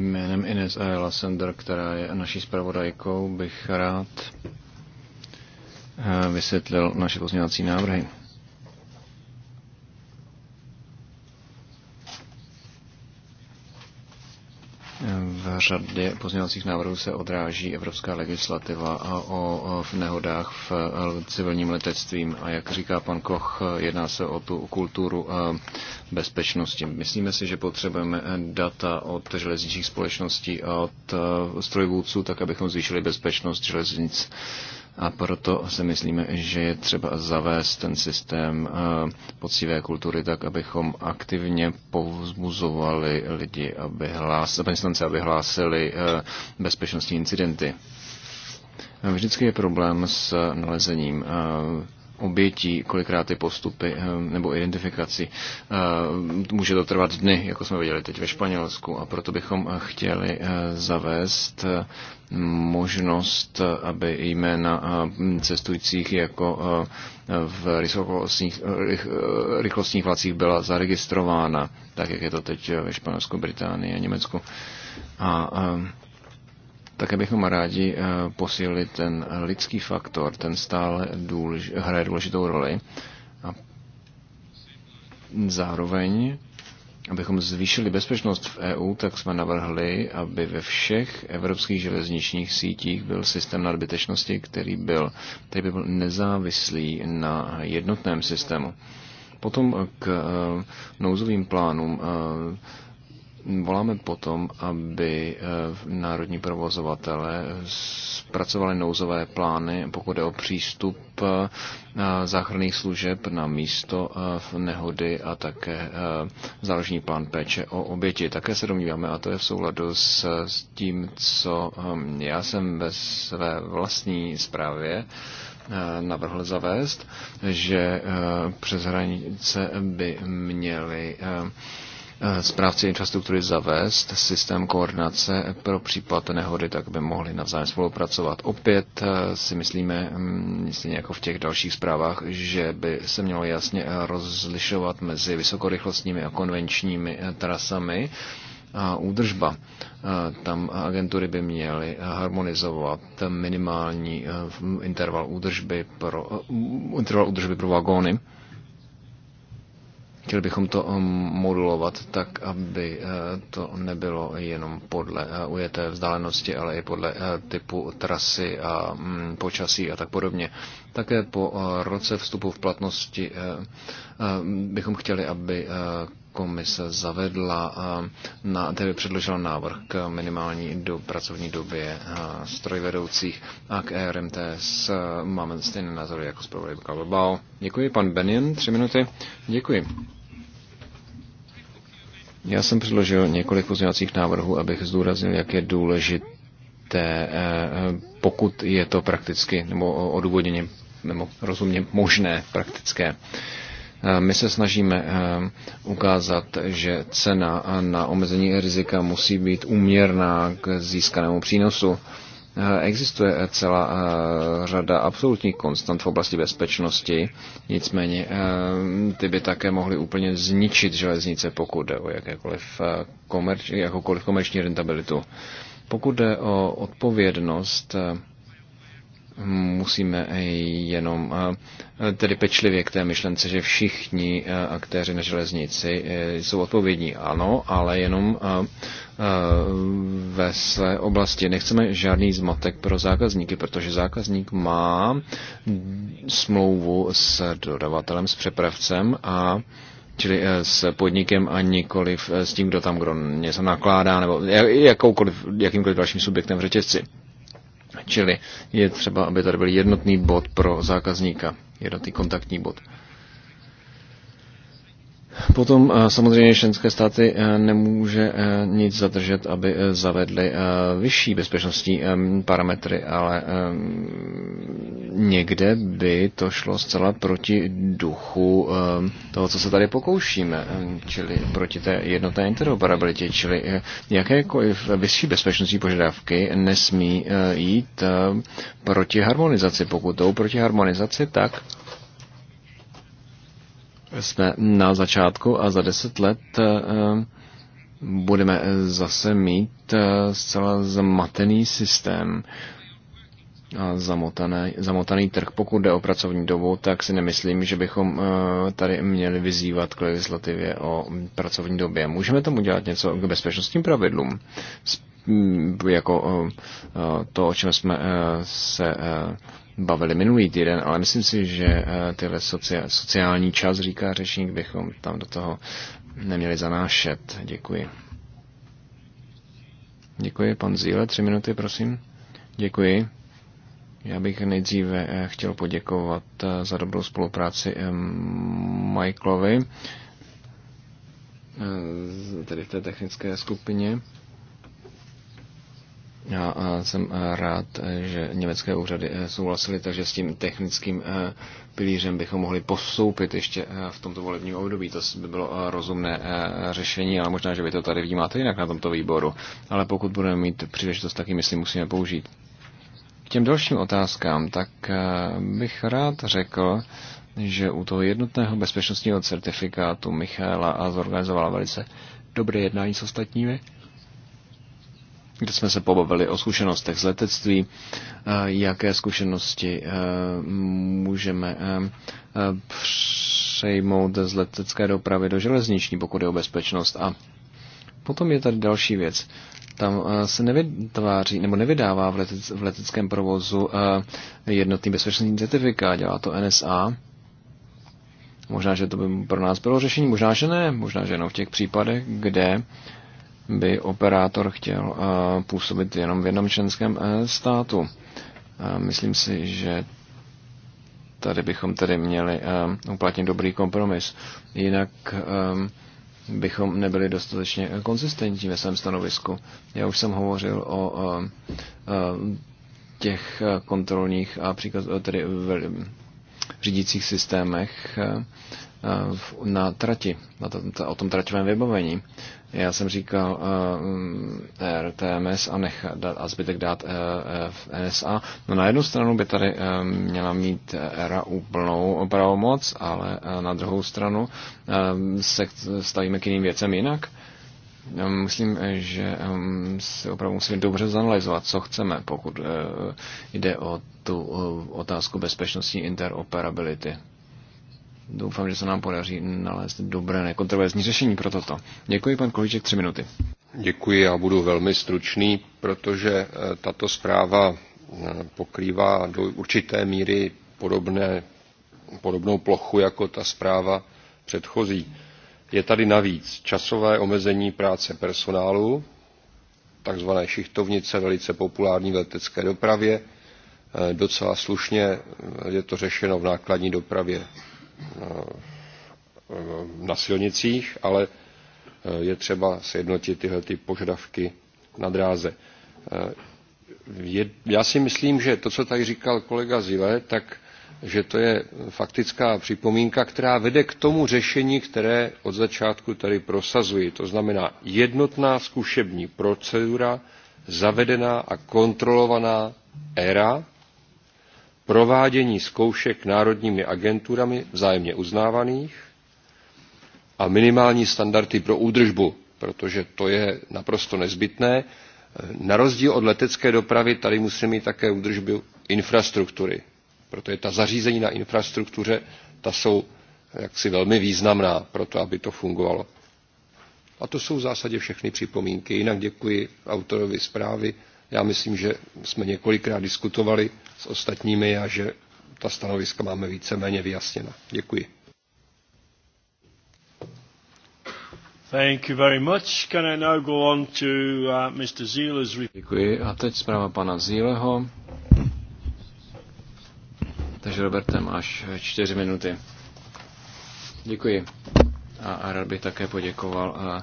Speaker 3: Jménem Ines Ayala Sender, která je naší zpravodajkou, bych rád eh, vysvětlil naše pozměňovací návrhy. V řadě pozměňovacích návrhů se odráží evropská legislativa o nehodách v e, civilním letectvím a jak říká pan Koch, jedná se o tu kulturu e, bezpečnosti. Myslíme si, že potřebujeme e, data od železničních společností a od strojvůdců, tak abychom zvýšili bezpečnost železnic a proto si myslíme, že je třeba zavést ten systém eh, poctivé kultury tak, abychom aktivně povzbuzovali lidi, aby hlásili, aby, aby hlásili eh, bezpečnostní incidenty. Vždycky je problém s nalezením eh, obětí, kolikrát ty postupy eh, nebo identifikaci. Eh, může to trvat dny, jako jsme viděli teď ve Španělsku, a proto bychom eh, chtěli zavést možnost, aby jména cestujících jako v rychlostních, rychlostních vlacích byla zaregistrována, tak jak je to teď ve Španělsku, Británii a Německu. a také bychom rádi eh, posílili ten lidský faktor, ten stále důlež, hraje důležitou roli. A zároveň, abychom zvýšili bezpečnost v EU, tak jsme navrhli, aby ve všech evropských železničních sítích byl systém nadbytečnosti, který, byl, který by byl nezávislý na jednotném systému. Potom k eh, nouzovým plánům eh, voláme potom, aby eh, národní provozovatele zpracovali nouzové plány, pokud je o přístup eh, záchranných služeb na místo eh, v nehody a také záložní plán péče o oběti. Také se domníváme, a to je v souladu s, s tím, co ehm, já jsem ve své vlastní zprávě navrhl zavést, že přes hranice by měly Eh, správci infrastruktury zavést systém koordinace pro případ nehody, tak by mohli navzájem spolupracovat. Opět eh, si myslíme, mm, stejně jako v těch dalších zprávách, že by se mělo jasně eh, rozlišovat mezi vysokorychlostními a konvenčními trasami a údržba. Tam agentury by měly harmonizovat minimální interval údržby pro, interval údržby pro vagóny Chtěli bychom to eh, modulovat tak, aby eh, to nebylo jenom podle eh, ujeté vzdálenosti, ale i podle typu trasy a mm, počasí a tak podobně. Také po roce vstupu v platnosti bychom chtěli, aby komise zavedla, na, tedy předložila návrh k minimální do pracovní době strojvedoucích a k ERMTS. Máme stejné názory jako zpravodajka Bilbao. Děkuji, pan Benin, tři minuty. Děkuji. Já jsem předložil několik pozměňovacích návrhů, abych zdůraznil, jak je důležité, eh, pokud je to prakticky nebo odůvodněně nebo rozumně možné praktické. Eh, my se snažíme eh, ukázat, že cena na omezení rizika musí být úměrná k získanému přínosu Eh, existuje eh, celá eh, řada absolutních konstant v oblasti bezpečnosti, nicméně ty by také mohly úplně zničit železnice, pokud jde o jakékoliv komerč, jakoukoliv komerční rentabilitu. Pokud jde o odpovědnost, musíme jenom eh, tedy pečlivě k té myšlence, že všichni eh, aktéři na železnici eh, jsou odpovědní. Ano, ale jenom ve své oblasti. Nechceme žádný zmatek pro zákazníky, protože zákazník má smlouvu s dodavatelem, s přepravcem a čili s podnikem a nikoliv s tím, kdo tam kdo něco nakládá, nebo jakoukoliv, jakýmkoliv dalším subjektem v řetězci. Čili je třeba, aby tady byl jednotný bod pro zákazníka, jednotný kontaktní bod. Potom eh, samozřejmě členské státy eh, nemůže eh, nic zadržet, aby zavedly vyšší bezpečnostní ehm, parametry, ale ehm, někde by to šlo zcela proti duchu ehm, toho, co se tady pokoušíme, čili proti té jednotné interoperabilitě, čili jakékoliv vyšší bezpečnostní požadavky nesmí jít proti harmonizaci. Pokud jdou proti harmonizaci, tak jsme na začátku a za deset let eh, budeme zase mít eh, zcela zmatený systém a zamotaný, zamotaný trh. Pokud jde o pracovní dobu, tak si nemyslím, že bychom eh, tady měli vyzývat k legislativě o pracovní době. Můžeme tam udělat něco k bezpečnostním pravidlům, jako to, o čem jsme se bavili minulý týden, ale myslím si, že eh, tyhle sociální čas, říká řečník, bychom tam do toho neměli zanášet. Děkuji. Děkuji, pan Zíle, tři minuty, prosím. Děkuji. Já bych nejdříve eh, chtěl poděkovat eh, za dobrou spolupráci Michaelovi, tedy v té technické skupině. Já jsem rád, e, že německé úřady e, souhlasily, takže s tím technickým e, pilířem bychom mohli postoupit ještě v tomto volebním období. To by bylo rozumné řešení, ale možná, že vy to tady vnímáte jinak na tomto výboru. Ale pokud budeme mít příležitost, taky myslím, musíme použít. K těm dalším otázkám, tak bych rád řekl, že u toho jednotného bezpečnostního certifikátu Michaela a zorganizovala velice dobré jednání s ostatními kde jsme se pobavili o zkušenostech z letectví, eh, jaké zkušenosti eh, můžeme eh, přejmout z letecké dopravy do železniční, pokud je o bezpečnost. A potom je tady další věc. Tam se nevytváří nebo nevydává v, letec, v leteckém provozu jednotný bezpečnostní certifikát, dělá to NSA. Možná, že to by pro nás bylo řešení, možná, že ne, možná, že jenom v těch případech, kde by operátor chtěl eh, působit jenom v jednom členském eh, státu. Eh, myslím si, že tady bychom tedy měli uplatnit dobrý kompromis. Jinak bychom nebyli dostatečně konzistentní ve svém stanovisku. Já už jsem hovořil o těch kontrolních a příkaz, tedy řídících systémech na trati, na tom, o tom traťovém vybavení. Já jsem říkal uh, eh, mm, RTMS a, nech, a zbytek dát uh, v NSA. No na jednu stranu by tady uh, měla mít ERA úplnou pravomoc, ale uh, na druhou stranu uh, se stavíme k jiným věcem jinak. Myslím, že mm, si opravdu musíme dobře zanalizovat, co chceme, pokud jde o tu otázku bezpečnostní interoperability doufám, že se nám podaří nalézt dobré nekontroverzní řešení pro toto. Děkuji, pan Kolíček, tři minuty.
Speaker 6: Děkuji, já budu velmi stručný, protože eh, tato zpráva eh, pokrývá do určité míry podobné, podobnou plochu jako ta zpráva předchozí. Je tady navíc časové omezení práce personálu, takzvané šichtovnice, velice populární v letecké dopravě. Eh, docela slušně je to řešeno v nákladní dopravě na silnicích, ale eh, je třeba sjednotit tyhle ty požadavky na dráze. Eh, je, já si myslím, že to, co tady říkal kolega Zile, tak že to je faktická připomínka, která vede k tomu řešení, které od začátku tady prosazuji. To znamená jednotná zkušební procedura, zavedená a kontrolovaná ERA, provádění zkoušek národními agenturami vzájemně uznávaných a minimální standardy pro údržbu, protože to je naprosto nezbytné. Na rozdíl od letecké dopravy tady musíme mít také údržbu infrastruktury, protože ta zařízení na infrastruktuře ta jsou jaksi velmi významná pro to, aby to fungovalo. A to jsou v zásadě všechny připomínky. Jinak děkuji autorovi zprávy já myslím, že jsme několikrát diskutovali s ostatními a že ta stanoviska máme víceméně vyjasněna. Děkuji.
Speaker 1: Uh,
Speaker 3: Děkuji. A teď zpráva pana Zíleho. Takže Robertem máš čtyři minuty. Děkuji. A, a rád bych také poděkoval a, uh,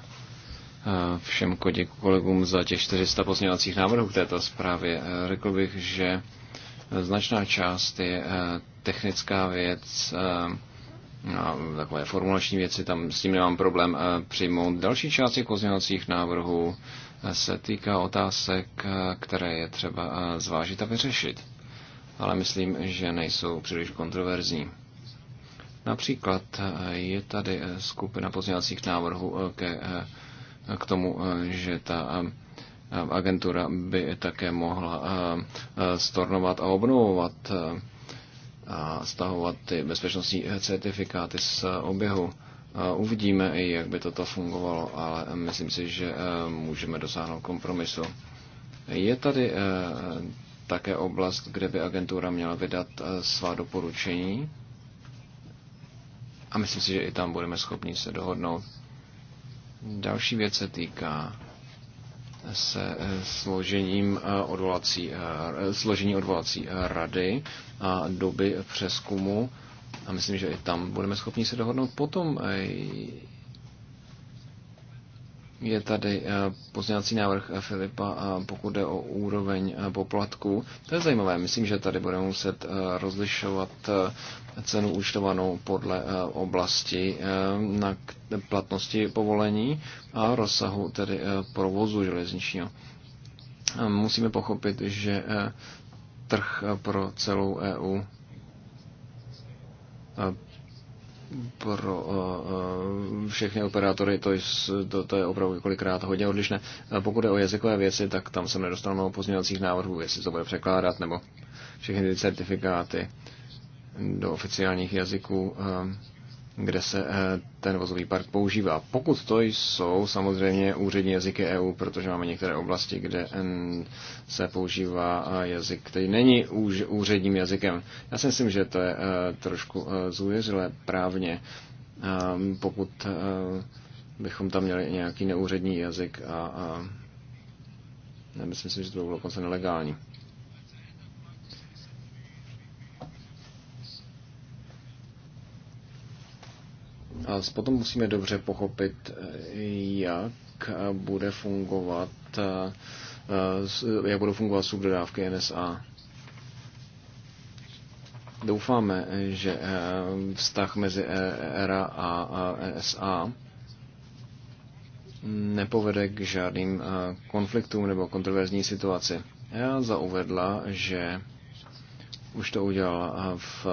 Speaker 3: všem kolegům za těch 400 pozměňovacích návrhů k této zprávě. E, řekl bych, že značná část je e, technická věc, e, no, takové formulační věci, tam s tím nemám problém přijmout. Další část těch pozměňovacích návrhů se týká otázek, které je třeba zvážit a vyřešit, ale myslím, že nejsou příliš kontroverzní. Například je tady skupina pozměňovacích návrhů ke k tomu, eh, že ta eh, agentura by také mohla eh, stornovat a obnovovat a stahovat ty bezpečnostní certifikáty z oběhu. Uvidíme, jak by toto fungovalo, ale myslím si, že můžeme dosáhnout kompromisu. Je tady také oblast, kde by agentura měla vydat svá doporučení a myslím si, že i tam budeme schopni se dohodnout. Další věc se týká se eh, složením eh, odvolací, eh, složení odvolací rady a doby přeskumu. A myslím, že i tam budeme schopni se dohodnout. Potom je tady pozněvací návrh Filipa, pokud jde o úroveň poplatku. To je zajímavé. Myslím, že tady budeme muset rozlišovat cenu účtovanou podle eh, oblasti eh, na platnosti povolení a rozsahu tedy eh, provozu železničního. Musíme pochopit, že trh pro celou EU pro všechny operátory, to, je, to, to je opravdu kolikrát hodně odlišné. Pokud je o jazykové věci, tak tam se nedostal mnoho pozměňovacích návrhů, jestli to bude překládat, nebo všechny ty certifikáty do oficiálních jazyků, eh, kde se eh, ten vozový park používá. Pokud to jsou samozřejmě úřední jazyky EU, protože máme některé oblasti, kde eh, se používá jazyk, který není úředním jazykem. Já si myslím, že to je trošku zůvěřilé právně, pokud bychom tam měli nějaký neúřední jazyk a, a myslím si, že to bylo dokonce nelegální. A potom musíme dobře pochopit, eh, jak eh, bude fungovat, eh, jak budou fungovat subdodávky NSA. Doufáme, že vztah mezi ERA e a NSA nepovede k žádným konfliktům nebo kontroverzní situaci. Já zauvedla, že už to udělala v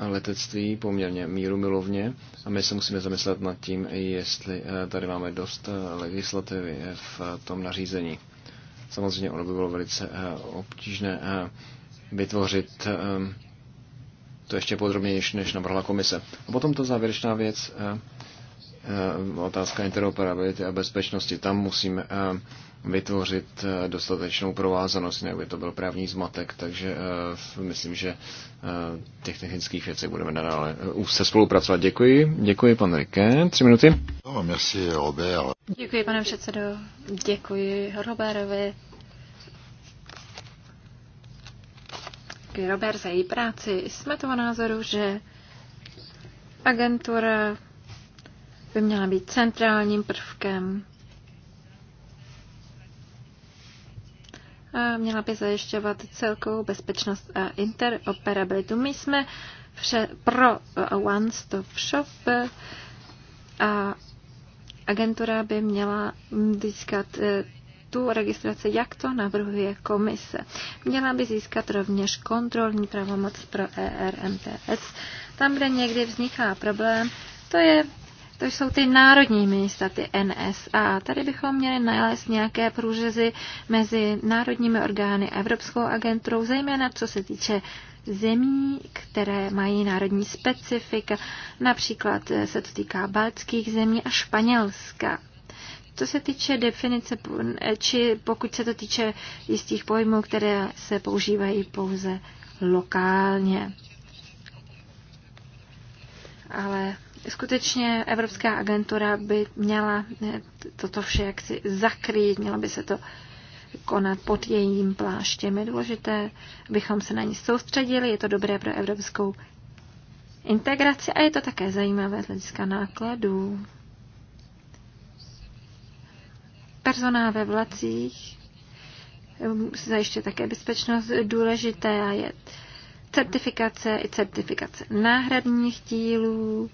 Speaker 3: letectví poměrně míru milovně a my se musíme zamyslet nad tím, jestli eh, tady máme dost eh, legislativy eh, v tom nařízení. Samozřejmě ono by bylo velice obtížné vytvořit to ještě podrobněji, než navrhla komise. A potom ta závěrečná věc, otázka interoperability a bezpečnosti. Tam musíme vytvořit eh, dostatečnou provázanost, jinak by to byl právní zmatek, takže eh, myslím, že eh, těch technických věcí budeme nadále se spolupracovat. Děkuji, děkuji pan Rike, tři minuty. No, merci, Robert.
Speaker 2: Děkuji, pane předsedo, děkuji Roberovi. Děkuji Robert za její práci. Jsme toho názoru, že agentura by měla být centrálním prvkem měla by zajišťovat celkovou bezpečnost a interoperabilitu. My jsme vše pro One Stop Shop a agentura by měla získat eh, tu registraci, jak to navrhuje komise. Měla by získat rovněž kontrolní pravomoc pro ERMTS. Tam, kde někdy vzniká problém, to je to jsou ty národní místa, ty NSA. Tady bychom měli nalézt nějaké průřezy mezi národními orgány a Evropskou agenturou, zejména co se týče zemí, které mají národní specifika. Například eh, se to týká baltských zemí a Španělska. Co se týče definice, eh, či pokud se to týče jistých pojmů, které se používají pouze lokálně. Ale Skutečně Evropská agentura by měla eh, toto vše jaksi zakrýt, měla by se to konat pod jejím pláštěm. Je důležité, abychom se na ní soustředili, je to dobré pro evropskou integraci a je to také zajímavé z hlediska nákladů. Personál ve vlacích eh, zajišťuje také bezpečnost. Důležité je certifikace i certifikace náhradních dílů,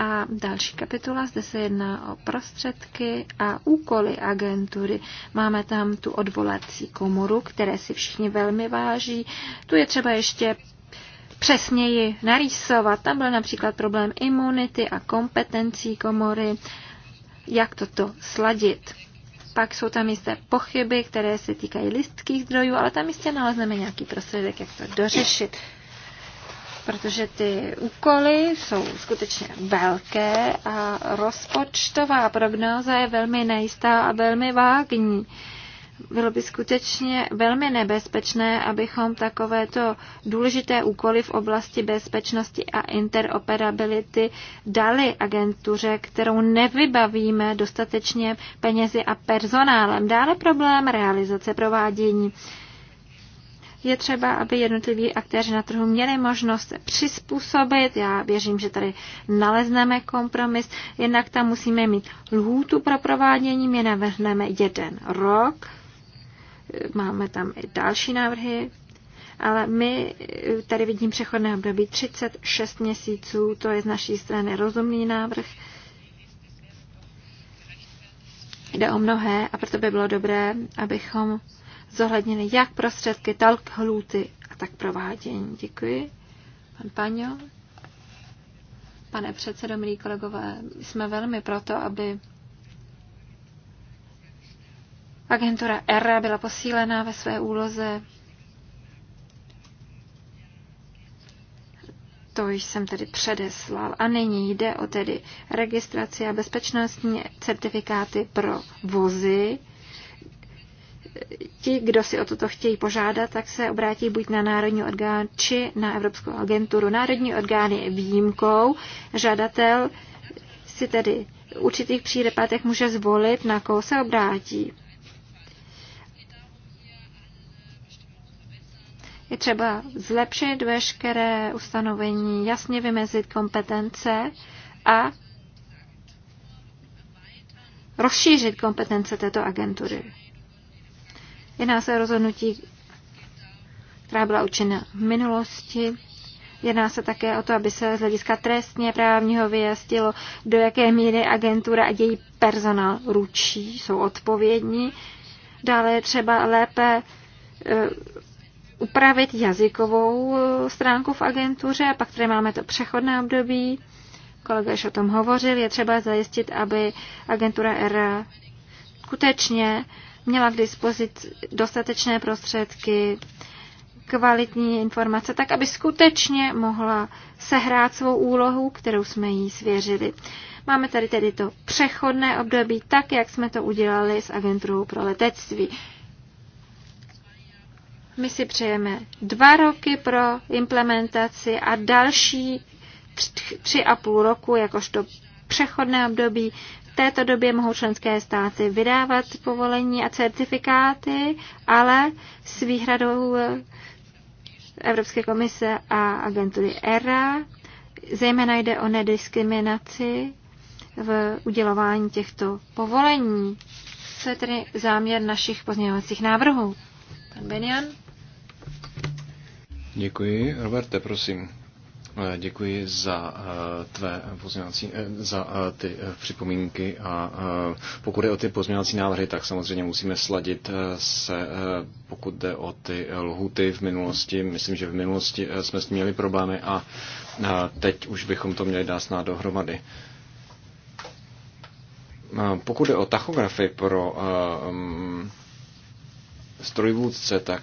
Speaker 2: a další kapitola, zde se jedná o prostředky a úkoly agentury. Máme tam tu odvolací komoru, které si všichni velmi váží. Tu je třeba ještě přesněji narýsovat. Tam byl například problém imunity a kompetencí komory, jak toto sladit. Pak jsou tam jisté pochyby, které se týkají listkých zdrojů, ale tam jistě nalezneme nějaký prostředek, jak to dořešit protože ty úkoly jsou skutečně velké a rozpočtová prognóza je velmi nejistá a velmi vágní. Bylo by skutečně velmi nebezpečné, abychom takovéto důležité úkoly v oblasti bezpečnosti a interoperability dali agentuře, kterou nevybavíme dostatečně penězi a personálem. Dále problém realizace provádění je třeba, aby jednotliví aktéři na trhu měli možnost přizpůsobit. Já věřím, že tady nalezneme kompromis. Jednak tam musíme mít lhůtu pro provádění, my navrhneme jeden rok. Máme tam i další návrhy, ale my tady vidím přechodné období 36 měsíců, to je z naší strany rozumný návrh. Jde o mnohé a proto by bylo dobré, abychom zohledněny jak prostředky, tak hluty a tak provádění. Děkuji. Pan Paňo. Pane předsedo, milí kolegové, jsme velmi proto, aby agentura ERA byla posílená ve své úloze. To jsem tedy předeslal. A nyní jde o tedy registraci a bezpečnostní certifikáty pro vozy, ti, kdo si o toto chtějí požádat, tak se obrátí buď na národní orgán či na Evropskou agenturu. Národní orgán je výjimkou. Žadatel si tedy v určitých případech může zvolit, na koho se obrátí. Je třeba zlepšit veškeré ustanovení, jasně vymezit kompetence a rozšířit kompetence této agentury. Jedná se o rozhodnutí, která byla učena v minulosti. Jedná se také o to, aby se z hlediska trestně právního vyjastilo, do jaké míry agentura a její personál ručí, jsou odpovědní. Dále je třeba lépe eh, upravit jazykovou eh, stránku v agentuře a pak tady máme to přechodné období. Kolega už o tom hovořil. Je třeba zajistit, aby agentura ERA skutečně měla k dispozici dostatečné prostředky, kvalitní informace, tak aby skutečně mohla sehrát svou úlohu, kterou jsme jí svěřili. Máme tady tedy to přechodné období, tak jak jsme to udělali s agenturou pro letectví. My si přejeme dva roky pro implementaci a další tři a půl roku jakožto přechodné období této době mohou členské státy vydávat povolení a certifikáty, ale s výhradou eh, Evropské komise a agentury ERA. Zejména jde o nediskriminaci v udělování těchto povolení. Co je tedy záměr našich pozměňovacích návrhů? Pan Benian?
Speaker 3: Děkuji. Roberte, prosím. Eh, děkuji za eh, tvé pozměňovací, eh, za ty připomínky a pokud je o ty pozměňovací návrhy, tak samozřejmě musíme sladit se, pokud jde o ty lhuty v minulosti. Myslím, že v minulosti jsme s tím měli problémy a teď už bychom to měli dát snad dohromady. Pokud je o tachografy pro mm, strojvůdce, tak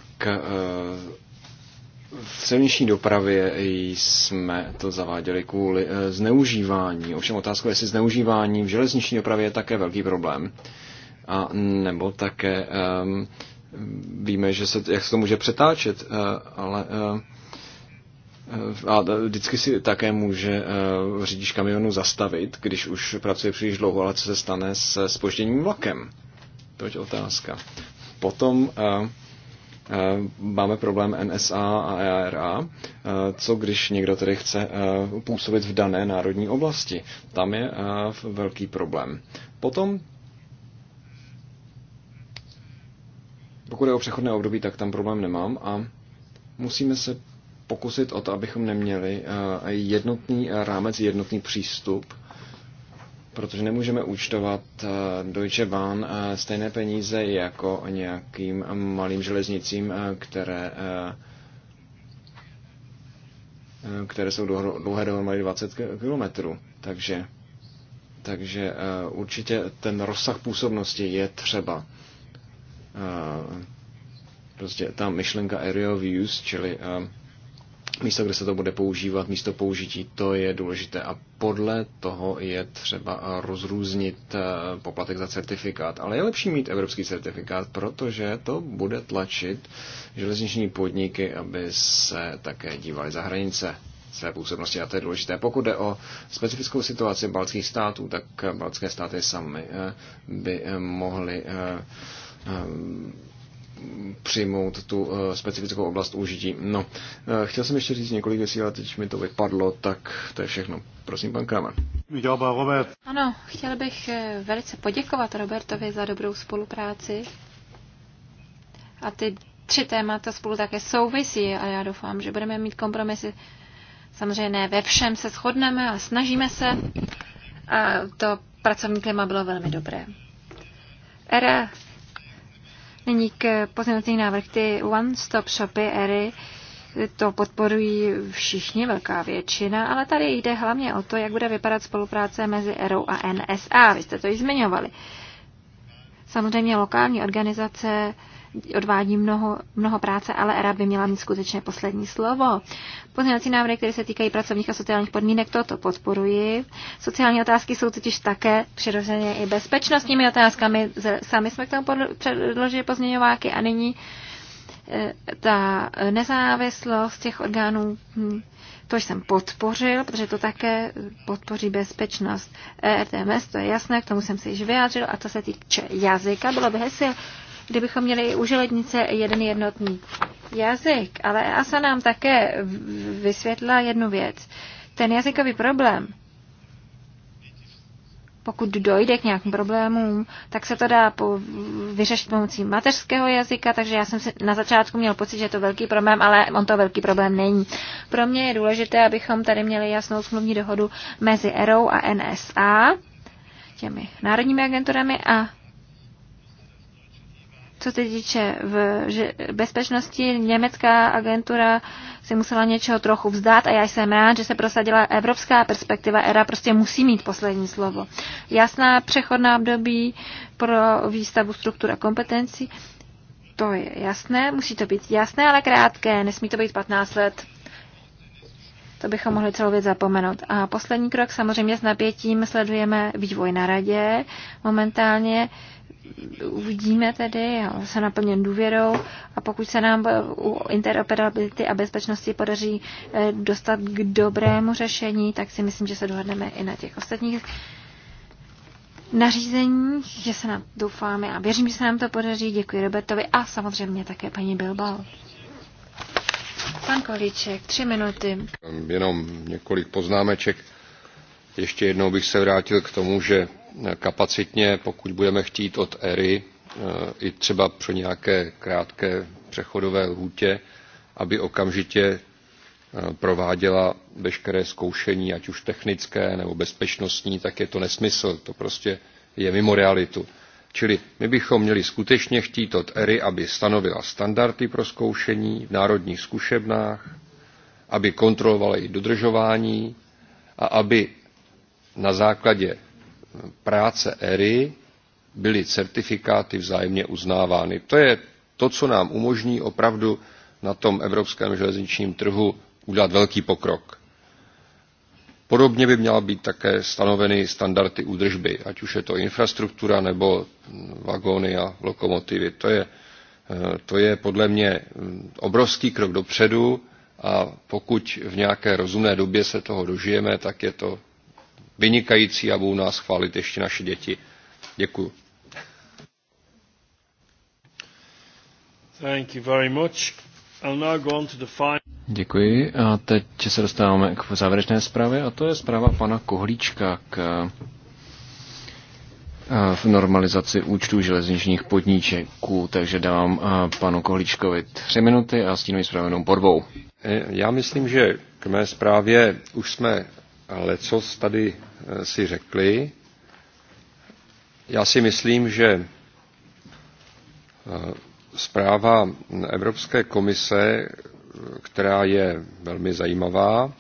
Speaker 3: v silniční dopravě jsme to zaváděli kvůli eh, zneužívání. Ovšem otázka, jestli zneužívání v železniční dopravě je také velký problém. A nebo také um, víme, že se, jak se to může přetáčet, uh, ale uh, a vždycky si také může řidič kamionu zastavit, když už pracuje příliš dlouho, ale co se stane se spožděním vlakem? To je otázka. Potom uh, Eh, máme problém NSA a ERA, e eh, co když někdo tedy chce eh, působit v dané národní oblasti. Tam je velký problém. Potom, pokud je o přechodné období, tak tam problém nemám a musíme se pokusit o to, abychom neměli jednotný rámec, jednotný přístup protože nemůžeme účtovat eh, Deutsche Bahn eh, stejné peníze jako nějakým malým železnicím, eh, které, které jsou dlouhé dohromady 20 kilometrů. Takže, takže určitě ten rozsah působnosti je třeba. Prostě ta myšlenka area of use, čili místo, kde se to bude používat, místo použití, to je důležité. A podle toho je třeba rozrůznit eh, poplatek za certifikát. Ale je lepší mít evropský certifikát, protože to bude tlačit železniční podniky, aby se také dívali za hranice své působnosti a to je důležité. Pokud jde o specifickou situaci baltských států, tak baltské státy sami eh, by eh, mohly přijmout tu eh, specifickou oblast užití. No, eh, chtěl jsem ještě říct několik věcí, ale teď mi to vypadlo, tak to je všechno. Prosím, pan Kramer.
Speaker 5: Robert.
Speaker 2: Ano, chtěl bych eh, velice poděkovat Robertovi za dobrou spolupráci. A ty tři témata spolu také souvisí a já doufám, že budeme mít kompromisy. Samozřejmě ne ve všem se shodneme, a snažíme se. A to pracovní klima bylo velmi dobré. Era Nyní k pozměňovací návrh. Ty one-stop shopy ery to podporují všichni, velká většina, ale tady jde hlavně o to, jak bude vypadat spolupráce mezi ERou a NSA. Vy jste to již zmiňovali. Samozřejmě lokální organizace odvádí mnoho, mnoho práce, ale ERA by měla mít skutečně poslední slovo. Pozměňovací návrhy, které se týkají pracovních a sociálních podmínek, toto podporuji. Sociální otázky jsou totiž také přirozeně i bezpečnostními otázkami. Sami jsme k tomu předložili pozměňováky a nyní eh, ta nezávislost těch orgánů, hm, to jsem podpořil, protože to také podpoří bezpečnost ERTMS, to je jasné, k tomu jsem se již vyjádřil. A to se týče jazyka, bylo by hezky kdybychom měli i u železnice jeden jednotný jazyk. Ale asa nám také vysvětlila jednu věc. Ten jazykový problém, pokud dojde k nějakým problémům, tak se to dá po, vyřešit pomocí mateřského jazyka, takže já jsem si na začátku měl pocit, že je to velký problém, ale on to velký problém není. Pro mě je důležité, abychom tady měli jasnou smluvní dohodu mezi ERO a NSA, těmi národními agenturami a co se týče v bezpečnosti, německá agentura si musela něčeho trochu vzdát a já jsem rád, že se prosadila evropská perspektiva. ERA prostě musí mít poslední slovo. Jasná přechodná období pro výstavu struktur a kompetencí, to je jasné, musí to být jasné, ale krátké, nesmí to být 15 let. To bychom mohli celou věc zapomenout. A poslední krok, samozřejmě s napětím sledujeme vývoj na radě. Momentálně uvidíme tedy, se naplněn důvěrou a pokud se nám u interoperability a bezpečnosti podaří eh, dostat k dobrému řešení, tak si myslím, že se dohodneme i na těch ostatních nařízení, že se nám doufáme a věřím, že se nám to podaří. Děkuji Robertovi a samozřejmě také paní Bilbao. Pan Kolíček, tři minuty.
Speaker 6: Jenom několik poznámeček. Ještě jednou bych se vrátil k tomu, že kapacitně, pokud budeme chtít od ERY, eh, i třeba pro nějaké krátké přechodové lhůtě, aby okamžitě eh, prováděla veškeré zkoušení, ať už technické nebo bezpečnostní, tak je to nesmysl. To prostě je mimo realitu. Čili my bychom měli skutečně chtít od ERY, aby stanovila standardy pro zkoušení v národních zkušebnách, aby kontrolovala i dodržování a aby na základě práce ERY byly certifikáty vzájemně uznávány. To je to, co nám umožní opravdu na tom evropském železničním trhu udělat velký pokrok. Podobně by měla být také stanoveny standardy údržby, ať už je to infrastruktura nebo vagóny a lokomotivy. To je, to je podle mě obrovský krok dopředu a pokud v nějaké rozumné době se toho dožijeme, tak je to vynikající a budou nás chválit ještě naše děti. Děkuju.
Speaker 1: Thank you very much. I'll now go on to the final...
Speaker 3: Děkuji. A teď se dostáváme k závěrečné zprávě a to je zpráva pana Kohlíčka k eh, v normalizaci účtů železničních podníčeků, takže dávám eh, panu Kohlíčkovi tři minuty a stínový zprávenou podvou.
Speaker 6: Eh, já myslím, že k mé zprávě už jsme ale co tady eh, si řekli. Já si myslím, že eh, zpráva Evropské komise, která je velmi zajímavá,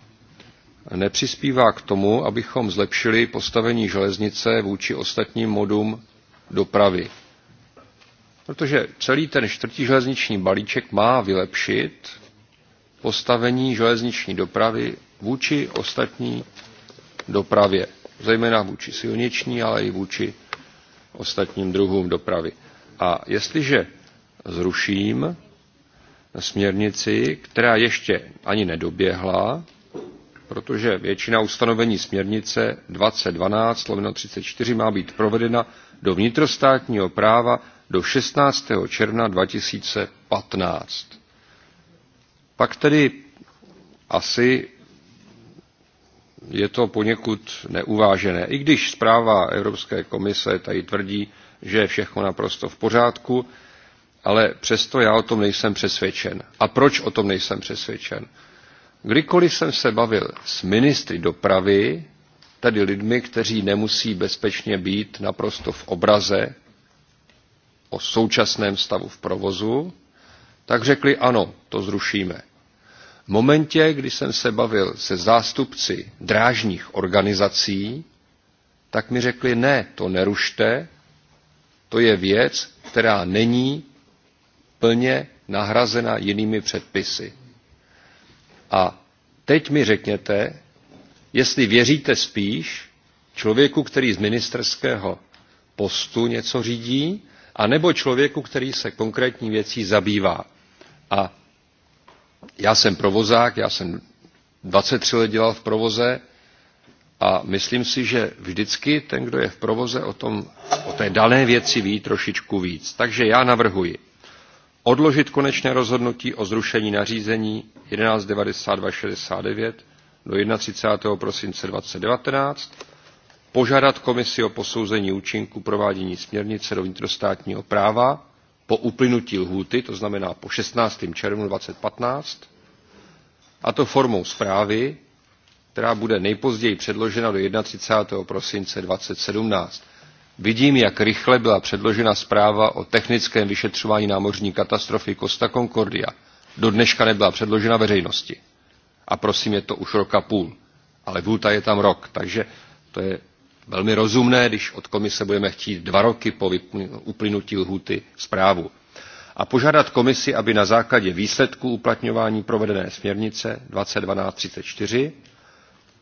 Speaker 6: nepřispívá k tomu, abychom zlepšili postavení železnice vůči ostatním modům dopravy. Protože celý ten čtvrtý železniční balíček má vylepšit postavení železniční dopravy vůči ostatní dopravě, zejména vůči silniční, ale i vůči ostatním druhům dopravy. A jestliže zruším směrnici, která ještě ani nedoběhla, protože většina ustanovení směrnice 2012 34 má být provedena do vnitrostátního práva do 16. června 2015. Pak tedy asi je to poněkud neuvážené. I když zpráva Evropské komise tady tvrdí, že je všechno naprosto v pořádku, ale přesto já o tom nejsem přesvědčen. A proč o tom nejsem přesvědčen? Kdykoliv jsem se bavil s ministry dopravy, tedy lidmi, kteří nemusí bezpečně být naprosto v obraze o současném stavu v provozu, tak řekli ano, to zrušíme. V momentě, kdy jsem se bavil se zástupci drážních organizací, tak mi řekli, ne, to nerušte, to je věc, která není plně nahrazena jinými předpisy. A teď mi řekněte, jestli věříte spíš člověku, který z ministerského postu něco řídí, anebo člověku, který se konkrétní věcí zabývá. A já jsem provozák, já jsem 23 let dělal v provoze a myslím si, že vždycky ten, kdo je v provoze, o, tom, o té dané věci ví trošičku víc. Takže já navrhuji odložit konečné rozhodnutí o zrušení nařízení 119269 do 31. prosince 2019, požádat komisi o posouzení účinku provádění směrnice do vnitrostátního práva po uplynutí lhůty, to znamená po 16. červnu 2015, a to formou zprávy, která bude nejpozději předložena do 31. prosince 2017. Vidím, jak rychle byla předložena zpráva o technickém vyšetřování námořní katastrofy Costa Concordia. Do dneška nebyla předložena veřejnosti. A prosím, je to už roka půl. Ale vůta je tam rok, takže to je velmi rozumné, když od komise budeme chtít dva roky po uplynutí lhuty zprávu a požádat komisi, aby na základě výsledků uplatňování provedené směrnice 2012-34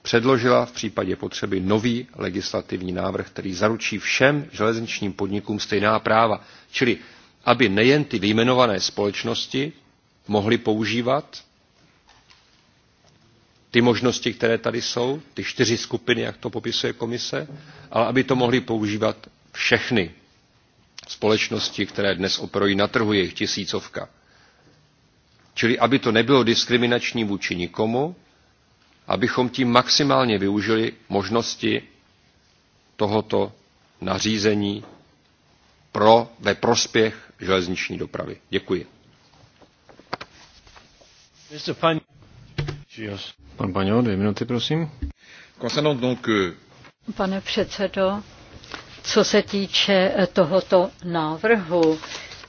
Speaker 6: předložila v případě potřeby nový legislativní návrh, který zaručí všem železničním podnikům stejná práva. Čili aby nejen ty vyjmenované společnosti mohly používat ty možnosti, které tady jsou, ty čtyři skupiny, jak to popisuje komise, ale aby to mohly používat všechny společnosti, které dnes operují na trhu, jejich tisícovka. Čili aby to nebylo diskriminační vůči nikomu, abychom tím maximálně využili možnosti tohoto nařízení pro, ve prospěch železniční dopravy. Děkuji.
Speaker 3: Pan Paňo, dvě minuty, prosím.
Speaker 6: Euh,
Speaker 4: Pane předsedo, co se týče eh, tohoto návrhu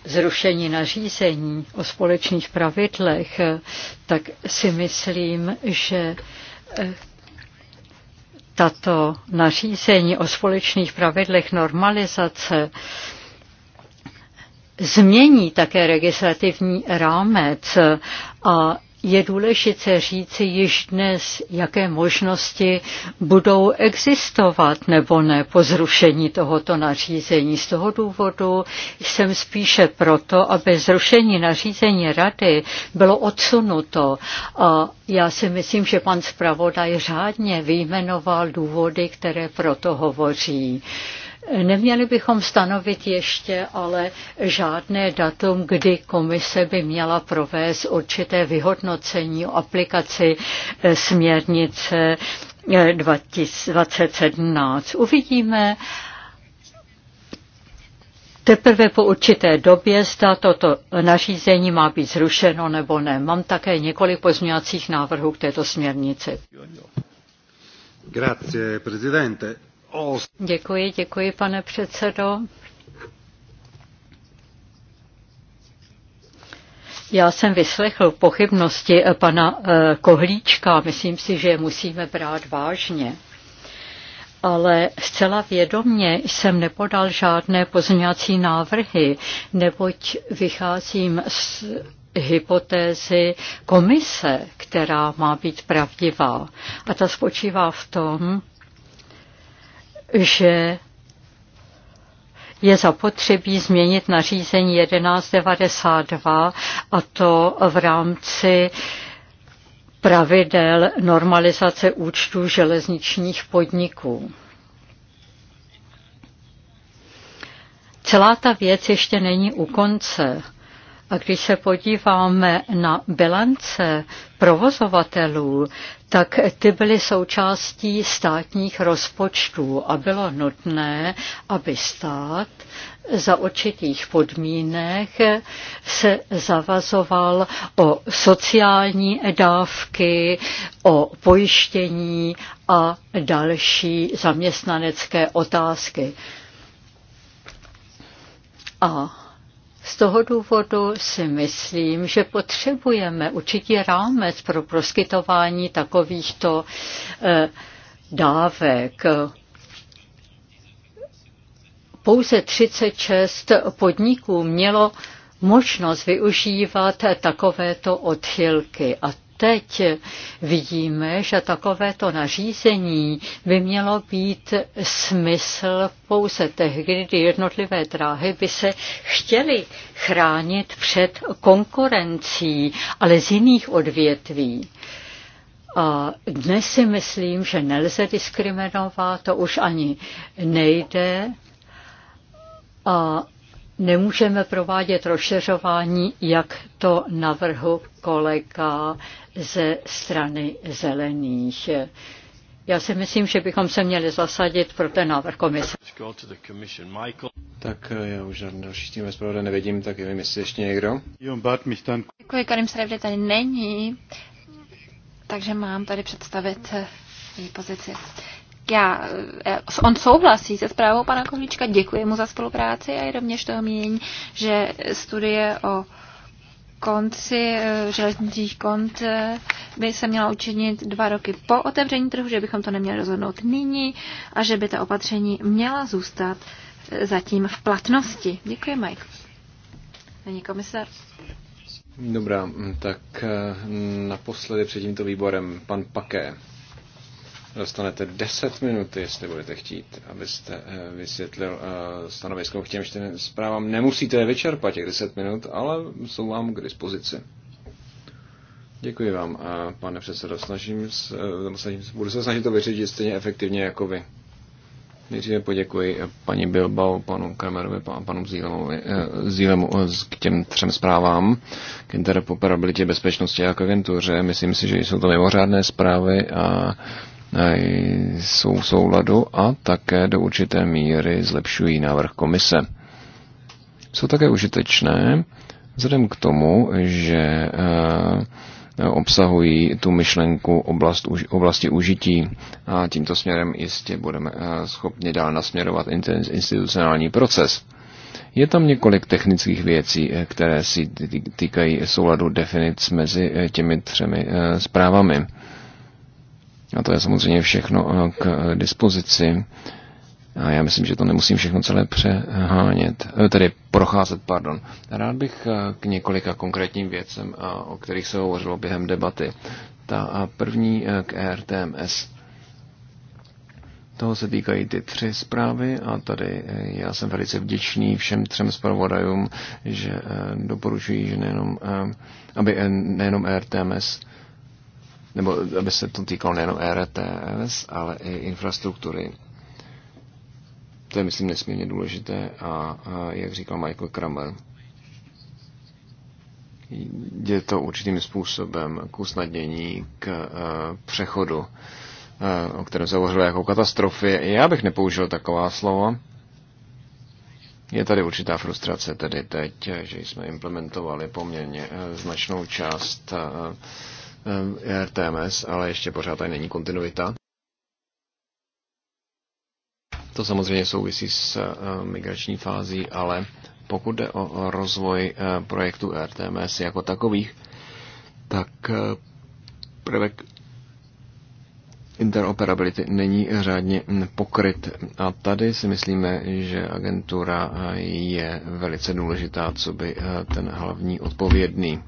Speaker 4: zrušení nařízení o společných pravidlech, eh, tak si myslím, že eh, tato nařízení o společných pravidlech normalizace změní také legislativní rámec a je důležité říci již dnes, jaké možnosti budou existovat nebo ne po zrušení tohoto nařízení. Z toho důvodu jsem spíše proto, aby zrušení nařízení rady bylo odsunuto. A já si myslím, že pan zpravodaj řádně vyjmenoval důvody, které proto hovoří. Uh, Neměli bychom stanovit ještě ale žádné datum, kdy komise by měla provést určité vyhodnocení o aplikaci eh, směrnice 2017. Eh, Uvidíme, Teprve po určité době zda toto nařízení má být zrušeno nebo ne. Mám také několik pozměňovacích návrhů k této směrnici.
Speaker 5: Grazie, prezidente.
Speaker 4: Děkuji, děkuji, pane předsedo. Já jsem vyslechl pochybnosti pana eh, Kohlíčka, myslím si, že je musíme brát vážně. Ale zcela vědomně jsem nepodal žádné pozměňovací návrhy, neboť vycházím z hypotézy komise, která má být pravdivá. A ta spočívá v tom, že je zapotřebí změnit nařízení 1192 a to v rámci pravidel normalizace účtů železničních podniků. Celá ta věc ještě není u konce a když se podíváme na bilance provozovatelů, tak ty byly součástí státních rozpočtů a bylo nutné, aby stát za určitých podmínek se zavazoval o sociální dávky, o pojištění a další zaměstnanecké otázky. A z toho důvodu si myslím, že potřebujeme určitý rámec pro proskytování takovýchto eh, dávek. Pouze 36 podniků mělo možnost využívat takovéto odchylky a teď vidíme, že takovéto nařízení by mělo být smysl pouze tehdy, kdy jednotlivé dráhy by se chtěly chránit před konkurencí, ale z jiných odvětví. A dnes si myslím, že nelze diskriminovat, to už ani nejde. A nemůžeme provádět rozšiřování, jak to navrhu kolega ze strany zelených. Já si myslím, že bychom se měli zasadit pro ten návrh komise.
Speaker 3: Tak eh, já už žádný další tím ve nevidím, tak nevím, jestli ještě někdo.
Speaker 2: Děkuji, Karim Srebře tady není, takže mám tady představit eh, její pozici. Já, eh, on souhlasí se zprávou pana Kohlíčka, děkuji mu za spolupráci a je rovněž toho mínění, že studie o konci eh, železničních kont eh, by se měla učinit dva roky po otevření trhu, že bychom to neměli rozhodnout nyní a že by ta opatření měla zůstat zatím v platnosti. Děkuji, Mike. Není komisar.
Speaker 3: Dobrá, mm, tak naposledy před tímto výborem pan Paké. Dostanete 10 minut, jestli budete chtít, abyste eh, vysvětlil eh, stanovisko k těm čtyřem zprávám. Nemusíte je vyčerpat těch 10 minut, ale jsou vám k dispozici. Děkuji vám, eh, pane předsedo. Snažím se, snažím se, budu se snažit to vyřídit stejně efektivně jako vy. Nejdříve poděkuji paní Bilbao, panu Kramerovi a panu Zílemu k těm třem zprávám k interoperabilitě, bezpečnosti a k agentuře. Myslím si, že jsou to mimořádné zprávy a jsou v souladu a také do určité míry zlepšují návrh komise. Jsou také užitečné vzhledem k tomu, že eh, obsahují tu myšlenku oblast, oblasti užití a tímto směrem jistě budeme eh, schopni dál nasměrovat institucionální proces. Je tam několik technických věcí, eh, které si týkají souladu definic mezi těmi třemi zprávami. A to je samozřejmě všechno eh, k eh, dispozici. A já myslím, že to nemusím všechno celé přehánět, eh, tedy procházet, pardon. Rád bych k několika konkrétním věcem, o kterých se hovořilo během debaty. Ta první k ERTMS. Toho se týkají ty tři zprávy a tady já jsem velice vděčný všem třem zpravodajům, že doporučují, že nejenom, aby nejenom RTMS nebo aby se to týkalo nejen e RTS, ale i infrastruktury. To je, myslím, nesmírně důležité a, a jak říkal Michael Kramer, je to určitým způsobem k usnadnění, k uh, přechodu, uh, o kterém se hovořilo jako katastrofy. Já bych nepoužil taková slova. Je tady určitá frustrace tedy teď, že jsme implementovali poměrně značnou část uh, Eh, RTMS, ale ještě pořád tady není kontinuita. To samozřejmě souvisí s eh, migrační fází, ale pokud jde o rozvoj eh, projektu RTMS jako takových, tak prvek interoperability není řádně pokryt. A tady si myslíme, že agentura je velice důležitá, co by ten hlavní odpovědný.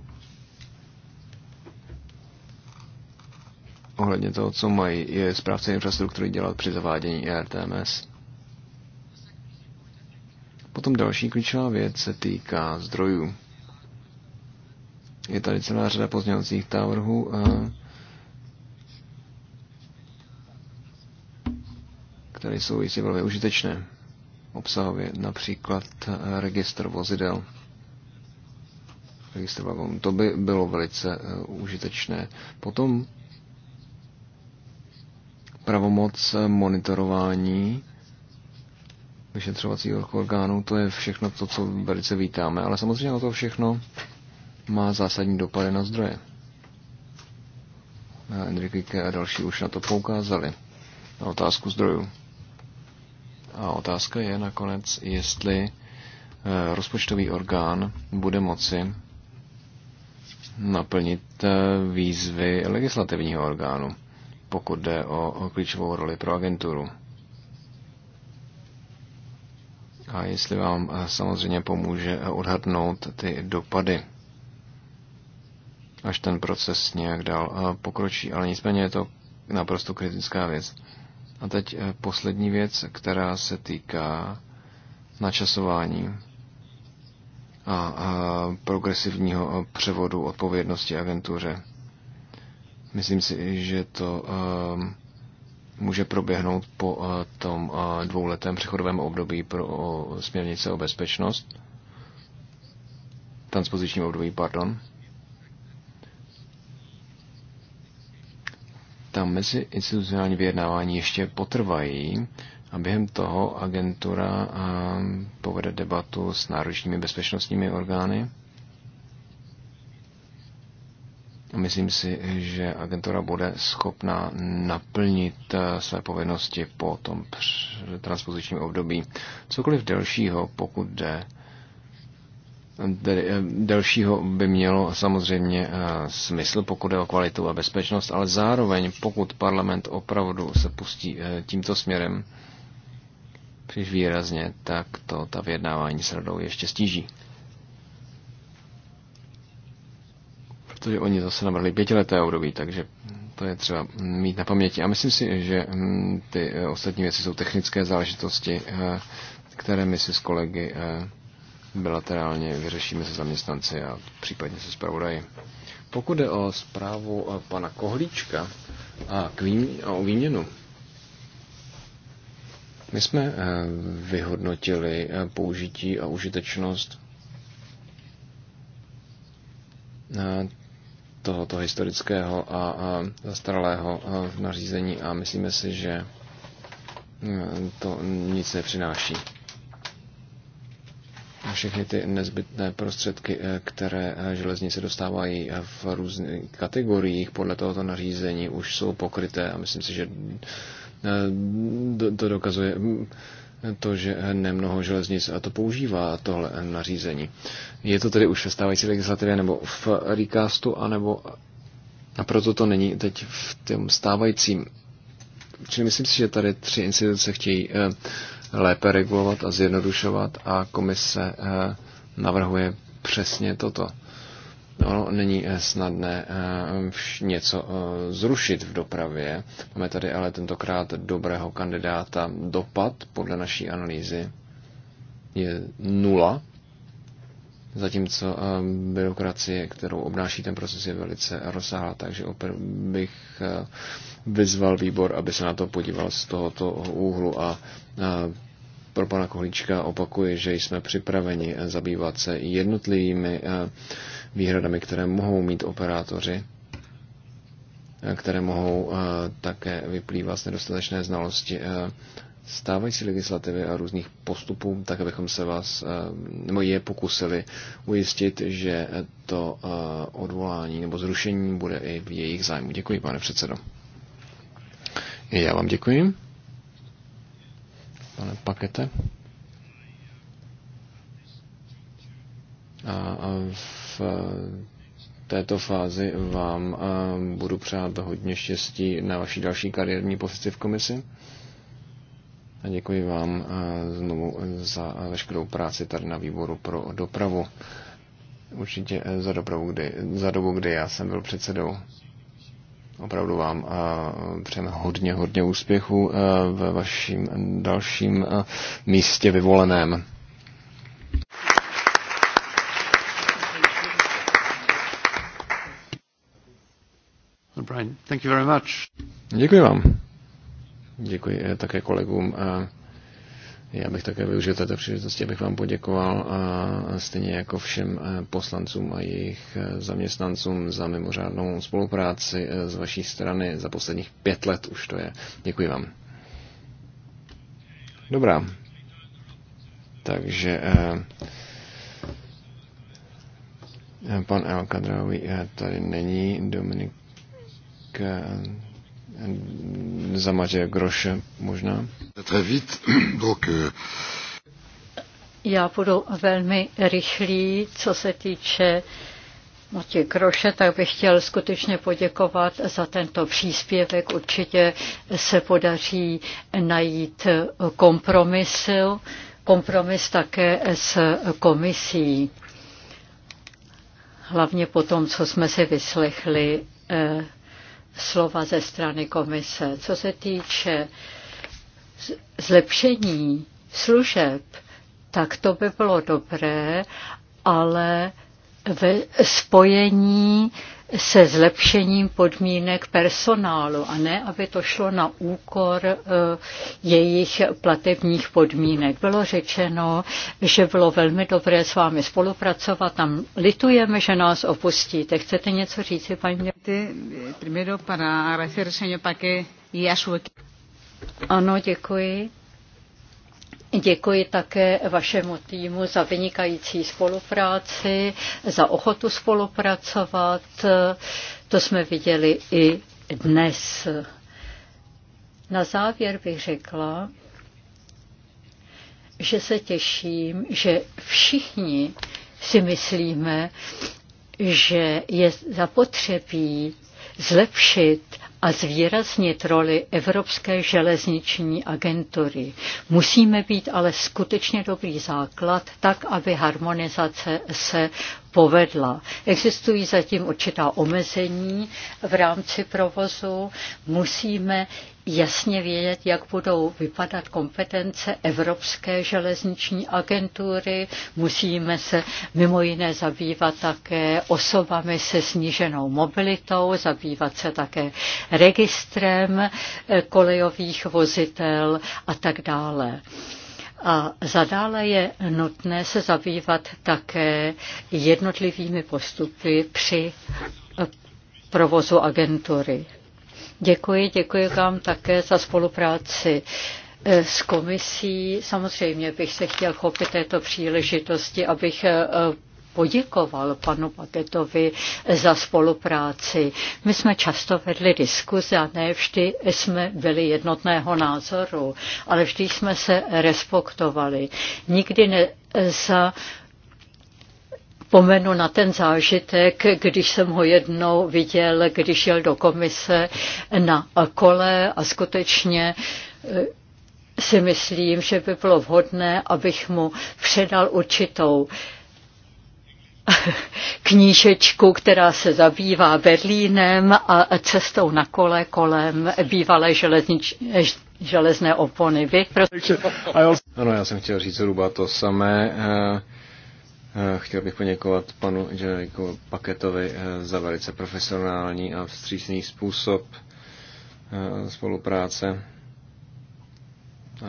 Speaker 3: ohledně toho, co mají je správce infrastruktury dělat při zavádění ERTMS. Potom další klíčová věc se týká zdrojů. Je tady celá řada pozměňovacích návrhů. Eh, které jsou jistě velmi užitečné obsahově, například eh, registr vozidel. Registr vagon. To by bylo velice eh, užitečné. Potom pravomoc monitorování vyšetřovacího orgánů, to je všechno to, co velice vítáme, ale samozřejmě o to všechno má zásadní dopady na zdroje. Enrique a další už na to poukázali, na otázku zdrojů. A otázka je nakonec, jestli eh, rozpočtový orgán bude moci naplnit eh, výzvy legislativního orgánu pokud jde o klíčovou roli pro agenturu. A jestli vám eh, samozřejmě pomůže eh, odhadnout ty dopady, až ten proces nějak dál eh, pokročí. Ale nicméně je to naprosto kritická věc. A teď poslední věc, která se týká načasování a progresivního převodu odpovědnosti agentuře. Myslím si, že to ehm, může proběhnout po eh, tom eh, dvouletém přechodovém období pro směrnice o bezpečnost, transpozičním období, pardon. mezi institucionální vyjednávání ještě potrvají a během toho agentura ehm, povede debatu s náročními bezpečnostními orgány Myslím si, že agentura bude schopná naplnit eh, své povinnosti po tom transpozičním období. Cokoliv delšího, pokud jde, eh, delšího by mělo samozřejmě eh, smysl, pokud jde o kvalitu a bezpečnost, ale zároveň, pokud parlament opravdu se pustí tímto směrem příliš výrazně, tak to ta vyjednávání s radou ještě stíží. protože oni zase navrhli pětileté období, takže to je třeba mít na paměti. A myslím si, že mm, ty eh, ostatní věci jsou technické záležitosti, eh, které my si s kolegy eh, bilaterálně vyřešíme se zaměstnanci a případně se zpravodají. Pokud jde o zprávu pana Kohlíčka a, k a o výměnu, my jsme vyhodnotili použití a užitečnost tohoto historického a, a zastaralého nařízení a myslíme si, že e, to nic nepřináší. Všechny ty nezbytné prostředky, e, které e, železnice dostávají v různých kategoriích podle tohoto nařízení, už jsou pokryté a myslím si, že to dokazuje to, že nemnoho železnic a to používá tohle nařízení. Je to tedy už ve stávající legislativě nebo v recastu, anebo a proto to není teď v tom stávajícím. Čili myslím si, že tady tři instituce chtějí eh, lépe regulovat a zjednodušovat a komise eh, navrhuje přesně toto. Ono není eh, snadné eh, něco eh, zrušit v dopravě. Máme tady ale tentokrát dobrého kandidáta. Dopad podle naší analýzy je nula, zatímco byrokracie, kterou obnáší ten proces, je velice rozsáhlá, takže opět bych vyzval výbor, aby se na to podíval z tohoto úhlu a pro pana Kohlíčka opakuje, že jsme připraveni zabývat se jednotlivými výhradami, které mohou mít operátoři, které mohou eh, také vyplývat z nedostatečné znalosti eh, stávající legislativy a různých postupů, tak abychom se vás, eh, nebo je pokusili ujistit, že to odvolání nebo zrušení bude i v jejich zájmu. Děkuji, pane předsedo. Já vám děkuji. Pane Pakete. A, a Eh, této fázi vám eh, budu přát hodně štěstí na vaší další kariérní pozici v komisi. A děkuji vám eh, znovu za veškerou práci tady na výboru pro dopravu. Určitě za, dopravu, kdy, za dobu, kdy já jsem byl předsedou. Opravdu vám přejeme hodně, hodně úspěchu ve vaším dalším místě vyvoleném.
Speaker 6: Right. Thank you very much.
Speaker 3: Děkuji vám. Děkuji eh, také kolegům. Já bych také využil této příležitosti, abych vám poděkoval a stejně jako všem eh, poslancům a jejich eh, zaměstnancům za mimořádnou spolupráci z vaší strany za posledních pět let už to je. Děkuji vám. Dobrá. Takže pan El Kadraoui tady není, Dominik k eh, za Matěje Groše eh, možná. Euh,
Speaker 4: Já budu velmi rychlý, co se týče Matěje Groše, tak bych chtěl skutečně poděkovat za tento příspěvek. Určitě se podaří najít kompromis, kompromis také s komisí. Hlavně po tom, co jsme si vyslechli eh, slova ze strany komise. Co se týče zlepšení služeb, tak to by bylo dobré, ale ve spojení se zlepšením podmínek personálu a ne, aby to šlo na úkor eh, jejich platebních podmínek. Bylo řečeno, že bylo velmi dobré s vámi spolupracovat, tam litujeme, že nás opustíte. Chcete něco říct, paní? Ano, děkuji. Děkuji také vašemu týmu za vynikající spolupráci, za ochotu spolupracovat. To jsme viděli i dnes. Na závěr bych řekla, že se těším, že všichni si myslíme, že je zapotřebí zlepšit a zvýraznit roli Evropské železniční agentury. Musíme být ale skutečně dobrý základ, tak aby harmonizace se povedla. Existují zatím určitá omezení v rámci provozu. Musíme jasně vědět, jak budou vypadat kompetence Evropské železniční agentury. Musíme se mimo jiné zabývat také osobami se sníženou mobilitou, zabývat se také registrem eh, kolejových vozitel a tak dále. A zadále je nutné se zabývat také jednotlivými postupy při provozu agentury. Děkuji, děkuji vám také za spolupráci eh, s komisí. Samozřejmě bych se chtěl chopit této příležitosti, abych eh, poděkoval panu Paketovi za spolupráci. My jsme často vedli diskuze a ne vždy jsme byli jednotného názoru, ale vždy jsme se respektovali. Nikdy ne za pomenu na ten zážitek, když jsem ho jednou viděl, když jel do komise na kole a skutečně eh, si myslím, že by bylo vhodné, abych mu předal určitou knížečku, která se zabývá Berlínem a cestou na kole kolem bývalé železnič, železné opony. Vy,
Speaker 3: Ano, já jsem chtěl říct zhruba to samé. Eh, eh, chtěl bych poděkovat panu Jerejku Paketovi eh, za velice profesionální a vstřícný způsob spolupráce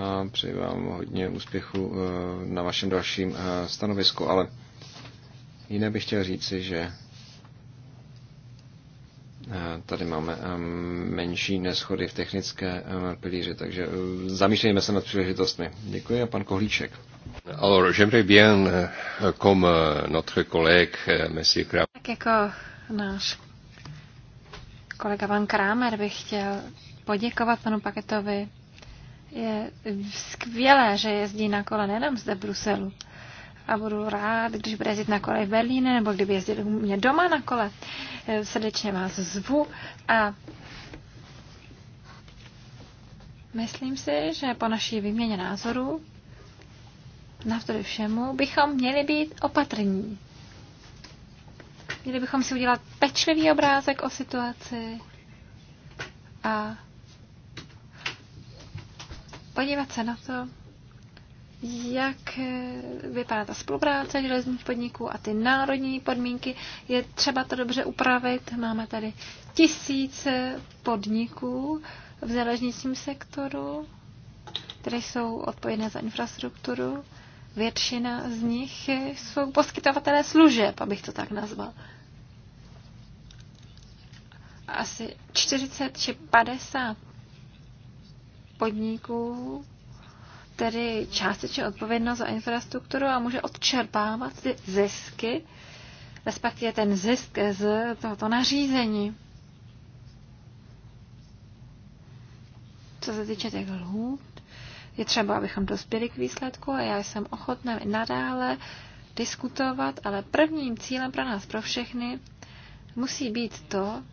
Speaker 3: a přeji vám hodně úspěchu na vašem dalším stanovisku, ale Jinak bych chtěl říci, že eh, tady máme eh, menší neschody v technické eh, pilíři, takže zamýšlejme se nad
Speaker 6: příležitostmi. Děkuji a pan Kohlíček. Alors, j'aimerais bien, comme notre collègue, monsieur Kramer.
Speaker 2: Tak jako náš kolega pan Kramer bych chtěl poděkovat panu Paketovi. Je skvělé, že jezdí na kole nejenom zde v Bruselu, a budu rád, když bude jezdit na kole v Berlíně nebo kdyby jezdil u mě doma na kole. Eh, srdečně vás zvu a myslím si, že po naší výměně názorů navzdory všemu bychom měli být opatrní. Měli bychom si udělat pečlivý obrázek o situaci a podívat se na to, jak eh, vypadá ta spolupráce železních podniků a ty národní podmínky. Je třeba to dobře upravit. Máme tady tisíce podniků v železničním sektoru, které jsou odpovědné za infrastrukturu. Většina z nich jsou poskytovatelé služeb, abych to tak nazval. Asi 40 či 50 podniků tedy částečně odpovědnost za infrastrukturu a může odčerpávat ty zisky, respektive ten zisk z tohoto nařízení. Co se týče těch lhůt, je třeba, abychom dospěli k výsledku a já jsem ochotná nadále diskutovat, ale prvním cílem pro nás, pro všechny, musí být to,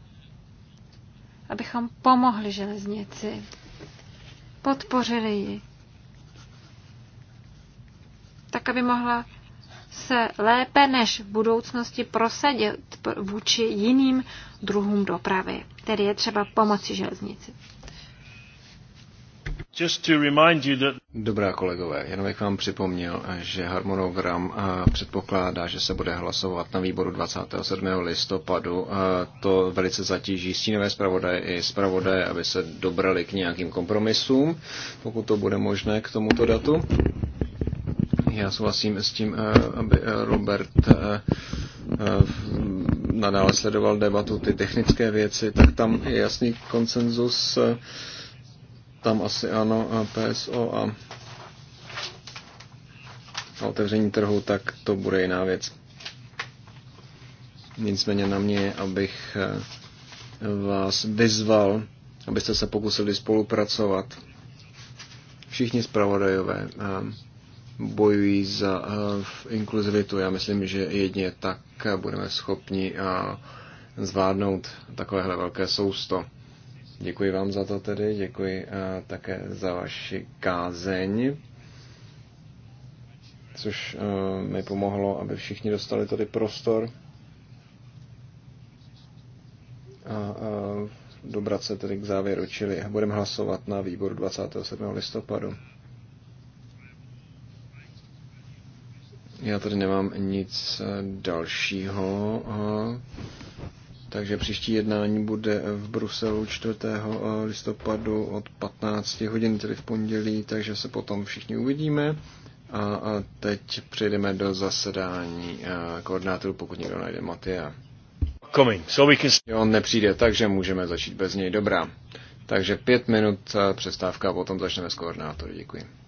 Speaker 2: abychom pomohli železnici, podpořili ji, tak aby mohla se lépe než v budoucnosti prosadit vůči jiným druhům dopravy, tedy je třeba pomoci železnici.
Speaker 3: Dobrá kolegové, jenom bych vám připomněl, že harmonogram eh, předpokládá, že se bude hlasovat na výboru 27. listopadu. Eh, to velice zatíží stínové zpravodaje i zpravodaje, aby se dobrali k nějakým kompromisům, pokud to bude možné k tomuto datu. Já souhlasím s tím, eh, aby eh, Robert eh, nadále sledoval debatu, ty technické věci, tak tam je jasný konsenzus. Tam asi ano, PSO a a otevření trhu, tak to bude jiná věc. Nicméně na mě, abych vás vyzval, abyste se pokusili spolupracovat. Všichni zpravodajové bojují za eh, inkluzivitu. Já myslím, že jedině tak budeme schopni eh, zvládnout takovéhle velké sousto. Děkuji vám za to tedy, děkuji eh, také za vaši kázeň, což mi pomohlo, aby všichni dostali tady prostor a, uh, dobrat se tedy k závěru, čili budeme hlasovat na výboru 27. listopadu. Já tady nemám nic eh, dalšího. Eh, takže příští jednání bude v Bruselu 4. Eh, listopadu od 15 hodin, tedy v pondělí, takže se potom všichni uvidíme. A teď přejdeme do zasedání koordinátorů, pokud někdo najde Matěja. Coming, so can... On nepřijde, takže můžeme začít bez něj. Dobrá. Takže pět minut přestávka a potom začneme s koordinátory. Děkuji.